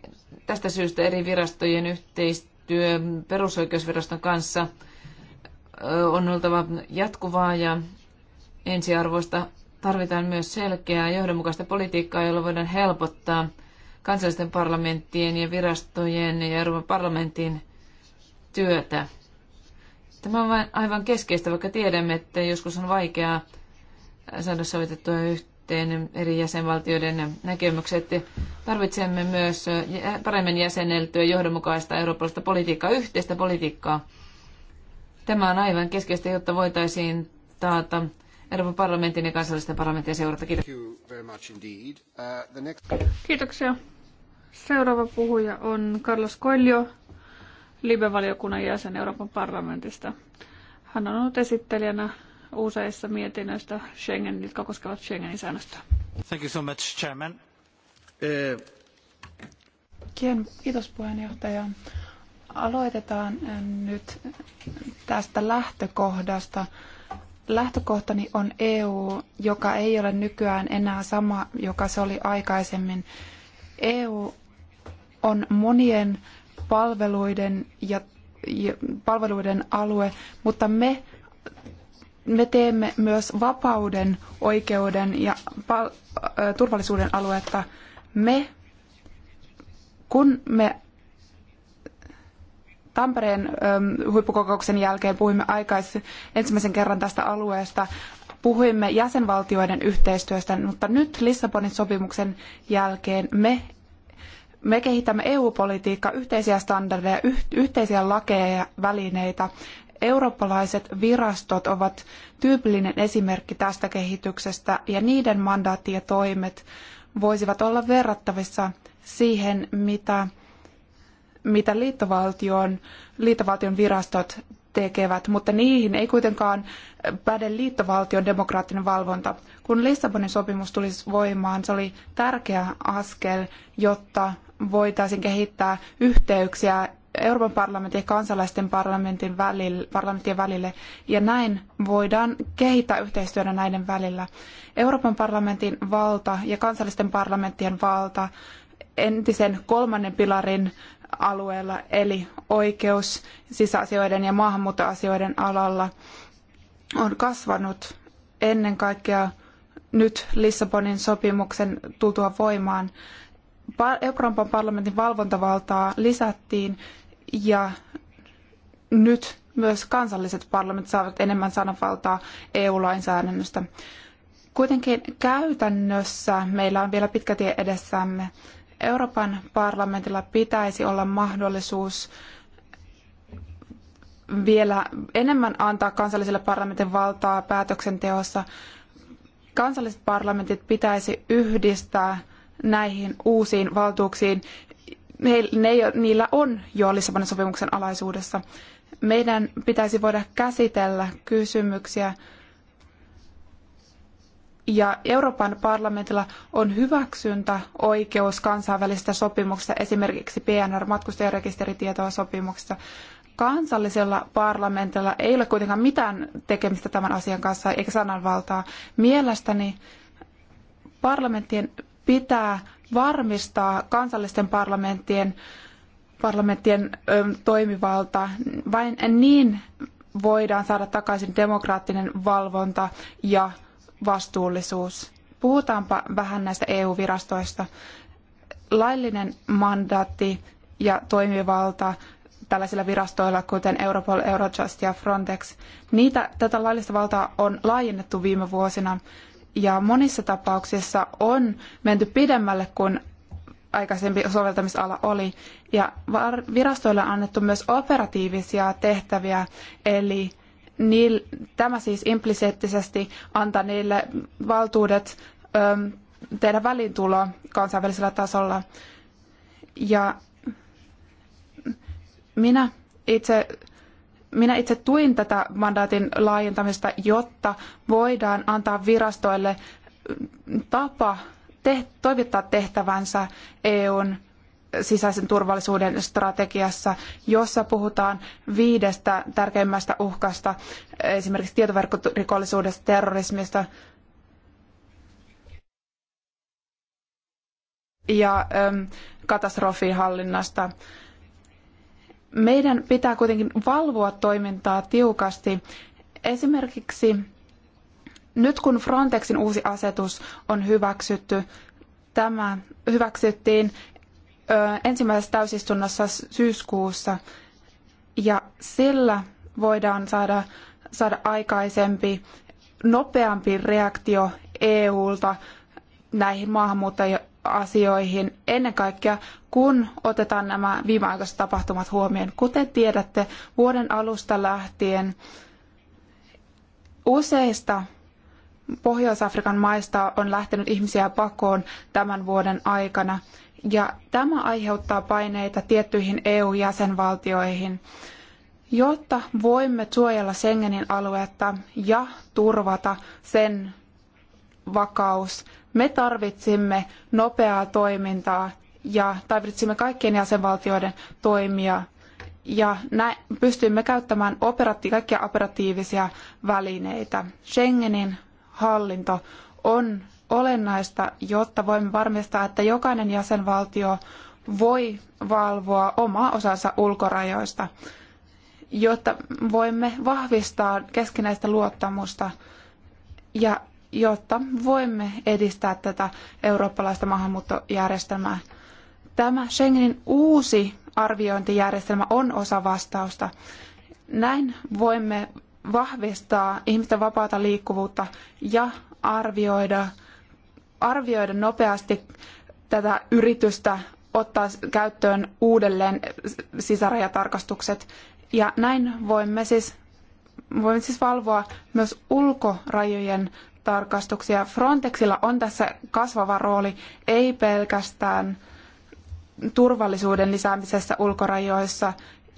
Tästä syystä eri virastojen yhteistyö perusoikeusviraston kanssa on oltava jatkuvaa ja ensiarvoista. Tarvitaan myös selkeää johdonmukaista politiikkaa, jolla voidaan helpottaa kansallisten parlamenttien ja virastojen ja Euroopan parlamentin työtä. Tämä on aivan keskeistä, vaikka tiedämme, että joskus on vaikeaa saada sovitettua yhteen eri jäsenvaltioiden näkemykset. Tarvitsemme myös paremmin jäseneltyä johdonmukaista eurooppalaista politiikkaa, yhteistä politiikkaa. Tämä on aivan keskeistä, jotta voitaisiin taata Euroopan parlamentin ja kansallisten parlamentin seurata. Kiitoksia. Uh, Kiitoksia. Seuraava puhuja on Carlos Coelho, Libe-valiokunnan jäsen Euroopan parlamentista. Hän on ollut esittelijänä useissa mietinnöistä, Schengen, jotka koskevat Schengenin säännöstöä. Thank you so much, Chairman. Eh. Kiitos puheenjohtaja. Aloitetaan eh, nyt tästä lähtökohdasta. Lähtökohtani on EU, joka ei ole nykyään enää sama, joka se oli aikaisemmin. EU on monien palveluiden ja palveluiden alue, mutta me me teemme myös vapauden, oikeuden ja turvallisuuden aluetta. Me, kun me Tampereen huippukokouksen jälkeen puhuimme aikais, ensimmäisen kerran tästä alueesta, puhuimme jäsenvaltioiden yhteistyöstä, mutta nyt Lissabonin sopimuksen jälkeen me, me kehitämme EU-politiikkaa, yhteisiä standardeja, yhteisiä lakeja ja välineitä. Eurooppalaiset virastot ovat tyypillinen esimerkki tästä kehityksestä ja niiden mandaatti ja toimet voisivat olla verrattavissa siihen, mitä, mitä liittovaltion, liittovaltion virastot tekevät, mutta niihin ei kuitenkaan päde liittovaltion demokraattinen valvonta. Kun Lissabonin sopimus tuli voimaan, se oli tärkeä askel, jotta voitaisiin kehittää yhteyksiä Euroopan parlamentin ja kansalaisten parlamentin välille, parlamenttien välille, ja näin voidaan kehittää yhteistyötä näiden välillä. Euroopan parlamentin valta ja kansallisten parlamenttien valta entisen kolmannen pilarin alueella, eli oikeus sisäasioiden ja maahanmuuttoasioiden alalla, on kasvanut ennen kaikkea nyt Lissabonin sopimuksen tultua voimaan. Euroopan parlamentin valvontavaltaa lisättiin ja nyt myös kansalliset parlamentit saavat enemmän sananvaltaa EU-lainsäädännöstä. Kuitenkin käytännössä meillä on vielä pitkä tie edessämme. Euroopan parlamentilla pitäisi olla mahdollisuus vielä enemmän antaa kansallisille parlamentin valtaa päätöksenteossa. Kansalliset parlamentit pitäisi yhdistää näihin uusiin valtuuksiin Meil, ne, niillä on jo Lissabonin sopimuksen alaisuudessa. Meidän pitäisi voida käsitellä kysymyksiä, ja Euroopan parlamentilla on hyväksyntäoikeus kansainvälisistä sopimuksista, esimerkiksi PNR-matkustajarekisteritietoa sopimuksista. Kansallisella parlamentilla ei ole kuitenkaan mitään tekemistä tämän asian kanssa eikä sananvaltaa. Mielestäni parlamenttien pitää varmistaa kansallisten parlamenttien, parlamenttien toimivalta. Vain niin voidaan saada takaisin demokraattinen valvonta ja vastuullisuus. Puhutaanpa vähän näistä EU-virastoista. Laillinen mandaatti ja toimivalta tällaisilla virastoilla, kuten Europol, Eurojust ja Frontex. Niitä, tätä laillista valtaa on laajennettu viime vuosina ja monissa tapauksissa on menty pidemmälle kuin aikaisempi soveltamisala oli. Ja virastoille on annettu myös operatiivisia tehtäviä, eli niil, tämä siis implisiittisesti antaa niille valtuudet ö, tehdä välintulo kansainvälisellä tasolla. Ja minä itse minä itse tuin tätä mandaatin laajentamista, jotta voidaan antaa virastoille tapa te- toivottaa tehtävänsä EUn sisäisen turvallisuuden strategiassa, jossa puhutaan viidestä tärkeimmästä uhkasta, esimerkiksi tietoverkkorikollisuudesta, terrorismista ja katastrofihallinnasta. hallinnasta meidän pitää kuitenkin valvoa toimintaa tiukasti. Esimerkiksi nyt kun Frontexin uusi asetus on hyväksytty, tämä hyväksyttiin ö, ensimmäisessä täysistunnossa syyskuussa ja sillä voidaan saada, saada aikaisempi, nopeampi reaktio EUlta näihin maahanmuuttajien asioihin ennen kaikkea, kun otetaan nämä viimeaikaiset tapahtumat huomioon. Kuten tiedätte, vuoden alusta lähtien useista Pohjois-Afrikan maista on lähtenyt ihmisiä pakoon tämän vuoden aikana, ja tämä aiheuttaa paineita tiettyihin EU-jäsenvaltioihin. Jotta voimme suojella Schengenin aluetta ja turvata sen vakaus, me tarvitsimme nopeaa toimintaa ja tarvitsimme kaikkien jäsenvaltioiden toimia ja näin pystymme käyttämään operati- kaikkia operatiivisia välineitä. Schengenin hallinto on olennaista, jotta voimme varmistaa, että jokainen jäsenvaltio voi valvoa omaa osansa ulkorajoista, jotta voimme vahvistaa keskinäistä luottamusta ja jotta voimme edistää tätä eurooppalaista maahanmuuttojärjestelmää. Tämä Schengenin uusi arviointijärjestelmä on osa vastausta. Näin voimme vahvistaa ihmisten vapaata liikkuvuutta ja arvioida, arvioida nopeasti tätä yritystä ottaa käyttöön uudelleen sisärajatarkastukset. Ja näin voimme siis, voimme siis valvoa myös ulkorajojen tarkastuksia. Frontexilla on tässä kasvava rooli, ei pelkästään turvallisuuden lisäämisessä ulkorajoissa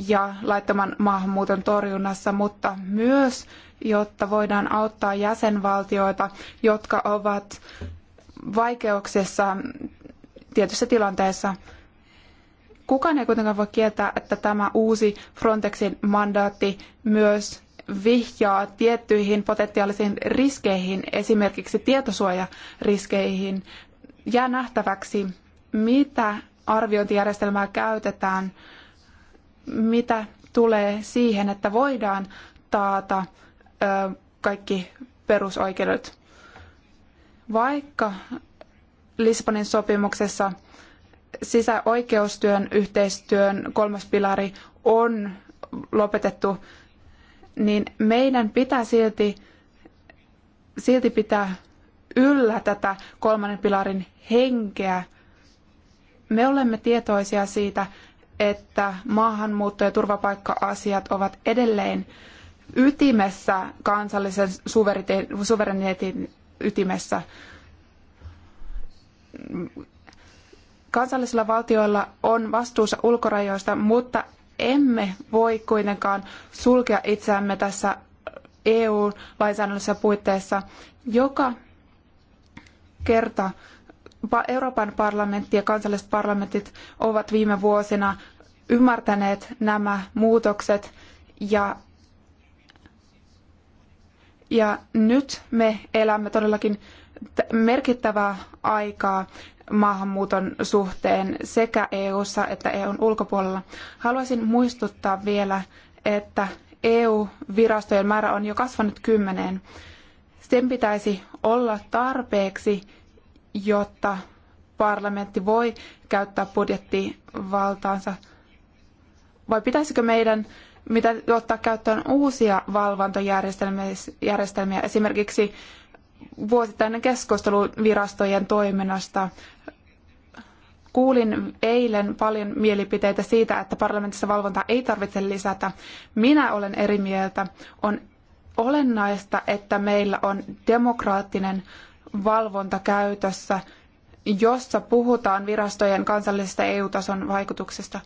ja laittoman maahanmuuton torjunnassa, mutta myös, jotta voidaan auttaa jäsenvaltioita, jotka ovat vaikeuksissa tietyssä tilanteessa. Kukaan ei kuitenkaan voi kieltää, että tämä uusi Frontexin mandaatti myös vihjaa tiettyihin potentiaalisiin riskeihin, esimerkiksi tietosuojariskeihin. Jää nähtäväksi, mitä arviointijärjestelmää käytetään, mitä tulee siihen, että voidaan taata kaikki perusoikeudet. Vaikka Lissabonin sopimuksessa sisäoikeustyön yhteistyön kolmas pilari on lopetettu niin meidän pitää silti, silti pitää yllä tätä kolmannen pilarin henkeä. Me olemme tietoisia siitä, että maahanmuutto- ja turvapaikka-asiat ovat edelleen ytimessä kansallisen suvereniteetin ytimessä. Kansallisilla valtioilla on vastuussa ulkorajoista, mutta emme voi kuitenkaan sulkea itseämme tässä EU-lainsäädännöllisessä puitteissa. Joka kerta Euroopan parlamentti ja kansalliset parlamentit ovat viime vuosina ymmärtäneet nämä muutokset ja, ja nyt me elämme todellakin merkittävää aikaa maahanmuuton suhteen sekä EU:ssa että EUn ulkopuolella. Haluaisin muistuttaa vielä, että EU-virastojen määrä on jo kasvanut kymmeneen. Sen pitäisi olla tarpeeksi, jotta parlamentti voi käyttää budjettivaltaansa. Vai pitäisikö meidän mitä ottaa käyttöön uusia valvontajärjestelmiä, esimerkiksi vuosittainen keskustelu virastojen toiminnasta. Kuulin eilen paljon mielipiteitä siitä, että parlamentissa valvontaa ei tarvitse lisätä. Minä olen eri mieltä. On olennaista, että meillä on demokraattinen valvonta käytössä, jossa puhutaan virastojen kansallisesta EU-tason vaikutuksesta.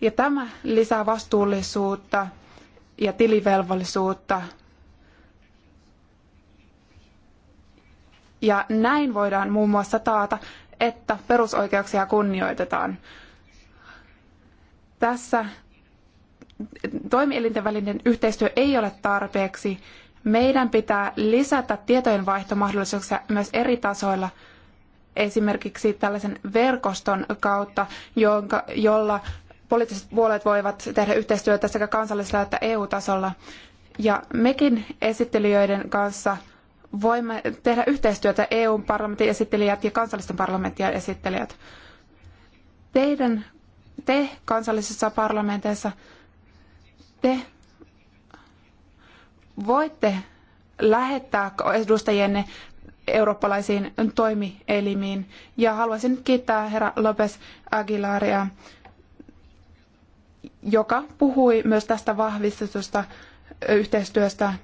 Ja tämä lisää vastuullisuutta ja tilivelvollisuutta Ja näin voidaan muun muassa taata, että perusoikeuksia kunnioitetaan. Tässä toimielinten välinen yhteistyö ei ole tarpeeksi. Meidän pitää lisätä tietojenvaihtomahdollisuuksia myös eri tasoilla, esimerkiksi tällaisen verkoston kautta, jonka, jolla poliittiset puolet voivat tehdä yhteistyötä sekä kansallisella että EU-tasolla. Ja mekin esittelijöiden kanssa – voimme tehdä yhteistyötä EU-parlamentin esittelijät ja kansallisten parlamenttien esittelijät. Teidän, te kansallisissa parlamenteissa, te voitte lähettää edustajienne eurooppalaisiin toimielimiin. Ja haluaisin nyt kiittää herra Lopes Aguilaria, joka puhui myös tästä vahvistetusta yhteistyöstä,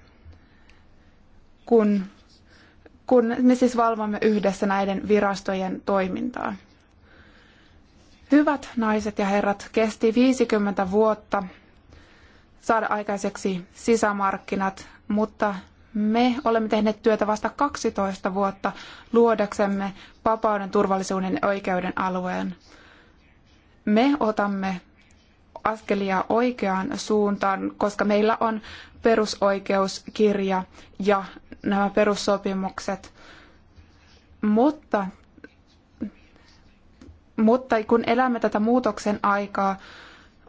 kun kun me siis valvomme yhdessä näiden virastojen toimintaa. Hyvät naiset ja herrat, kesti 50 vuotta saada aikaiseksi sisämarkkinat, mutta me olemme tehneet työtä vasta 12 vuotta luodaksemme vapauden, turvallisuuden ja oikeuden alueen. Me otamme askelia oikeaan suuntaan, koska meillä on perusoikeuskirja ja nämä perussopimukset. Mutta, mutta kun elämme tätä muutoksen aikaa,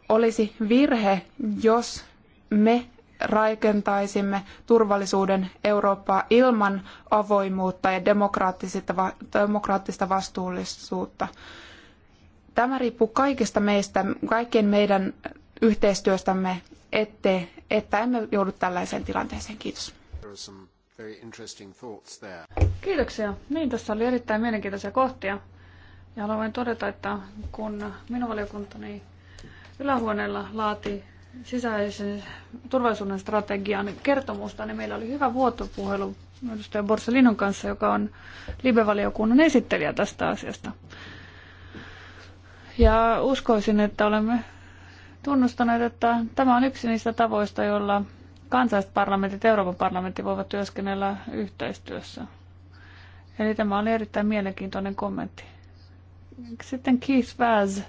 olisi virhe, jos me rakentaisimme turvallisuuden Eurooppaa ilman avoimuutta ja demokraattista vastuullisuutta. Tämä riippuu kaikista meistä, kaikkien meidän yhteistyöstämme, ette, että emme joudu tällaiseen tilanteeseen. Kiitos. Kiitoksia. Niin, tässä oli erittäin mielenkiintoisia kohtia. Ja haluan vain todeta, että kun minun valiokuntani ylähuoneella laati sisäisen turvallisuuden strategian kertomusta, niin meillä oli hyvä vuotopuhelu edustaja Borsellinon kanssa, joka on Libe-valiokunnan esittelijä tästä asiasta. Ja uskoisin, että olemme tunnustaneet, että tämä on yksi niistä tavoista, joilla kansalliset parlamentit ja Euroopan parlamentti voivat työskennellä yhteistyössä. Eli tämä oli erittäin mielenkiintoinen kommentti. Sitten Keith Vaz.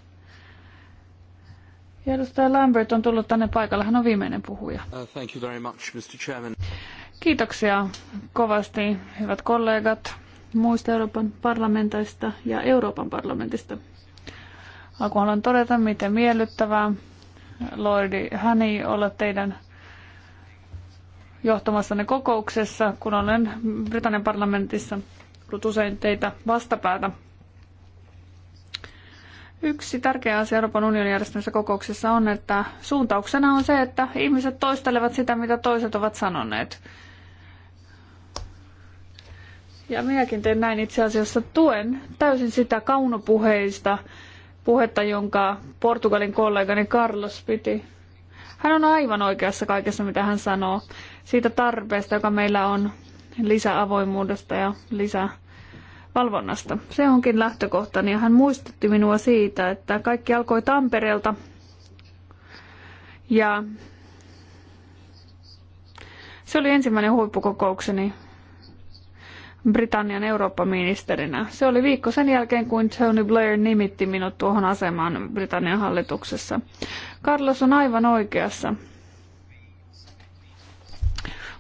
Ja edustaja Lambert on tullut tänne paikalle. Hän on viimeinen puhuja. Uh, thank you very much, Mr. Chairman. Kiitoksia kovasti, hyvät kollegat muista Euroopan parlamentaista ja Euroopan parlamentista. Alkuun haluan todeta, miten miellyttävää Lordi Hani olla teidän johtamassanne kokouksessa, kun olen Britannian parlamentissa ollut usein teitä vastapäätä. Yksi tärkeä asia Euroopan unionin järjestämisessä kokouksessa on, että suuntauksena on se, että ihmiset toistelevat sitä, mitä toiset ovat sanoneet. Ja minäkin teen näin itse asiassa tuen täysin sitä kaunopuheista, puhetta, jonka Portugalin kollegani Carlos piti. Hän on aivan oikeassa kaikessa, mitä hän sanoo. Siitä tarpeesta, joka meillä on lisäavoimuudesta ja valvonnasta. Se onkin lähtökohtani ja hän muistutti minua siitä, että kaikki alkoi Tampereelta ja se oli ensimmäinen huippukokoukseni Britannian Eurooppa-ministerinä. Se oli viikko sen jälkeen, kun Tony Blair nimitti minut tuohon asemaan Britannian hallituksessa. Carlos on aivan oikeassa.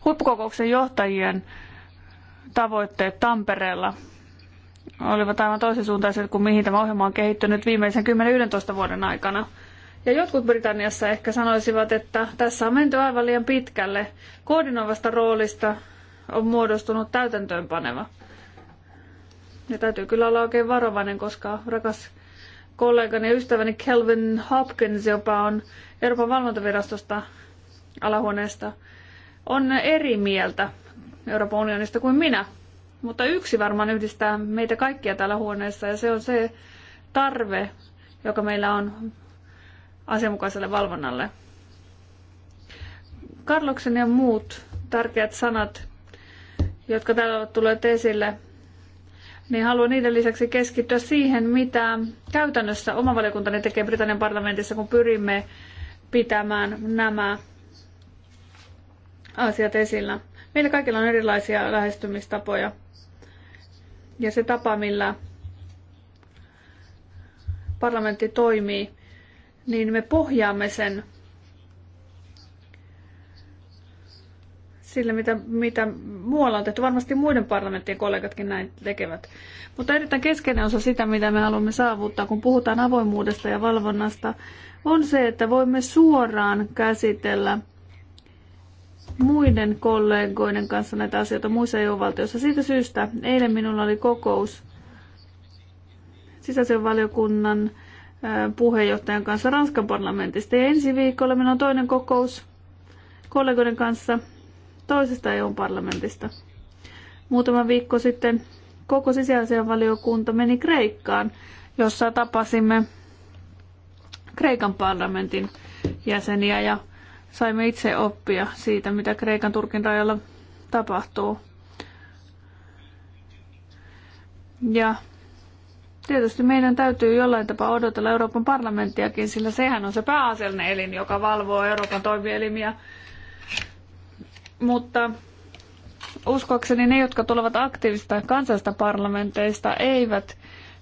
Huippukokouksen johtajien tavoitteet Tampereella olivat aivan toisensuuntaiset kuin mihin tämä ohjelma on kehittynyt viimeisen 10-11 vuoden aikana. Ja jotkut Britanniassa ehkä sanoisivat, että tässä on menty aivan liian pitkälle koordinoivasta roolista on muodostunut täytäntöönpaneva. Ja täytyy kyllä olla oikein varovainen, koska rakas kollegani ja ystäväni Kelvin Hopkins, jopa on Euroopan valvontavirastosta alahuoneesta, on eri mieltä Euroopan unionista kuin minä. Mutta yksi varmaan yhdistää meitä kaikkia täällä huoneessa ja se on se tarve, joka meillä on asianmukaiselle valvonnalle. Karloksen ja muut tärkeät sanat jotka täällä ovat tulleet esille, niin haluan niiden lisäksi keskittyä siihen, mitä käytännössä oma valiokuntani tekee Britannian parlamentissa, kun pyrimme pitämään nämä asiat esillä. Meillä kaikilla on erilaisia lähestymistapoja. Ja se tapa, millä parlamentti toimii, niin me pohjaamme sen sille, mitä, mitä muualla on tehty. Varmasti muiden parlamenttien kollegatkin näin tekevät. Mutta erittäin keskeinen osa sitä, mitä me haluamme saavuttaa, kun puhutaan avoimuudesta ja valvonnasta, on se, että voimme suoraan käsitellä muiden kollegoiden kanssa näitä asioita muissa EU-valtioissa. Siitä syystä eilen minulla oli kokous sisäisen valiokunnan puheenjohtajan kanssa Ranskan parlamentista. Ja ensi viikolla minulla on toinen kokous kollegoiden kanssa toisesta EU-parlamentista. Muutama viikko sitten koko sisäasianvaliokunta meni Kreikkaan, jossa tapasimme Kreikan parlamentin jäseniä ja saimme itse oppia siitä, mitä Kreikan Turkin rajalla tapahtuu. Ja tietysti meidän täytyy jollain tapaa odotella Euroopan parlamenttiakin, sillä sehän on se pääasiallinen elin, joka valvoo Euroopan toimielimiä mutta uskoakseni ne, jotka tulevat aktiivista kansallisista parlamenteista, eivät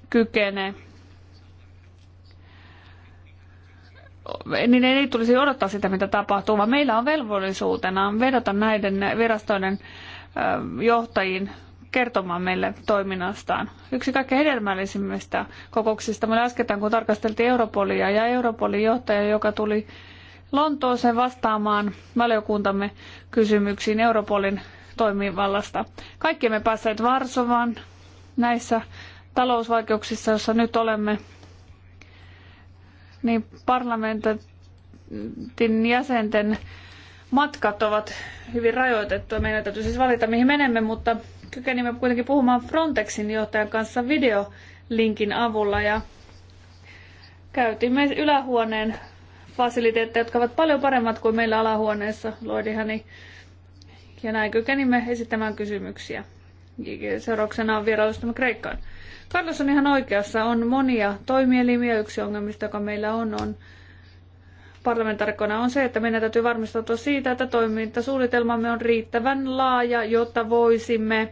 kykene niin ei tulisi odottaa sitä, mitä tapahtuu, vaan meillä on velvollisuutena vedota näiden virastoiden johtajiin kertomaan meille toiminnastaan. Yksi kaikkein hedelmällisimmistä kokouksista me äskettäin, kun tarkasteltiin Europolia ja Europolin johtaja, joka tuli Lontooseen vastaamaan valiokuntamme kysymyksiin Europolin toimivallasta. Kaikki emme päässeet Varsovaan näissä talousvaikeuksissa, joissa nyt olemme, niin parlamentin jäsenten matkat ovat hyvin rajoitettuja. Meidän täytyy siis valita, mihin menemme, mutta kykenimme kuitenkin puhumaan Frontexin johtajan kanssa videolinkin avulla ja käytimme ylähuoneen fasiliteetteja, jotka ovat paljon paremmat kuin meillä alahuoneessa, Loidihani. Ja näin kykenimme esittämään kysymyksiä. Seurauksena on vierailustamme Kreikkaan. Carlos on ihan oikeassa. On monia toimielimiä. Yksi ongelmista, joka meillä on, on parlamentaarikkona on se, että meidän täytyy varmistautua siitä, että toimintasuunnitelmamme on riittävän laaja, jotta voisimme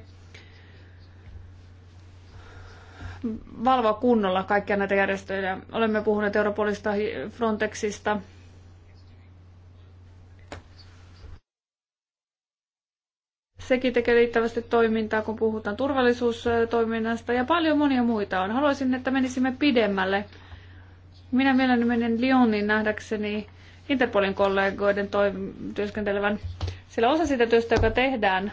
valvoa kunnolla kaikkia näitä järjestöjä. Olemme puhuneet Europolista, Frontexista, Sekin tekee riittävästi toimintaa, kun puhutaan turvallisuustoiminnasta ja paljon monia muita on. Haluaisin, että menisimme pidemmälle. Minä mielelläni menen Lyonin nähdäkseni Interpolin kollegoiden toim- työskentelevän, sillä osa sitä työstä, joka tehdään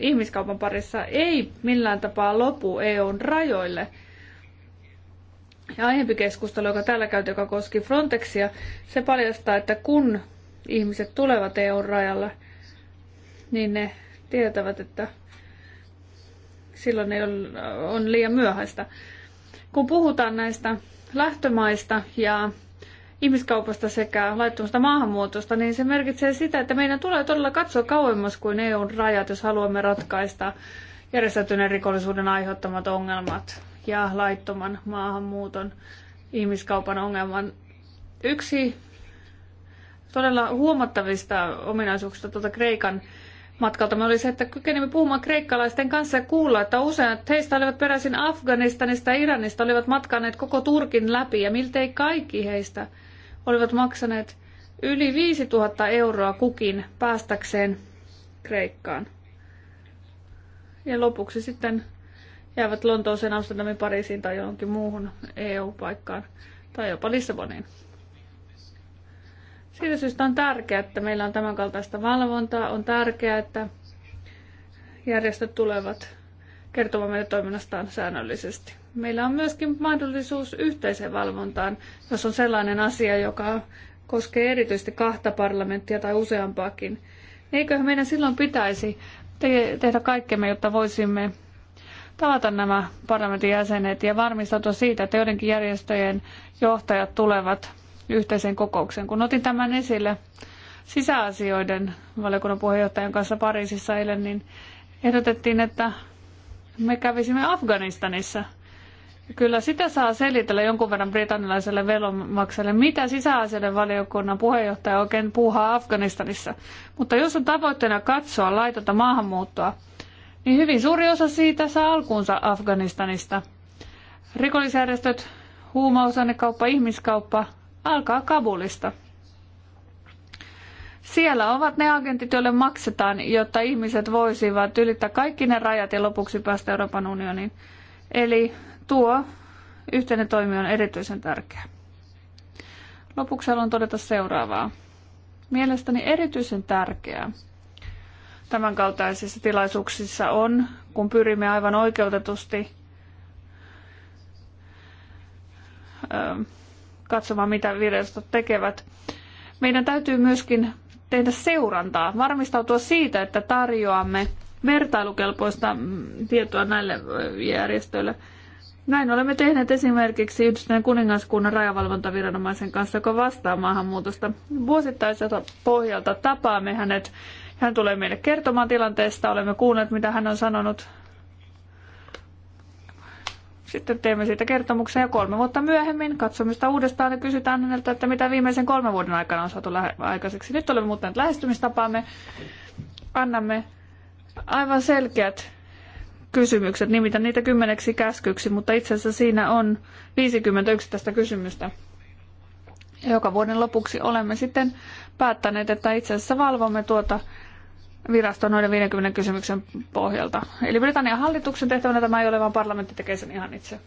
ihmiskaupan parissa ei millään tapaa lopu EUn rajoille. Ja aiempi keskustelu, joka täällä käytiin, joka koski Frontexia, se paljastaa, että kun ihmiset tulevat EUn rajalle, niin ne tietävät, että silloin ei ole on liian myöhäistä. Kun puhutaan näistä lähtömaista ja ihmiskaupasta sekä laittomasta maahanmuutosta, niin se merkitsee sitä, että meidän tulee todella katsoa kauemmas kuin EUn rajat, jos haluamme ratkaista järjestäytyneen rikollisuuden aiheuttamat ongelmat ja laittoman maahanmuuton ihmiskaupan ongelman. Yksi todella huomattavista ominaisuuksista tuota Kreikan matkalta oli se, että kykenimme puhumaan kreikkalaisten kanssa ja kuulla, että useat heistä olivat peräisin Afganistanista ja Iranista, olivat matkanneet koko Turkin läpi ja miltei kaikki heistä olivat maksaneet yli 5000 euroa kukin päästäkseen Kreikkaan. Ja lopuksi sitten jäävät Lontooseen, Amsterdamiin, Pariisiin tai johonkin muuhun EU-paikkaan tai jopa Lissaboniin. Siitä syystä on tärkeää, että meillä on tämänkaltaista valvontaa. On tärkeää, että järjestöt tulevat kertomaan meidän toiminnastaan säännöllisesti meillä on myöskin mahdollisuus yhteiseen valvontaan, jos on sellainen asia, joka koskee erityisesti kahta parlamenttia tai useampaakin. Eiköhän meidän silloin pitäisi te- tehdä kaikkemme, jotta voisimme tavata nämä parlamentin jäsenet ja varmistautua siitä, että joidenkin järjestöjen johtajat tulevat yhteiseen kokoukseen. Kun otin tämän esille sisäasioiden valiokunnan puheenjohtajan kanssa Pariisissa eilen, niin ehdotettiin, että me kävisimme Afganistanissa – Kyllä sitä saa selitellä jonkun verran britannilaiselle velomakselle. mitä sisäasioiden valiokunnan puheenjohtaja oikein puuhaa Afganistanissa. Mutta jos on tavoitteena katsoa laitonta maahanmuuttoa, niin hyvin suuri osa siitä saa alkuunsa Afganistanista. Rikollisjärjestöt, huumausainekauppa, ihmiskauppa alkaa Kabulista. Siellä ovat ne agentit, joille maksetaan, jotta ihmiset voisivat ylittää kaikki ne rajat ja lopuksi päästä Euroopan unioniin. Eli Tuo yhteinen toimi on erityisen tärkeä. Lopuksi haluan todeta seuraavaa. Mielestäni erityisen tärkeää tämänkaltaisissa tilaisuuksissa on, kun pyrimme aivan oikeutetusti katsomaan, mitä virastot tekevät. Meidän täytyy myöskin tehdä seurantaa, varmistautua siitä, että tarjoamme vertailukelpoista mm, tietoa näille järjestöille – näin olemme tehneet esimerkiksi Yhdistyneen kuningaskunnan rajavalvontaviranomaisen kanssa, joka vastaa maahanmuutosta. Vuosittaiselta pohjalta tapaamme hänet. Hän tulee meille kertomaan tilanteesta, olemme kuulleet mitä hän on sanonut. Sitten teemme siitä kertomuksen ja kolme vuotta myöhemmin katsomista uudestaan ja kysytään häneltä, että mitä viimeisen kolmen vuoden aikana on saatu aikaiseksi. Nyt olemme muuttaneet lähestymistapaamme. Annamme aivan selkeät kysymykset, nimitän niitä kymmeneksi käskyksi, mutta itse asiassa siinä on 51 tästä kysymystä. Joka vuoden lopuksi olemme sitten päättäneet, että itse asiassa valvomme tuota virastoa noiden 50 kysymyksen pohjalta. Eli Britannian hallituksen tehtävänä tämä ei ole, vaan parlamentti tekee sen ihan itse.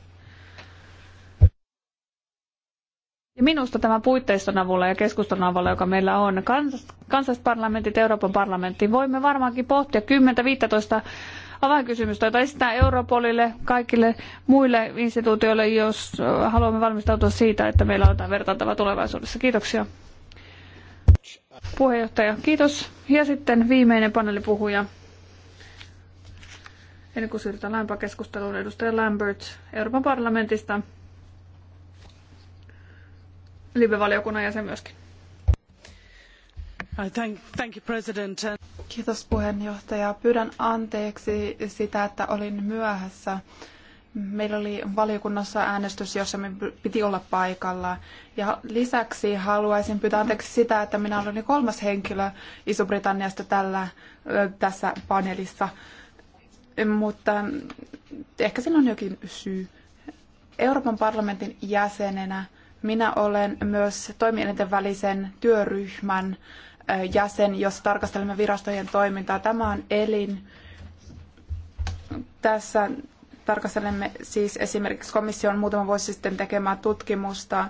Ja minusta tämä puitteiston avulla ja keskustelun avulla, joka meillä on, kans, kansallisparlamentit, Euroopan parlamentti, voimme varmaankin pohtia 10-15 avainkysymystä, jota esitetään Europolille, kaikille muille instituutioille, jos haluamme valmistautua siitä, että meillä on jotain vertailtavaa tulevaisuudessa. Kiitoksia. Puheenjohtaja, kiitos. Ja sitten viimeinen paneelipuhuja. Ennen kuin siirrytään lämpää keskusteluun, edustaja Lambert Euroopan parlamentista. Live-valiokunnan jäsen myöskin. Kiitos puheenjohtaja. Pyydän anteeksi sitä, että olin myöhässä. Meillä oli valiokunnassa äänestys, jossa me piti olla paikalla. Ja lisäksi haluaisin pyytää anteeksi sitä, että minä olen kolmas henkilö Iso-Britanniasta tällä, tässä paneelissa. Mutta ehkä siinä on jokin syy. Euroopan parlamentin jäsenenä minä olen myös toimielinten välisen työryhmän jäsen, jos tarkastelemme virastojen toimintaa. Tämä on elin. Tässä tarkastelemme siis esimerkiksi komission muutama vuosi sitten tekemää tutkimusta.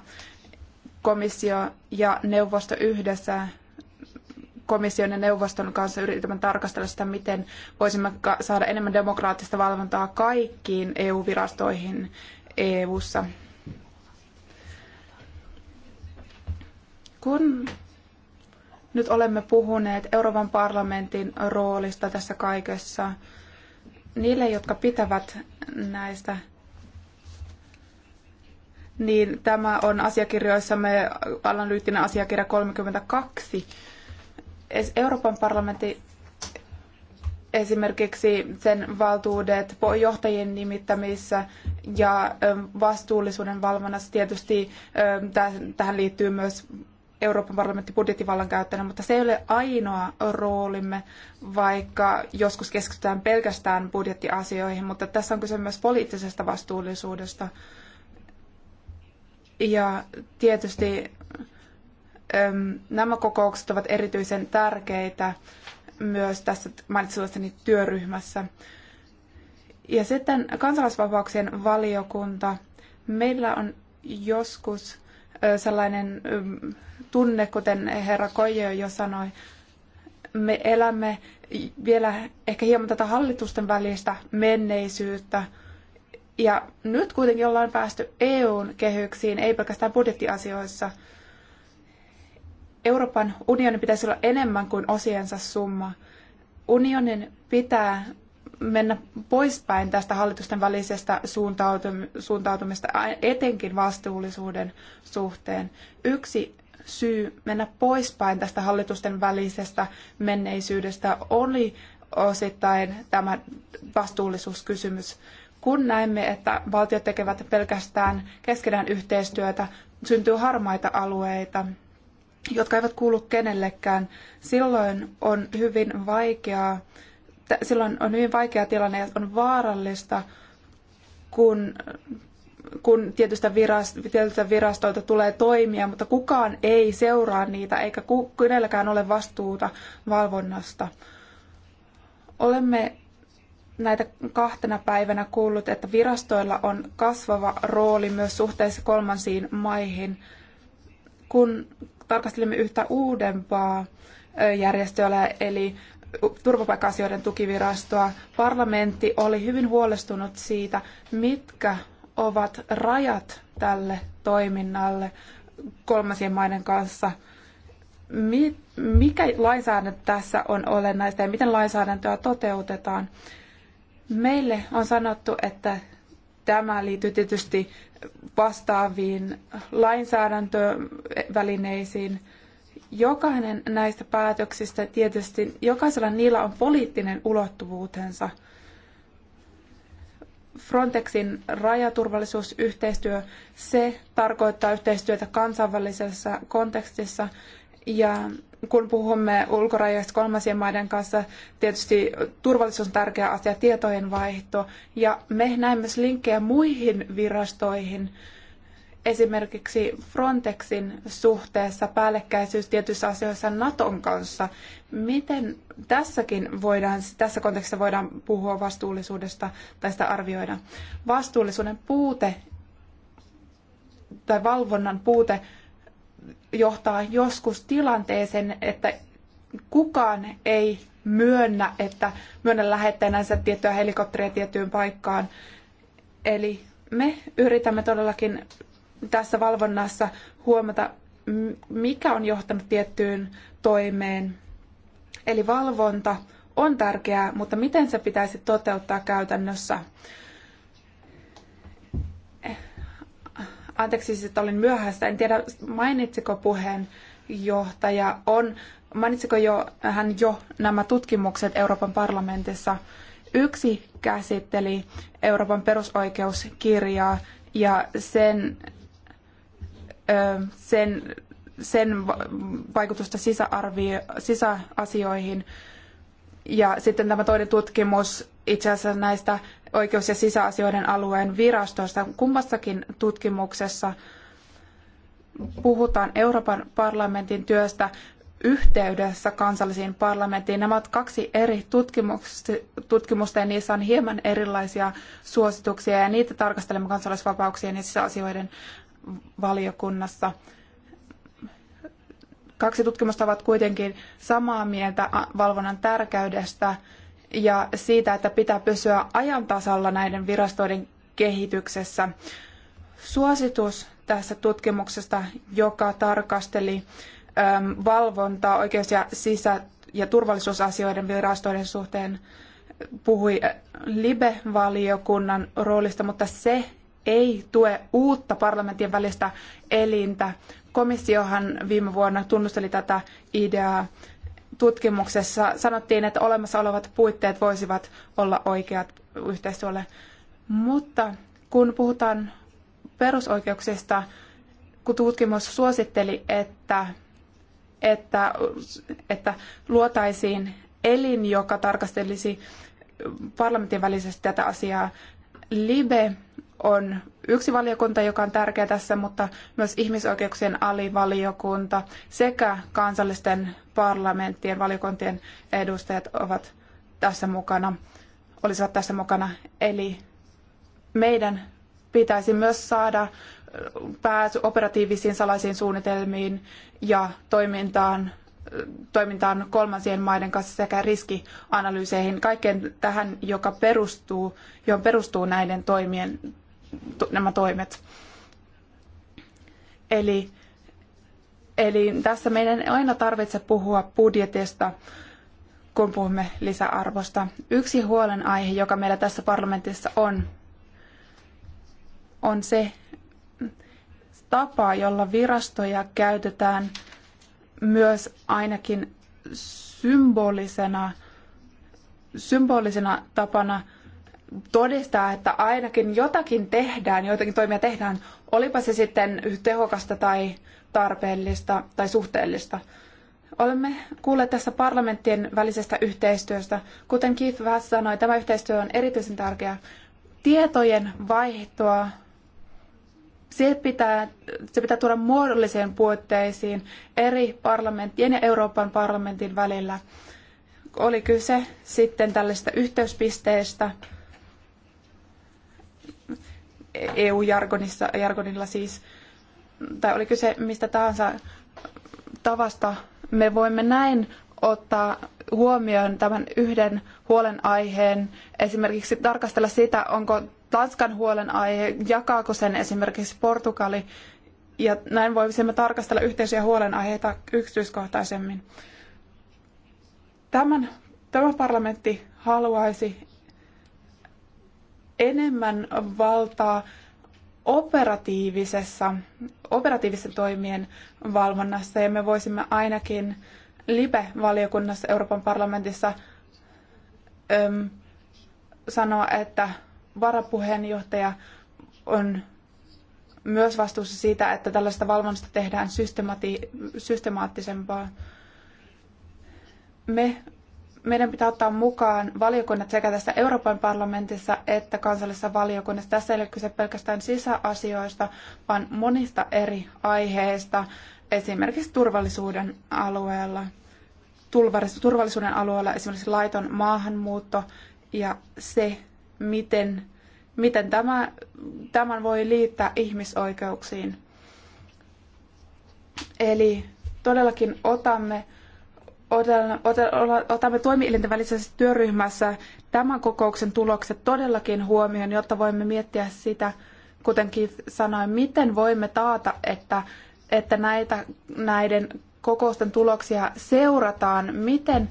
Komissio ja neuvosto yhdessä komission ja neuvoston kanssa yritämme tarkastella sitä, miten voisimme saada enemmän demokraattista valvontaa kaikkiin EU-virastoihin EU-ssa. Kun nyt olemme puhuneet Euroopan parlamentin roolista tässä kaikessa. Niille, jotka pitävät näistä, niin tämä on asiakirjoissamme analyyttinen asiakirja 32. Euroopan parlamentti esimerkiksi sen valtuudet johtajien nimittämissä ja vastuullisuuden valvonnassa tietysti tähän liittyy myös Euroopan parlamentin budjettivallan käyttäjänä, mutta se ei ole ainoa roolimme, vaikka joskus keskitytään pelkästään budjettiasioihin, mutta tässä on kyse myös poliittisesta vastuullisuudesta. Ja tietysti nämä kokoukset ovat erityisen tärkeitä myös tässä mainitsemassani työryhmässä. Ja sitten kansalaisvapauksien valiokunta. Meillä on joskus sellainen tunne, kuten herra Koijo jo sanoi. Me elämme vielä ehkä hieman tätä hallitusten välistä menneisyyttä. Ja nyt kuitenkin ollaan päästy EUn kehyksiin, ei pelkästään budjettiasioissa. Euroopan unionin pitäisi olla enemmän kuin osiensa summa. Unionin pitää mennä poispäin tästä hallitusten välisestä suuntautumista, etenkin vastuullisuuden suhteen. Yksi syy mennä poispäin tästä hallitusten välisestä menneisyydestä oli osittain tämä vastuullisuuskysymys. Kun näemme, että valtiot tekevät pelkästään keskenään yhteistyötä, syntyy harmaita alueita, jotka eivät kuulu kenellekään. Silloin on hyvin vaikeaa, silloin on hyvin vaikea tilanne ja on vaarallista, kun kun tietystä, virast- tietystä virastoilta tulee toimia, mutta kukaan ei seuraa niitä eikä kenelläkään ole vastuuta valvonnasta. Olemme näitä kahtena päivänä kuullut, että virastoilla on kasvava rooli myös suhteessa kolmansiin maihin. Kun tarkastelimme yhtä uudempaa järjestöä, eli turvapaikka-asioiden tukivirastoa, parlamentti oli hyvin huolestunut siitä, mitkä ovat rajat tälle toiminnalle kolmansien maiden kanssa? Mikä lainsäädäntö tässä on olennaista ja miten lainsäädäntöä toteutetaan? Meille on sanottu, että tämä liittyy tietysti vastaaviin lainsäädäntövälineisiin. Jokainen näistä päätöksistä tietysti, jokaisella niillä on poliittinen ulottuvuutensa – Frontexin rajaturvallisuusyhteistyö, se tarkoittaa yhteistyötä kansainvälisessä kontekstissa ja kun puhumme ulkorajoista kolmansien maiden kanssa, tietysti turvallisuus on tärkeä asia, tietojen vaihto. Ja me näemme myös linkkejä muihin virastoihin, esimerkiksi Frontexin suhteessa päällekkäisyys tietyissä asioissa Naton kanssa. Miten tässäkin voidaan, tässä kontekstissa voidaan puhua vastuullisuudesta tai sitä arvioida? Vastuullisuuden puute tai valvonnan puute johtaa joskus tilanteeseen, että kukaan ei myönnä, että myönnä lähettäjänsä tiettyä helikopteria tiettyyn paikkaan. Eli me yritämme todellakin tässä valvonnassa huomata, mikä on johtanut tiettyyn toimeen. Eli valvonta on tärkeää, mutta miten se pitäisi toteuttaa käytännössä? Eh, anteeksi, siis, että olin myöhässä. En tiedä, mainitsiko puheenjohtaja on, mainitsiko jo, hän jo nämä tutkimukset Euroopan parlamentissa. Yksi käsitteli Euroopan perusoikeuskirjaa ja sen sen, sen vaikutusta sisäarvio, sisäasioihin. Ja sitten tämä toinen tutkimus itse asiassa näistä oikeus- ja sisäasioiden alueen virastoista. Kummassakin tutkimuksessa puhutaan Euroopan parlamentin työstä yhteydessä kansallisiin parlamenttiin. Nämä ovat kaksi eri tutkimusta ja niissä on hieman erilaisia suosituksia ja niitä tarkastelemme kansalaisvapauksien ja sisäasioiden valiokunnassa. Kaksi tutkimusta ovat kuitenkin samaa mieltä valvonnan tärkeydestä ja siitä, että pitää pysyä ajan tasalla näiden virastoiden kehityksessä. Suositus tässä tutkimuksesta, joka tarkasteli valvontaa oikeus- ja sisä- ja turvallisuusasioiden virastoiden suhteen, puhui Libe-valiokunnan roolista, mutta se ei tue uutta parlamentin välistä elintä. Komissiohan viime vuonna tunnusteli tätä ideaa. Tutkimuksessa sanottiin, että olemassa olevat puitteet voisivat olla oikeat yhteistyölle. Mutta kun puhutaan perusoikeuksista, kun tutkimus suositteli, että, että, että luotaisiin elin, joka tarkastelisi parlamentin välisesti tätä asiaa. Libe on yksi valiokunta, joka on tärkeä tässä, mutta myös ihmisoikeuksien alivaliokunta sekä kansallisten parlamenttien valiokuntien edustajat ovat tässä mukana, olisivat tässä mukana. Eli meidän pitäisi myös saada pääsy operatiivisiin salaisiin suunnitelmiin ja toimintaan, toimintaan kolmansien maiden kanssa sekä riskianalyyseihin, kaikkeen tähän, joka perustuu, johon perustuu näiden toimien nämä toimet. Eli, eli tässä meidän ei aina tarvitse puhua budjetista, kun puhumme lisäarvosta. Yksi huolenaihe, joka meillä tässä parlamentissa on, on se tapa, jolla virastoja käytetään myös ainakin symbolisena, symbolisena tapana – todistaa, että ainakin jotakin tehdään, joitakin toimia tehdään, olipa se sitten tehokasta tai tarpeellista tai suhteellista. Olemme kuulleet tässä parlamenttien välisestä yhteistyöstä. Kuten Keith Vass sanoi, tämä yhteistyö on erityisen tärkeää. Tietojen vaihtoa, se pitää, se pitää tuoda muodolliseen puitteisiin eri parlamenttien ja Euroopan parlamentin välillä. Oli kyse sitten tällaisista yhteyspisteistä, EU-jargonilla siis, tai oli kyse mistä tahansa tavasta, me voimme näin ottaa huomioon tämän yhden huolenaiheen, esimerkiksi tarkastella sitä, onko Tanskan huolenaihe, jakaako sen esimerkiksi Portugali, ja näin voisimme tarkastella yhteisiä huolenaiheita yksityiskohtaisemmin. Tämän, tämä parlamentti haluaisi, enemmän valtaa operatiivisessa, operatiivisten toimien valvonnassa ja me voisimme ainakin LIBE-valiokunnassa Euroopan parlamentissa öm, sanoa, että varapuheenjohtaja on myös vastuussa siitä, että tällaista valvonnasta tehdään systemaattisempaa. Me meidän pitää ottaa mukaan valiokunnat sekä tässä Euroopan parlamentissa että kansallisessa valiokunnassa. Tässä ei ole kyse pelkästään sisäasioista, vaan monista eri aiheista, esimerkiksi turvallisuuden alueella, turvallisuuden alueella esimerkiksi laiton maahanmuutto ja se, miten, miten tämä, tämän voi liittää ihmisoikeuksiin. Eli todellakin otamme otamme toimielinten välisessä työryhmässä tämän kokouksen tulokset todellakin huomioon, jotta voimme miettiä sitä, kuten Keith sanoi, miten voimme taata, että, että näitä, näiden kokousten tuloksia seurataan, miten,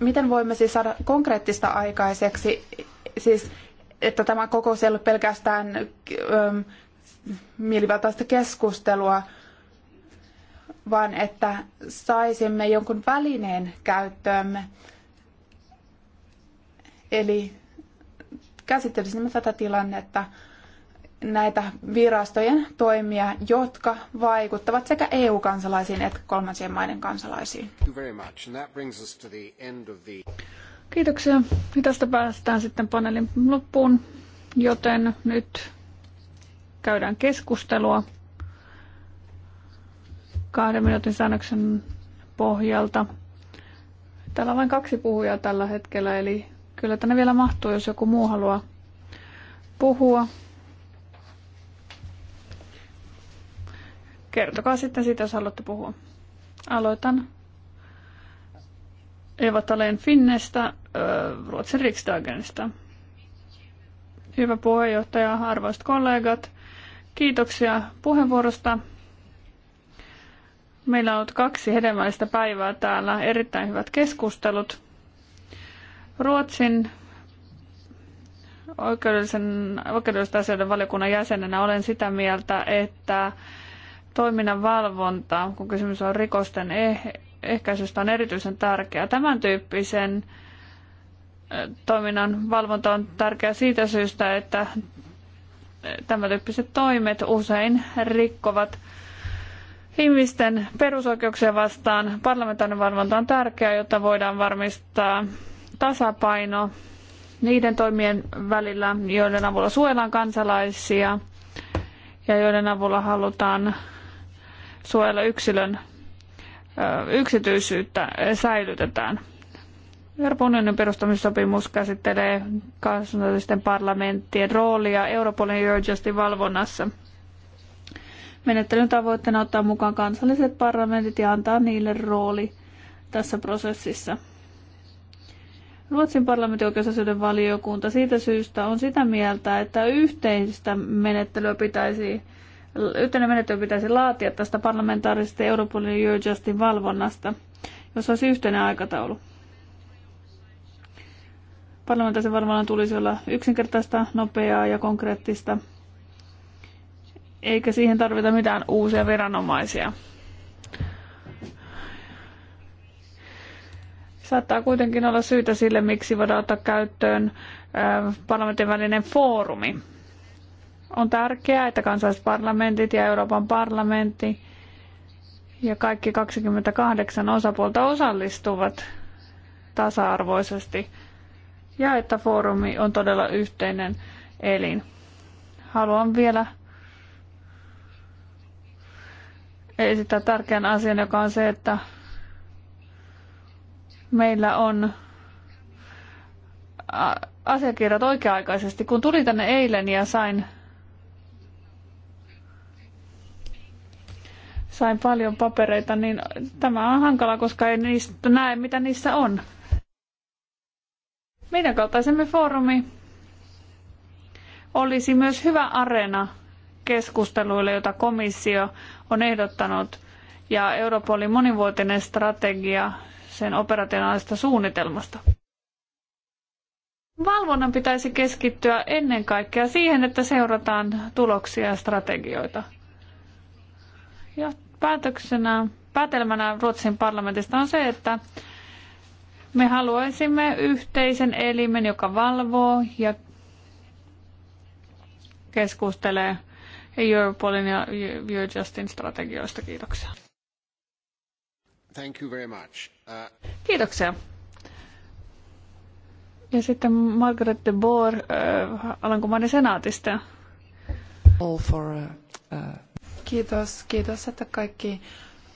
miten voimme siis saada konkreettista aikaiseksi, siis että tämä kokous ei ole pelkästään ähm, mielivaltaista keskustelua, vaan että saisimme jonkun välineen käyttöömme. Eli käsittelisimme tätä tilannetta näitä virastojen toimia, jotka vaikuttavat sekä EU-kansalaisiin että kolmansien maiden kansalaisiin. Kiitoksia. Ja tästä päästään sitten paneelin loppuun, joten nyt käydään keskustelua kahden minuutin säännöksen pohjalta. Täällä on vain kaksi puhujaa tällä hetkellä, eli kyllä tänne vielä mahtuu, jos joku muu haluaa puhua. Kertokaa sitten siitä, jos haluatte puhua. Aloitan Eva Talen Finnestä, Ruotsin Riksdagenista. Hyvä puheenjohtaja, arvoisat kollegat. Kiitoksia puheenvuorosta. Meillä on ollut kaksi hedelmällistä päivää täällä, erittäin hyvät keskustelut. Ruotsin oikeudellisen, oikeudellisen asioiden valiokunnan jäsenenä olen sitä mieltä, että toiminnan valvonta, kun kysymys on rikosten eh-, ehkäisystä, on erityisen tärkeää. Tämän tyyppisen toiminnan valvonta on tärkeää siitä syystä, että tämän tyyppiset toimet usein rikkovat ihmisten perusoikeuksia vastaan. Parlamentaarinen valvonta on tärkeää, jotta voidaan varmistaa tasapaino niiden toimien välillä, joiden avulla suojellaan kansalaisia ja joiden avulla halutaan suojella yksilön yksityisyyttä säilytetään. Euroopan unionin perustamissopimus käsittelee kansallisten parlamenttien roolia Europolin ja Eurojustin valvonnassa – Menettelyn tavoitteena ottaa mukaan kansalliset parlamentit ja antaa niille rooli tässä prosessissa. Ruotsin parlamentin oikeusasioiden valiokunta siitä syystä on sitä mieltä, että yhteistä menettelyä pitäisi yhteinen menettely pitäisi laatia tästä parlamentaarisesta Europolin ja valvonnasta, jos olisi yhteinen aikataulu. Parlamentaarisen valvonnan tulisi olla yksinkertaista, nopeaa ja konkreettista – eikä siihen tarvita mitään uusia viranomaisia. Saattaa kuitenkin olla syytä sille, miksi voidaan ottaa käyttöön parlamentin välinen foorumi. On tärkeää, että kansallisparlamentit ja Euroopan parlamentti ja kaikki 28 osapuolta osallistuvat tasa-arvoisesti ja että foorumi on todella yhteinen elin. Haluan vielä esittää tärkeän asian, joka on se, että meillä on asiakirjat oikea-aikaisesti. Kun tulin tänne eilen ja sain, sain paljon papereita, niin tämä on hankala, koska ei niistä näe, mitä niissä on. Meidän kaltaisemme foorumi olisi myös hyvä areena keskusteluille, jota komissio on ehdottanut ja Europolin monivuotinen strategia sen operationaalisesta suunnitelmasta. Valvonnan pitäisi keskittyä ennen kaikkea siihen, että seurataan tuloksia ja strategioita. Ja päätöksenä, päätelmänä Ruotsin parlamentista on se, että me haluaisimme yhteisen elimen, joka valvoo ja keskustelee Europolin ja Eurojustin strategioista. Kiitoksia. Thank you very much. Uh... Kiitoksia. Ja sitten Margaret de Boer äh, Alankomaiden senaatista. All for, uh, uh Kiitos, kiitos, että kaikki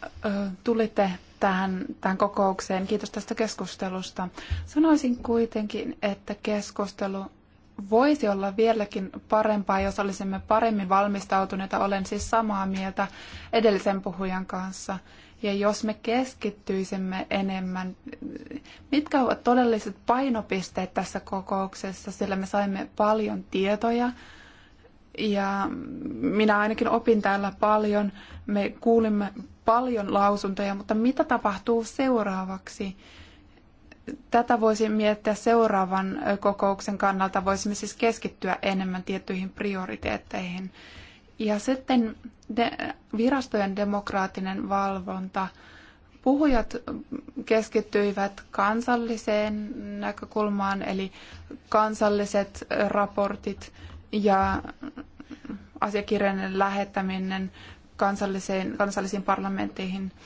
äh, tulitte tähän, tähän kokoukseen. Kiitos tästä keskustelusta. Sanoisin kuitenkin, että keskustelu voisi olla vieläkin parempaa, jos olisimme paremmin valmistautuneita. Olen siis samaa mieltä edellisen puhujan kanssa. Ja jos me keskittyisimme enemmän, mitkä ovat todelliset painopisteet tässä kokouksessa, sillä me saimme paljon tietoja ja minä ainakin opin täällä paljon. Me kuulimme paljon lausuntoja, mutta mitä tapahtuu seuraavaksi? tätä voisi miettiä seuraavan kokouksen kannalta. Voisimme siis keskittyä enemmän tiettyihin prioriteetteihin. Ja sitten de- virastojen demokraattinen valvonta. Puhujat keskittyivät kansalliseen näkökulmaan, eli kansalliset raportit ja asiakirjojen lähettäminen kansallisiin parlamentteihin –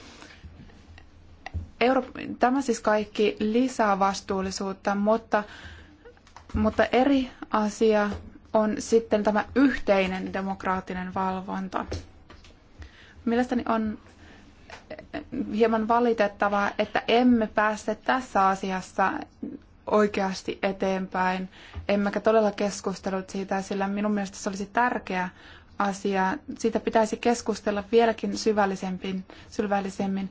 Euro- Tämä siis kaikki lisää vastuullisuutta, mutta, mutta eri asia on sitten tämä yhteinen demokraattinen valvonta. Mielestäni on hieman valitettavaa, että emme pääse tässä asiassa oikeasti eteenpäin, emmekä todella keskustellut siitä, sillä minun mielestä se olisi tärkeä asia. Siitä pitäisi keskustella vieläkin syvällisemmin, syvällisemmin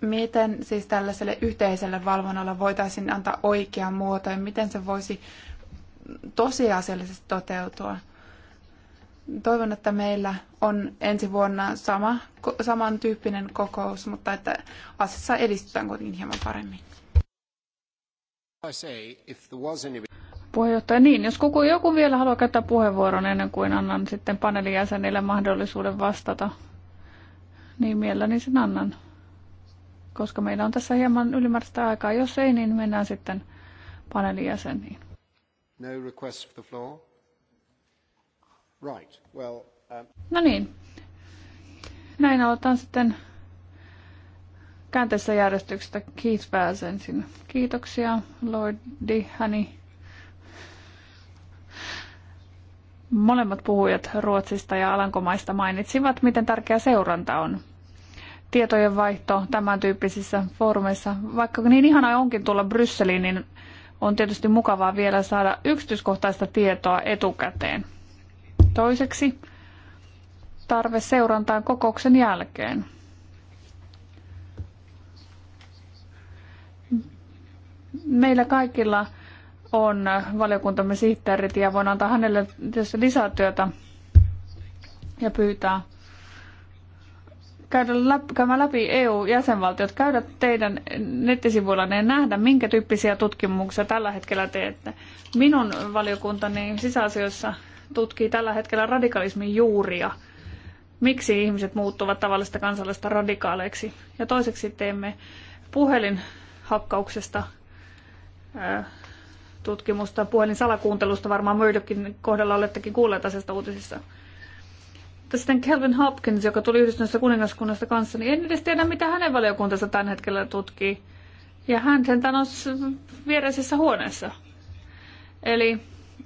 Miten siis tällaiselle yhteiselle valvonnalle voitaisiin antaa oikea muoto ja miten se voisi tosiasiallisesti toteutua? Toivon, että meillä on ensi vuonna sama, samantyyppinen kokous, mutta että asiassa edistytään kuitenkin hieman paremmin. Puheenjohtaja, niin, jos kuku, joku vielä haluaa käyttää puheenvuoron ennen kuin annan sitten paneelin jäsenille mahdollisuuden vastata, niin mielelläni sen annan koska meillä on tässä hieman ylimääräistä aikaa. Jos ei, niin mennään sitten paneelin jäseniin. No request for the floor. Right. Well, um... No niin. Näin aloitan sitten käänteessä järjestyksestä Keith Bass ensin. Kiitoksia, Lordi Hani. Molemmat puhujat Ruotsista ja Alankomaista mainitsivat, miten tärkeä seuranta on tietojenvaihto tämän tyyppisissä foorumeissa. Vaikka niin ihana onkin tulla Brysseliin, niin on tietysti mukavaa vielä saada yksityiskohtaista tietoa etukäteen. Toiseksi tarve seurantaan kokouksen jälkeen. Meillä kaikilla on valiokuntamme sihteerit ja voin antaa hänelle tietysti lisätyötä ja pyytää käydä läpi, käymään läpi EU-jäsenvaltiot, käydä teidän nettisivuilla ja nähdä, minkä tyyppisiä tutkimuksia tällä hetkellä teette. Minun valiokuntani sisäasioissa tutkii tällä hetkellä radikalismin juuria. Miksi ihmiset muuttuvat tavallista kansallista radikaaleiksi. Ja toiseksi teemme puhelinhakkauksesta tutkimusta, puhelin salakuuntelusta. Varmaan Murdochin kohdalla olettekin kuulleet asiasta uutisissa. Mutta sitten Kelvin Hopkins, joka tuli yhdistyneestä kuningaskunnasta kanssa, niin en edes tiedä, mitä hänen valiokuntansa tämän hetkellä tutkii. Ja hän sentään on viereisessä huoneessa. Eli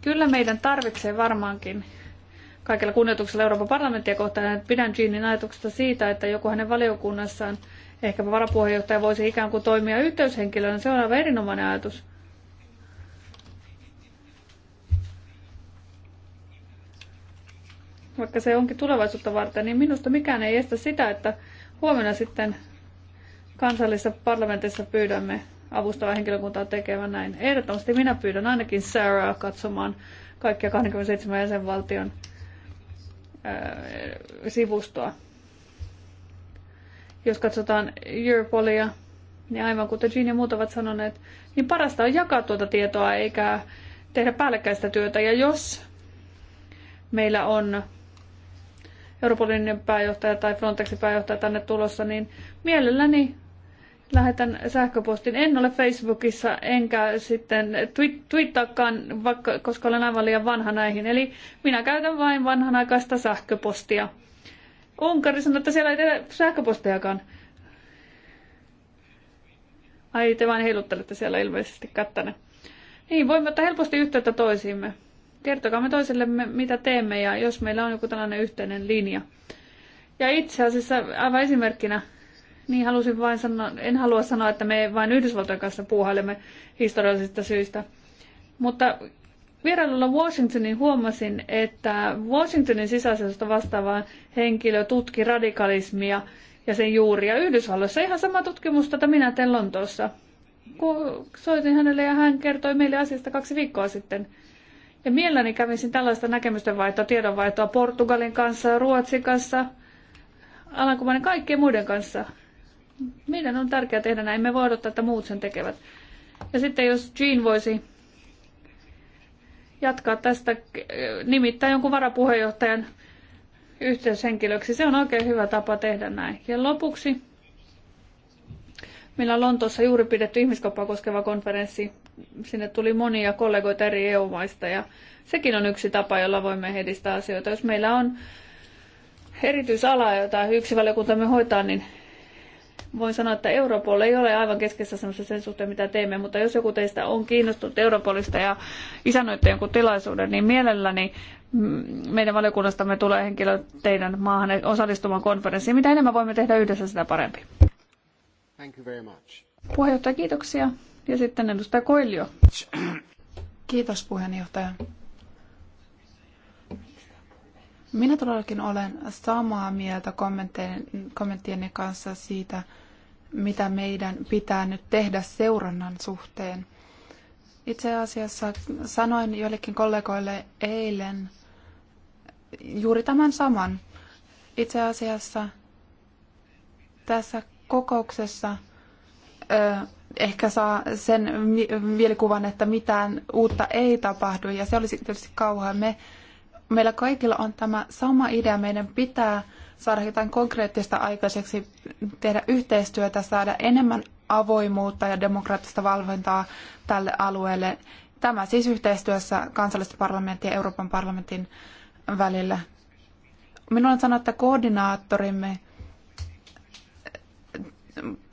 kyllä meidän tarvitsee varmaankin kaikella kunnioituksella Euroopan parlamenttia kohtaan, että pidän Jeanin ajatuksesta siitä, että joku hänen valiokunnassaan, ehkäpä varapuheenjohtaja, voisi ikään kuin toimia yhteyshenkilönä. Se on aivan erinomainen ajatus. vaikka se onkin tulevaisuutta varten, niin minusta mikään ei estä sitä, että huomenna sitten kansallisessa parlamentissa pyydämme avustavaa henkilökuntaa tekemään näin. Ehdottomasti minä pyydän ainakin Sarah katsomaan kaikkia 27 jäsenvaltion sivustoa. Jos katsotaan Europolia, niin aivan kuten Jean ja muut ovat sanoneet, niin parasta on jakaa tuota tietoa eikä tehdä päällekkäistä työtä. Ja jos meillä on unionin pääjohtaja tai Frontexin pääjohtaja tänne tulossa, niin mielelläni lähetän sähköpostin. En ole Facebookissa enkä sitten twittaakaan, vaikka, koska olen aivan liian vanha näihin. Eli minä käytän vain vanhanaikaista sähköpostia. Unkari sanoi, että siellä ei tehdä sähköpostejakaan. Ai, te vain heiluttelette siellä ilmeisesti kättäne. Niin, voimme ottaa helposti yhteyttä toisiimme. Kertokaa me toisellemme, mitä teemme ja jos meillä on joku tällainen yhteinen linja. Ja itse asiassa aivan esimerkkinä, niin halusin vain sanoa, en halua sanoa, että me vain Yhdysvaltojen kanssa puuhailemme historiallisista syistä. Mutta vierailulla Washingtonin huomasin, että Washingtonin sisäisestä vastaava henkilö tutki radikalismia ja sen juuria Yhdysvalloissa. Ihan sama tutkimus, tätä tota minä teen Lontoossa. Kun soitin hänelle ja hän kertoi meille asiasta kaksi viikkoa sitten – ja mielelläni kävisin tällaista näkemysten vaihtoa, tiedonvaihtoa Portugalin kanssa, Ruotsin kanssa, Alankomaiden kaikkien muiden kanssa. Meidän on tärkeää tehdä näin, me voi odottaa, että muut sen tekevät. Ja sitten jos Jean voisi jatkaa tästä, nimittäin jonkun varapuheenjohtajan yhteyshenkilöksi, se on oikein hyvä tapa tehdä näin. Ja lopuksi Meillä on Lontoossa juuri pidetty ihmiskauppaa koskeva konferenssi. Sinne tuli monia kollegoita eri EU-maista ja sekin on yksi tapa, jolla voimme edistää asioita. Jos meillä on erityisala, jota yksi valiokuntamme hoitaa, niin voin sanoa, että Europol ei ole aivan keskeisessä asemassa sen suhteen, mitä teemme, mutta jos joku teistä on kiinnostunut Europolista ja isännöitte jonkun tilaisuuden, niin mielelläni mm, meidän valiokunnastamme tulee henkilö teidän maahan osallistumaan konferenssiin. Mitä enemmän voimme tehdä yhdessä, sitä parempi. Thank you very much. Puheenjohtaja, kiitoksia. Ja sitten edustaja Koilio. Kiitos puheenjohtaja. Minä todellakin olen samaa mieltä kommenttienne kanssa siitä, mitä meidän pitää nyt tehdä seurannan suhteen. Itse asiassa sanoin joillekin kollegoille eilen juuri tämän saman. Itse asiassa tässä kokouksessa ehkä saa sen mielikuvan, että mitään uutta ei tapahdu ja se olisi tietysti kauhean. Me, meillä kaikilla on tämä sama idea. Meidän pitää saada jotain konkreettista aikaiseksi, tehdä yhteistyötä, saada enemmän avoimuutta ja demokraattista valvontaa tälle alueelle. Tämä siis yhteistyössä kansallisten parlamentin ja Euroopan parlamentin välillä. Minulla on sanottu, että koordinaattorimme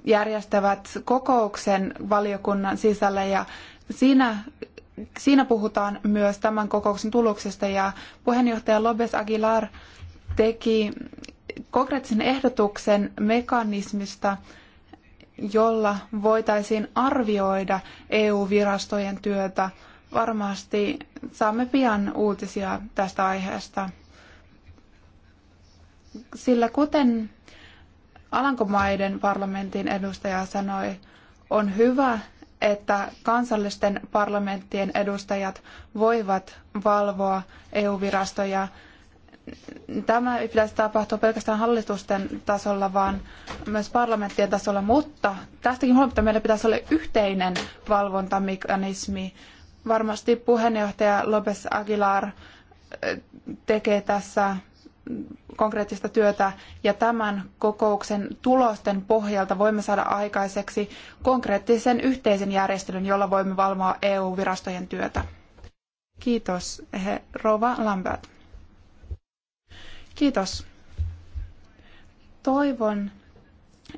järjestävät kokouksen valiokunnan sisällä ja siinä, siinä puhutaan myös tämän kokouksen tuloksesta ja puheenjohtaja Lopez Aguilar teki konkreettisen ehdotuksen mekanismista, jolla voitaisiin arvioida EU-virastojen työtä. Varmasti saamme pian uutisia tästä aiheesta. Sillä kuten Alankomaiden parlamentin edustaja sanoi, on hyvä, että kansallisten parlamenttien edustajat voivat valvoa EU-virastoja. Tämä ei pitäisi tapahtua pelkästään hallitusten tasolla, vaan myös parlamenttien tasolla, mutta tästäkin huolimatta meillä pitäisi olla yhteinen valvontamekanismi. Varmasti puheenjohtaja Lopes Aguilar eh, tekee tässä konkreettista työtä ja tämän kokouksen tulosten pohjalta voimme saada aikaiseksi konkreettisen yhteisen järjestelyn, jolla voimme valvoa EU-virastojen työtä. Kiitos, he, Rova Lambert. Kiitos. Toivon,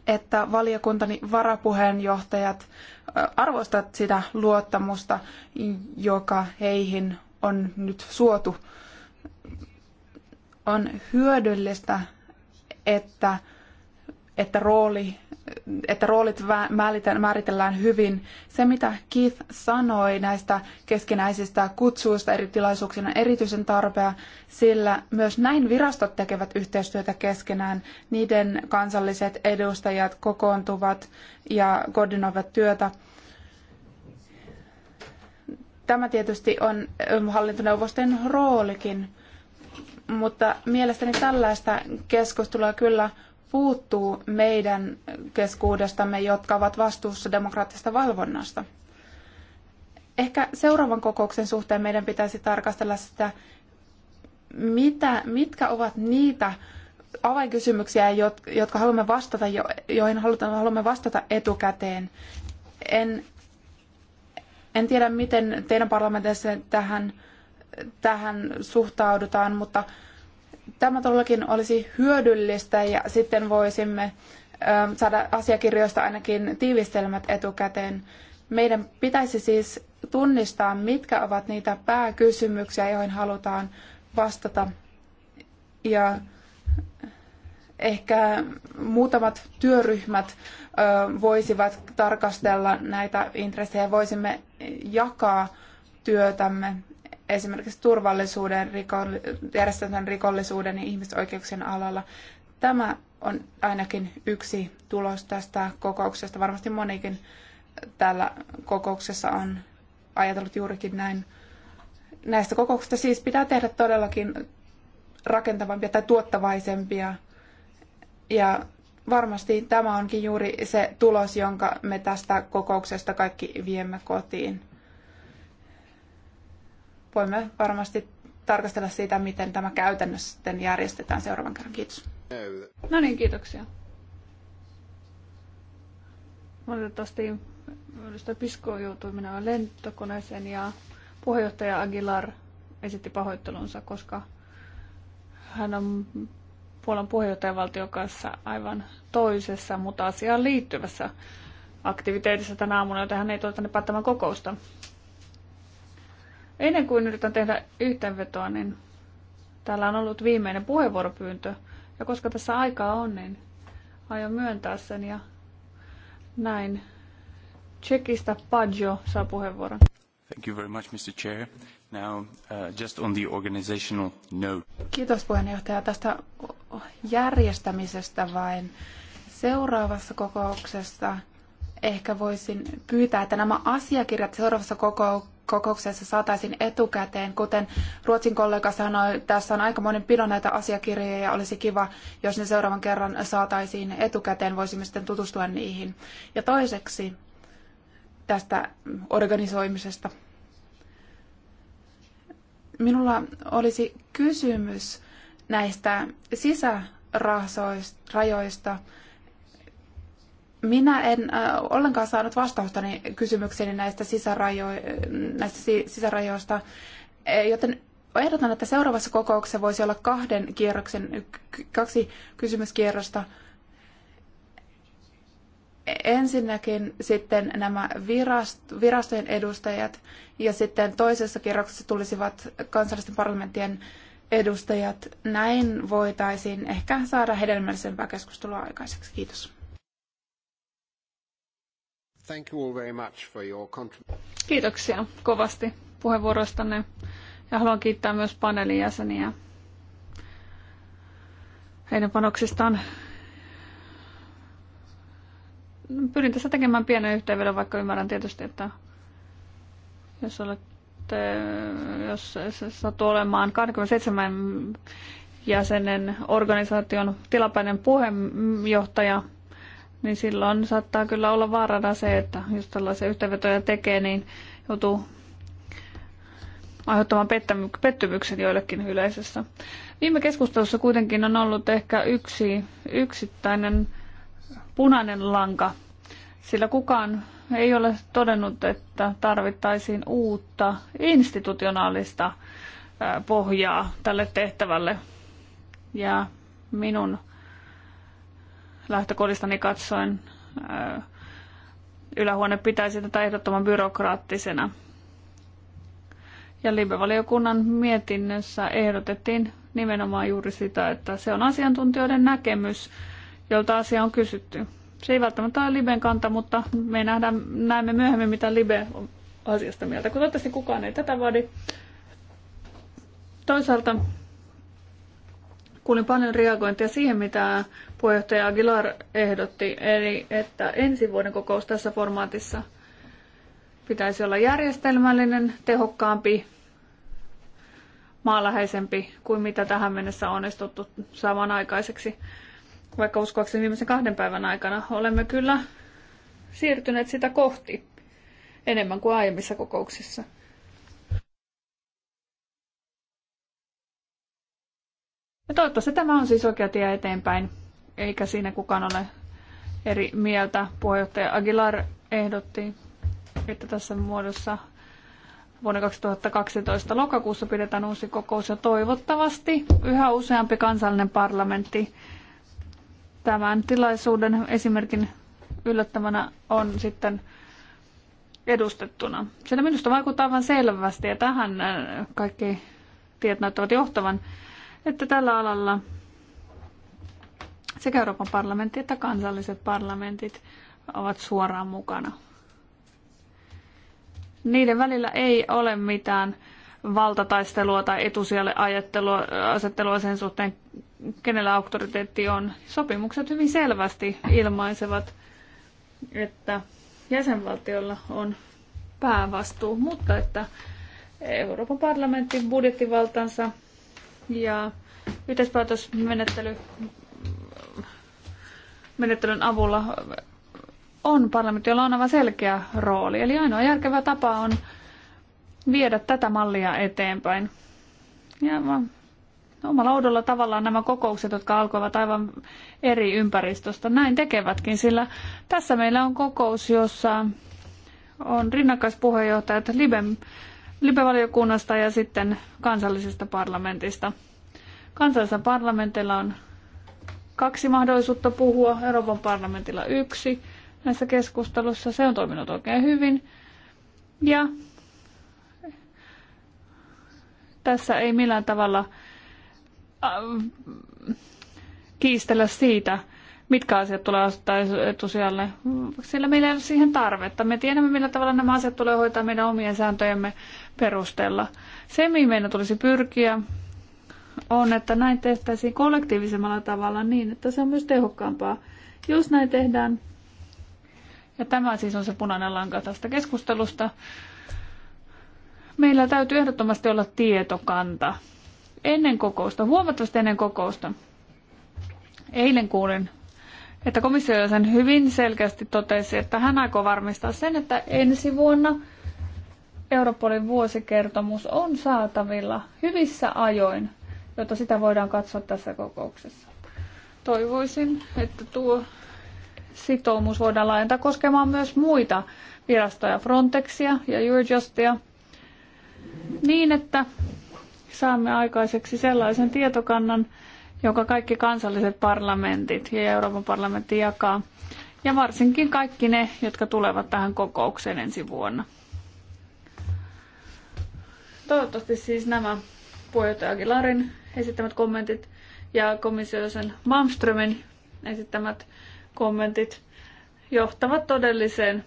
että valiokuntani varapuheenjohtajat arvostat sitä luottamusta, joka heihin on nyt suotu on hyödyllistä, että, että, rooli, että roolit määritellään hyvin. Se, mitä Keith sanoi näistä keskinäisistä kutsuista eri tilaisuuksiin, on erityisen tarpea, sillä myös näin virastot tekevät yhteistyötä keskenään. Niiden kansalliset edustajat kokoontuvat ja koordinoivat työtä tämä tietysti on hallintoneuvosten roolikin. Mutta mielestäni tällaista keskustelua kyllä puuttuu meidän keskuudestamme, jotka ovat vastuussa demokraattisesta valvonnasta. Ehkä seuraavan kokouksen suhteen meidän pitäisi tarkastella sitä, mitä, mitkä ovat niitä avainkysymyksiä, jotka haluamme vastata, joihin haluamme vastata etukäteen. En, en tiedä, miten teidän parlamentissa tähän tähän suhtaudutaan, mutta tämä todellakin olisi hyödyllistä ja sitten voisimme saada asiakirjoista ainakin tiivistelmät etukäteen. Meidän pitäisi siis tunnistaa, mitkä ovat niitä pääkysymyksiä, joihin halutaan vastata. Ja ehkä muutamat työryhmät voisivat tarkastella näitä intressejä, voisimme jakaa työtämme esimerkiksi turvallisuuden, rikolli- järjestetyn rikollisuuden ja ihmisoikeuksien alalla. Tämä on ainakin yksi tulos tästä kokouksesta. Varmasti monikin täällä kokouksessa on ajatellut juurikin näin. Näistä kokouksista siis pitää tehdä todellakin rakentavampia tai tuottavaisempia. Ja varmasti tämä onkin juuri se tulos, jonka me tästä kokouksesta kaikki viemme kotiin voimme varmasti tarkastella sitä, miten tämä käytännössä sitten järjestetään seuraavan kerran. Kiitos. No niin, kiitoksia. Valitettavasti edustaja Pisko joutui menemään lentokoneeseen ja puheenjohtaja Aguilar esitti pahoittelunsa, koska hän on Puolan puheenjohtajavaltion kanssa aivan toisessa, mutta asiaan liittyvässä aktiviteetissa tänä aamuna, joten hän ei tuota tänne päättämään kokousta. Ennen kuin yritän tehdä yhteenvetoa, niin täällä on ollut viimeinen puheenvuoropyyntö. Ja koska tässä aikaa on, niin aion myöntää sen ja näin. Tsekistä Paggio saa puheenvuoron. Thank you very much, Mr. Chair. Now, uh, just on the organizational note. Kiitos puheenjohtaja tästä järjestämisestä vain. Seuraavassa kokouksessa ehkä voisin pyytää, että nämä asiakirjat seuraavassa kokouksessa kokouksessa saataisiin etukäteen. Kuten Ruotsin kollega sanoi, tässä on aika monen pino näitä asiakirjoja ja olisi kiva, jos ne seuraavan kerran saataisiin etukäteen, voisimme sitten tutustua niihin. Ja toiseksi tästä organisoimisesta. Minulla olisi kysymys näistä sisärajoista minä en äh, ollenkaan saanut vastaustani kysymykseni näistä, sisärajo- näistä si- sisärajoista, e, joten ehdotan, että seuraavassa kokouksessa voisi olla kahden kierroksen, kaksi kysymyskierrosta. E, ensinnäkin sitten nämä virast- virastojen edustajat ja sitten toisessa kierroksessa tulisivat kansallisten parlamenttien edustajat. Näin voitaisiin ehkä saada hedelmällisempää keskustelua aikaiseksi. Kiitos. Thank you all very much for your Kiitoksia kovasti puheenvuoroistanne ja haluan kiittää myös paneelin jäseniä heidän panoksistaan. Pyrin tässä tekemään pienen yhteenvedon, vaikka ymmärrän tietysti, että jos olette, jos sattuu olemaan 27 jäsenen organisaation tilapäinen puheenjohtaja, niin silloin saattaa kyllä olla vaarana se, että jos tällaisia yhteenvetoja tekee, niin joutuu aiheuttamaan pettymyksen joillekin yleisössä. Viime keskustelussa kuitenkin on ollut ehkä yksi yksittäinen punainen lanka, sillä kukaan ei ole todennut, että tarvittaisiin uutta institutionaalista pohjaa tälle tehtävälle. Ja minun lähtökohdistani katsoen äh, ylähuone pitäisi tätä ehdottoman byrokraattisena. Ja Libe-valiokunnan mietinnössä ehdotettiin nimenomaan juuri sitä, että se on asiantuntijoiden näkemys, jolta asia on kysytty. Se ei välttämättä ole Liben kanta, mutta me nähdään, näemme myöhemmin, mitä Libe on asiasta mieltä, kun toivottavasti kukaan ei tätä vaadi. Toisaalta Kuulin paljon reagointia siihen, mitä puheenjohtaja Aguilar ehdotti, eli että ensi vuoden kokous tässä formaatissa pitäisi olla järjestelmällinen, tehokkaampi, maanläheisempi kuin mitä tähän mennessä on onnistuttu saamaan aikaiseksi. Vaikka uskoakseni viimeisen kahden päivän aikana olemme kyllä siirtyneet sitä kohti enemmän kuin aiemmissa kokouksissa. Ja toivottavasti tämä on siis oikea tie eteenpäin, eikä siinä kukaan ole eri mieltä. Puheenjohtaja Aguilar ehdotti, että tässä muodossa vuonna 2012 lokakuussa pidetään uusi kokous ja toivottavasti yhä useampi kansallinen parlamentti tämän tilaisuuden esimerkin yllättävänä on sitten edustettuna. Sillä minusta vaikuttaa aivan selvästi ja tähän kaikki tiet näyttävät johtavan että tällä alalla sekä Euroopan parlamentti että kansalliset parlamentit ovat suoraan mukana. Niiden välillä ei ole mitään valtataistelua tai etusijalle asettelua sen suhteen, kenellä auktoriteetti on. Sopimukset hyvin selvästi ilmaisevat, että jäsenvaltiolla on päävastuu, mutta että Euroopan parlamentin budjettivaltansa ja yhteispäätösmenettely menettelyn avulla on parlamentti, jolla on aivan selkeä rooli. Eli ainoa järkevä tapa on viedä tätä mallia eteenpäin. Ja omalla oudolla tavallaan nämä kokoukset, jotka alkoivat aivan eri ympäristöstä, näin tekevätkin, sillä tässä meillä on kokous, jossa on rinnakkaispuheenjohtajat Liben Libevaliokunnasta ja sitten kansallisesta parlamentista. Kansallisella parlamentilla on kaksi mahdollisuutta puhua, Euroopan parlamentilla yksi näissä keskustelussa. Se on toiminut oikein hyvin. Ja tässä ei millään tavalla äh, kiistellä siitä, mitkä asiat tulee ottaa etusijalle, sillä meillä ei ole siihen tarvetta. Me tiedämme, millä tavalla nämä asiat tulee hoitaa meidän omien sääntöjemme perusteella. Se, mihin meidän tulisi pyrkiä, on, että näin tehtäisiin kollektiivisemmalla tavalla niin, että se on myös tehokkaampaa. Jos näin tehdään, ja tämä siis on se punainen lanka tästä keskustelusta, meillä täytyy ehdottomasti olla tietokanta ennen kokousta, huomattavasti ennen kokousta. Eilen kuulin että komissio sen hyvin selkeästi totesi, että hän aikoo varmistaa sen, että ensi vuonna Europolin vuosikertomus on saatavilla hyvissä ajoin, jotta sitä voidaan katsoa tässä kokouksessa. Toivoisin, että tuo sitoumus voidaan laajentaa koskemaan myös muita virastoja, Frontexia ja Eurojustia, niin että saamme aikaiseksi sellaisen tietokannan, jonka kaikki kansalliset parlamentit ja Euroopan parlamentti jakaa, ja varsinkin kaikki ne, jotka tulevat tähän kokoukseen ensi vuonna. Toivottavasti siis nämä puheenjohtaja Aguilarin esittämät kommentit ja komissiosen Malmströmin esittämät kommentit johtavat todelliseen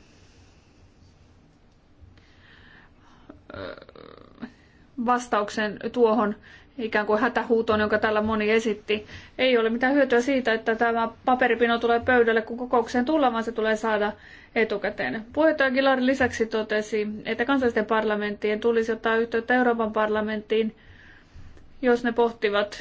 vastauksen tuohon ikään kuin hätähuutoon, jonka tällä moni esitti. Ei ole mitään hyötyä siitä, että tämä paperipino tulee pöydälle, kun kokoukseen tullaan, vaan se tulee saada etukäteen. Puheenjohtaja Gilarin lisäksi totesi, että kansallisten parlamenttien tulisi ottaa yhteyttä Euroopan parlamenttiin, jos ne pohtivat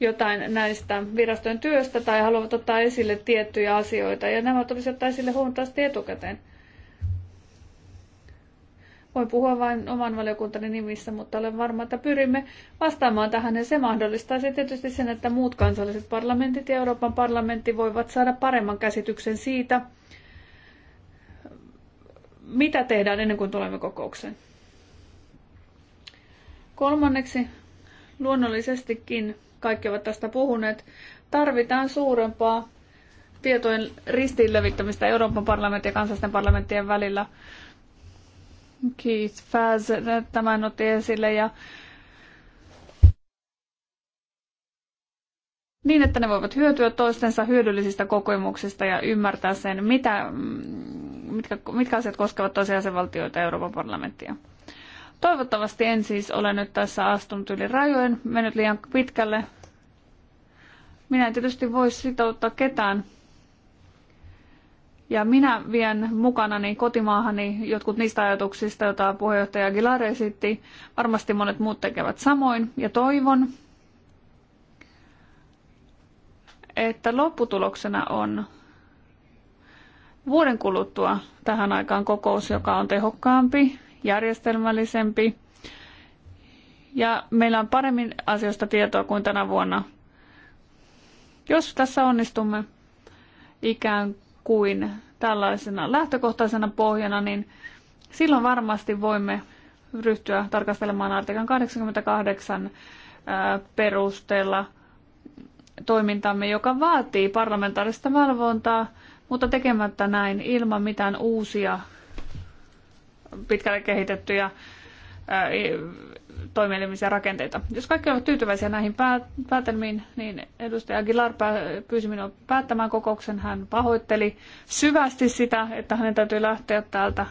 jotain näistä virastojen työstä tai haluavat ottaa esille tiettyjä asioita. Ja nämä tulisi ottaa esille huomattavasti etukäteen. Voin puhua vain oman valiokuntani nimissä, mutta olen varma, että pyrimme vastaamaan tähän ja se se tietysti sen, että muut kansalliset parlamentit ja Euroopan parlamentti voivat saada paremman käsityksen siitä, mitä tehdään ennen kuin tulemme kokoukseen. Kolmanneksi, luonnollisestikin kaikki ovat tästä puhuneet, tarvitaan suurempaa tietojen ristiinlevittämistä Euroopan parlamentin ja kansallisten parlamenttien välillä Keith Faz tämän otti esille ja niin, että ne voivat hyötyä toistensa hyödyllisistä kokemuksista ja ymmärtää sen, mitä, mm, mitkä, mitkä asiat koskevat toisia jäsenvaltioita ja Euroopan parlamenttia. Toivottavasti en siis ole nyt tässä astunut yli rajojen, mennyt liian pitkälle. Minä en tietysti voi sitouttaa ketään ja minä vien mukanani kotimaahani jotkut niistä ajatuksista, joita puheenjohtaja Gilar esitti. Varmasti monet muut tekevät samoin ja toivon, että lopputuloksena on vuoden kuluttua tähän aikaan kokous, joka on tehokkaampi, järjestelmällisempi ja meillä on paremmin asioista tietoa kuin tänä vuonna. Jos tässä onnistumme ikään kuin tällaisena lähtökohtaisena pohjana, niin silloin varmasti voimme ryhtyä tarkastelemaan artikan 88 perusteella toimintamme, joka vaatii parlamentaarista valvontaa, mutta tekemättä näin ilman mitään uusia pitkälle kehitettyjä toimielimisiä rakenteita. Jos kaikki ovat tyytyväisiä näihin päätelmiin, niin edustaja Aguilar pyysi minua päättämään kokouksen. Hän pahoitteli syvästi sitä, että hänen täytyy lähteä täältä.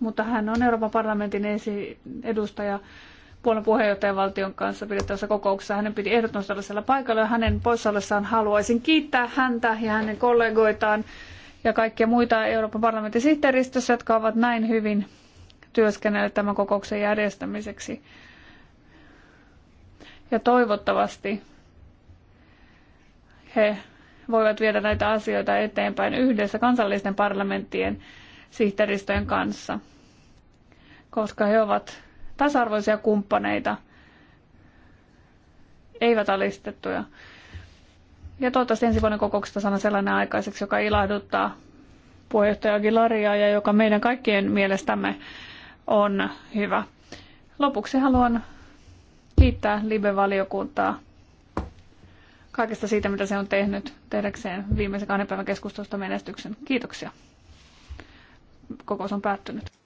Mutta hän on Euroopan parlamentin edustaja puolen puheenjohtajavaltion kanssa pidettävässä kokouksessa. Hänen piti ehdottomasti olla siellä paikalla ja hänen poissaolessaan haluaisin kiittää häntä ja hänen kollegoitaan ja kaikkia muita Euroopan parlamentin sihteeristössä, jotka ovat näin hyvin työskennellä tämän kokouksen järjestämiseksi. Ja toivottavasti he voivat viedä näitä asioita eteenpäin yhdessä kansallisten parlamenttien sihteeristöjen kanssa, koska he ovat tasa-arvoisia kumppaneita, eivät alistettuja. Ja toivottavasti ensi vuoden kokouksesta saadaan sellainen aikaiseksi, joka ilahduttaa puheenjohtaja Aguilaria ja joka meidän kaikkien mielestämme on hyvä. Lopuksi haluan kiittää Libe-valiokuntaa kaikesta siitä, mitä se on tehnyt tehdäkseen viimeisen kahden päivän keskustelusta menestyksen. Kiitoksia. Kokous on päättynyt.